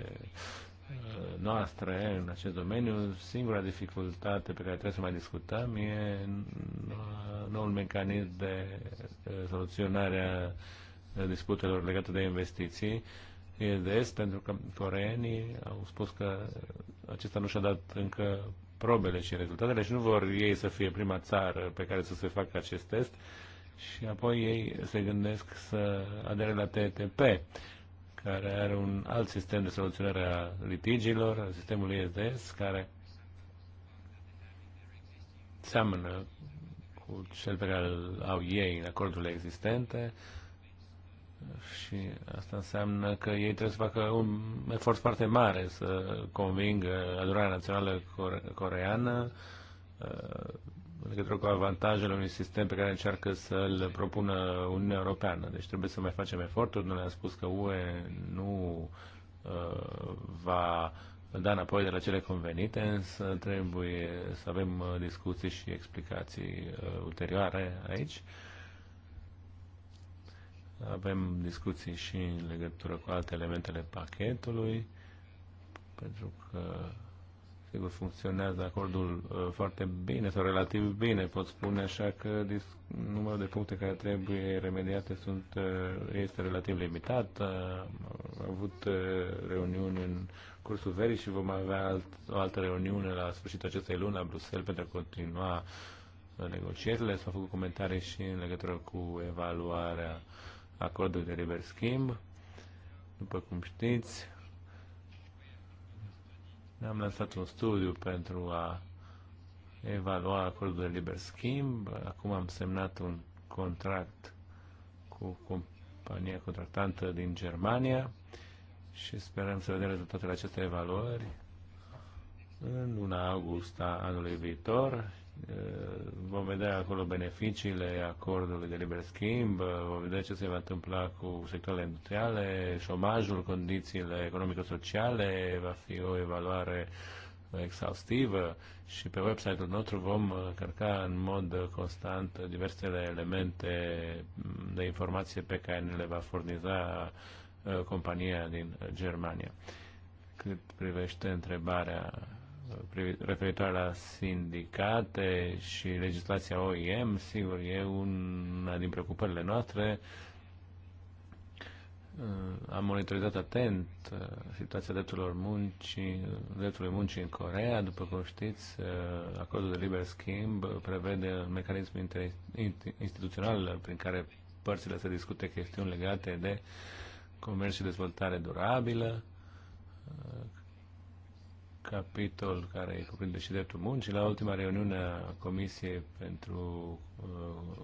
[SPEAKER 1] uh, noastre în acest domeniu. Singura dificultate pe care trebuie să mai discutăm e uh, noul mecanism de uh, soluționare a disputelor legate de investiții. E des pentru că coreenii au spus că acesta nu și-a dat încă probele și rezultatele și nu vor ei să fie prima țară pe care să se facă acest test. Uh, și apoi ei se gândesc să adere la TTP, care are un alt sistem de soluționare a litigiilor, sistemul ISDS, care seamănă cu cel pe care îl au ei în acordurile existente și asta înseamnă că ei trebuie să facă un efort foarte mare să convingă adunarea națională coreană în legătură cu avantajele unui sistem pe care încearcă să-l propună Uniunea Europeană. Deci trebuie să mai facem eforturi. Noi am spus că UE nu uh, va da înapoi de la cele convenite, însă trebuie să avem uh, discuții și explicații uh, ulterioare aici. Avem discuții și în legătură cu alte elementele pachetului, pentru că Sigur, funcționează acordul uh, foarte bine sau relativ bine, pot spune așa că numărul de puncte care trebuie remediate sunt, uh, este relativ limitat. Uh, am avut reuniuni în cursul verii și vom avea alt, o altă reuniune la sfârșitul acestei luni la Bruxelles pentru a continua negocierile. S-au făcut comentarii și în legătură cu evaluarea acordului de liber schimb. După cum știți, am lansat un studiu pentru a evalua acordul de liber schimb. Acum am semnat un contract cu compania contractantă din Germania și sperăm să vedem rezultatele acestei evaluări în luna august a anului viitor Eh, vom vedea acolo beneficiile acordului de liber schimb, eh, vom vedea ce se va întâmpla cu sectoarele industriale, șomajul, condițiile economico-sociale, va fi o evaluare exhaustivă și pe website-ul nostru vom eh, cărca în mod constant diversele elemente mm, de informație pe care ne le va furniza compania din Germania. Cât privește întrebarea referitoare la sindicate și legislația OIM, sigur, e una din preocupările noastre. Uh, am monitorizat atent uh, situația drepturilor muncii, drepturile muncii în Corea. După cum știți, uh, acordul de liber schimb prevede un mecanism instituțional prin care părțile să discute chestiuni legate de comerț și dezvoltare durabilă, capitol care cuprinde și dreptul muncii. La ultima reuniune a Comisiei pentru uh,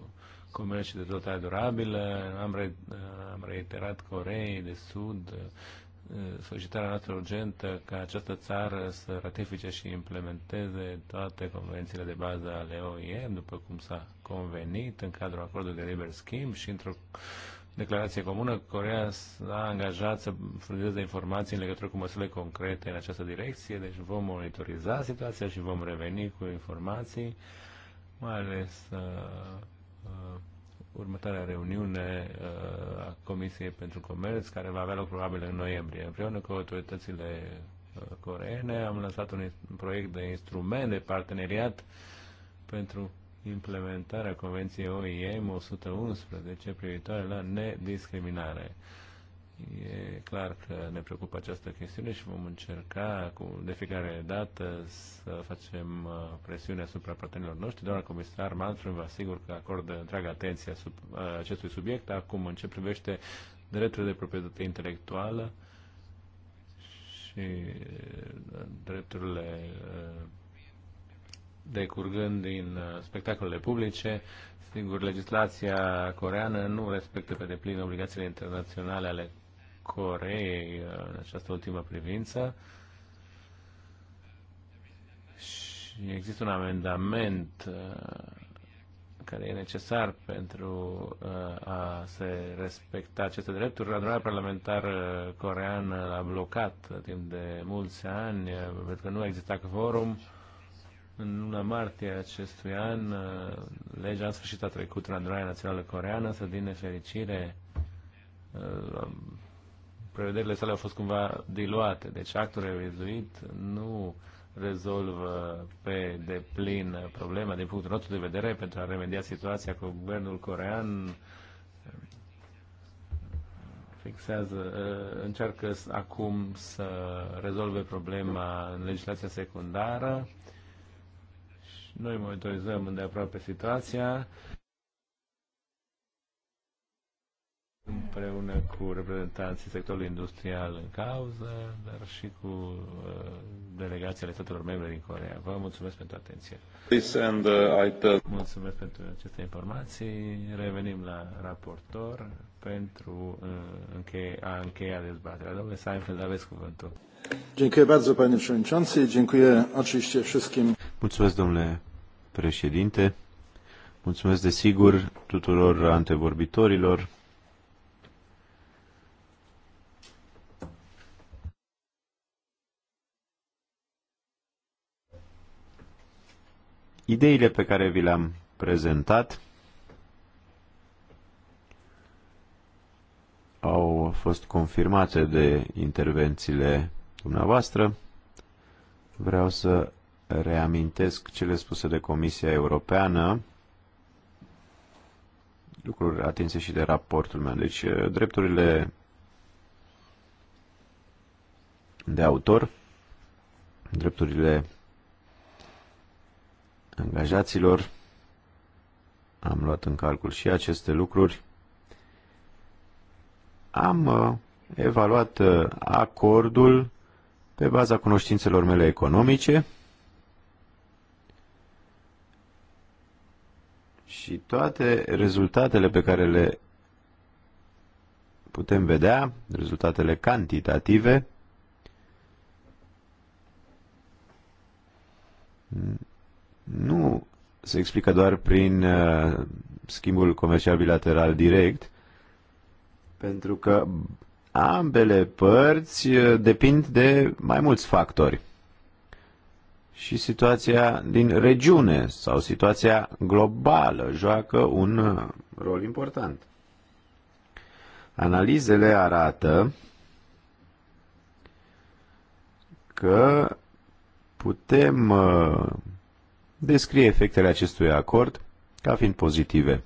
[SPEAKER 1] Comerț și Dezvoltare Durabilă am, re, uh, am reiterat Coreei de Sud uh, solicitarea noastră urgentă ca această țară să ratifice și implementeze toate convențiile de bază ale OIM, după cum s-a convenit în cadrul acordului de liber schimb și într-o declarație comună, Corea s-a angajat să furnizeze informații în legătură cu măsurile concrete în această direcție, deci vom monitoriza situația și vom reveni cu informații, mai ales uh, uh, următoarea reuniune uh, a Comisiei pentru Comerț, care va avea loc probabil în noiembrie. Împreună cu autoritățile uh, coreene am lansat un proiect de instrument de parteneriat pentru implementarea Convenției OIM 111 privitoare la nediscriminare. E clar că ne preocupă această chestiune și vom încerca cu, de fiecare dată să facem uh, presiune asupra partenerilor noștri. Doamna comisar Malmström vă asigur că acordă întreaga atenție sub, uh, acestui subiect. Acum, în ce privește drepturile de proprietate intelectuală și uh, drepturile decurgând din uh, spectacolele publice. Sigur, legislația coreană nu respectă pe deplin obligațiile internaționale ale Coreei uh, în această ultimă privință. Și există un amendament uh, care e necesar pentru a se respecta aceste drepturi. Adunarea parlamentară coreană l-a blocat timp de mulți ani pentru că nu exista existat Uh, în luna martie acestui an, uh, legea în sfârșit a trecut în adunarea națională coreană, să din nefericire uh, prevederile sale au fost cumva diluate, deci actul revizuit nu rezolvă pe deplin problema din punctul nostru de vedere pentru a remedia situația cu guvernul corean fixează, uh, încearcă acum să rezolve problema în legislația secundară noi monitorizăm îndeaproape situația împreună cu reprezentanții sectorului industrial în cauză, dar și cu uh, delegațiile statelor membre din Corea. Vă mulțumesc pentru atenție. Uh, mulțumesc pentru aceste informații. Revenim la raportor pentru uh, a încheia dezbaterea. Domnule Seinfeld, aveți
[SPEAKER 2] cuvântul. Dziękuję bardzo, panie przewodniczący. Dziękuję oczywiście wszystkim. Mulțumesc,
[SPEAKER 3] domnule președinte. Mulțumesc, desigur, tuturor antevorbitorilor. Ideile pe care vi le-am prezentat au fost confirmate de intervențiile dumneavoastră. Vreau să reamintesc cele spuse de Comisia Europeană, lucruri atinse și de raportul meu. Deci, eh, drepturile de autor, drepturile angajaților, am luat în calcul și aceste lucruri. Am eh, evaluat eh, acordul pe baza cunoștințelor mele economice, Și toate rezultatele pe care le putem vedea, rezultatele cantitative, nu se explică doar prin uh, schimbul comercial bilateral direct, pentru că ambele părți uh, depind de mai mulți factori și situația din regiune sau situația globală joacă un uh, rol important. Analizele arată că putem uh, descrie efectele acestui acord ca fiind pozitive.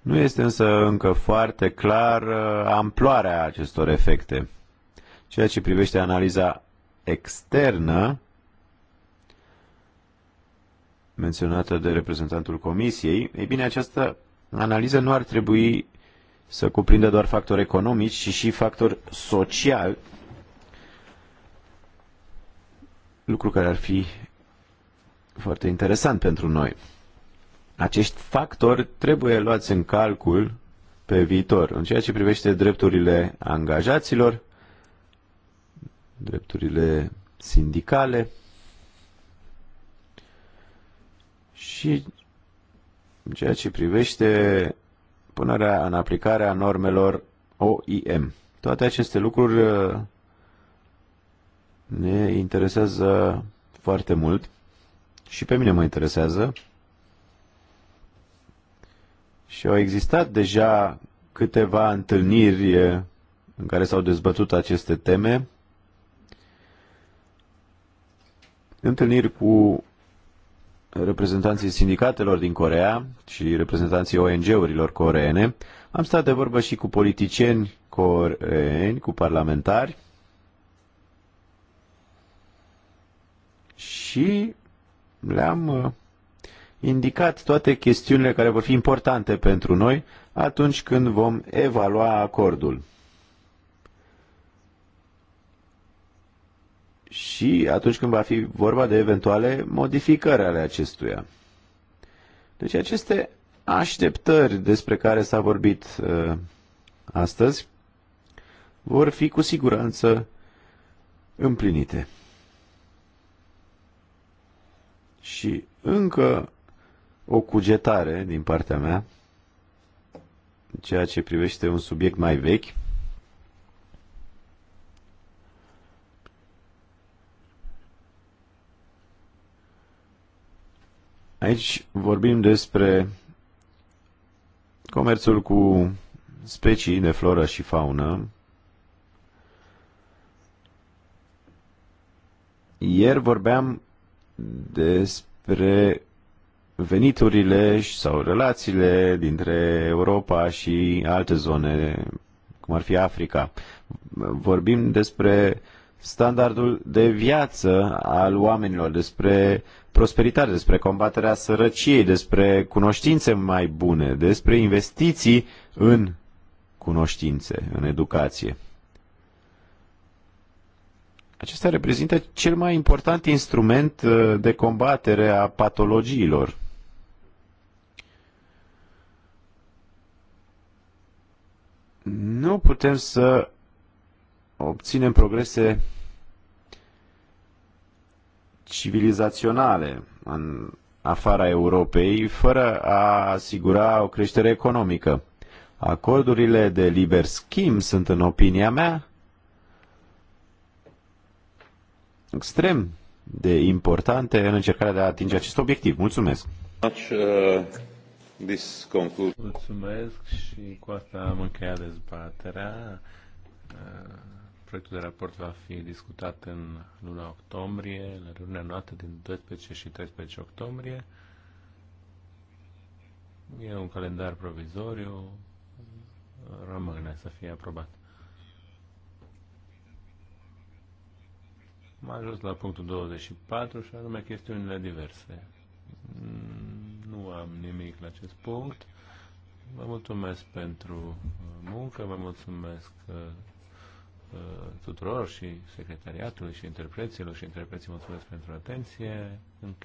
[SPEAKER 3] Nu este însă încă foarte clar uh, amploarea acestor efecte. Ceea ce privește analiza externă, menționată de reprezentantul Comisiei, ei bine, această analiză nu ar trebui să cuprindă doar factori economici, ci și factori social, lucru care ar fi foarte interesant pentru noi. Acești factori trebuie luați în calcul pe viitor. În ceea ce privește drepturile angajaților, drepturile sindicale, și în ceea ce privește punerea în aplicare a normelor OIM. Toate aceste lucruri uh, ne interesează foarte mult și pe mine mă interesează. Și au existat deja câteva întâlniri uh, în care s-au dezbătut aceste teme. Întâlniri cu reprezentanții sindicatelor din Corea și reprezentanții ONG-urilor coreene. Am stat de vorbă și cu politicieni coreeni, cu parlamentari și le-am uh, indicat toate chestiunile care vor fi importante pentru noi atunci când vom evalua acordul. și atunci când va fi vorba de eventuale modificări ale acestuia. Deci aceste așteptări despre care s-a vorbit uh, astăzi vor fi cu siguranță împlinite. Și încă o cugetare din partea mea, ceea ce privește un subiect mai vechi, Aici vorbim despre comerțul cu specii de floră și faună. Ieri vorbeam despre veniturile sau relațiile dintre Europa și alte zone, cum ar fi Africa. Vorbim despre standardul de viață al oamenilor, despre prosperitate, despre combaterea sărăciei, despre cunoștințe mai bune, despre investiții în cunoștințe, în educație. Acesta reprezintă cel mai important instrument uh, de combatere a patologiilor. Nu putem să obținem progrese civilizaționale în afara Europei, fără a asigura o creștere economică. Acordurile de liber schimb sunt, în opinia mea, extrem de importante în încercarea de a atinge acest obiectiv. Mulțumesc!
[SPEAKER 1] Uh, Mulțumesc și cu asta am încheiat dezbaterea. Uh, Proiectul de raport va fi discutat în luna octombrie, la luna noastră din 12 și 13 octombrie. E un calendar provizoriu, rămâne să fie aprobat. Am ajuns la punctul 24 și anume chestiunile diverse. Nu am nimic la acest punct. Vă mulțumesc pentru muncă, vă mulțumesc uh, Uh, tuturor și secretariatului și interpreților și interpreții mulțumesc pentru atenție. Încheiem.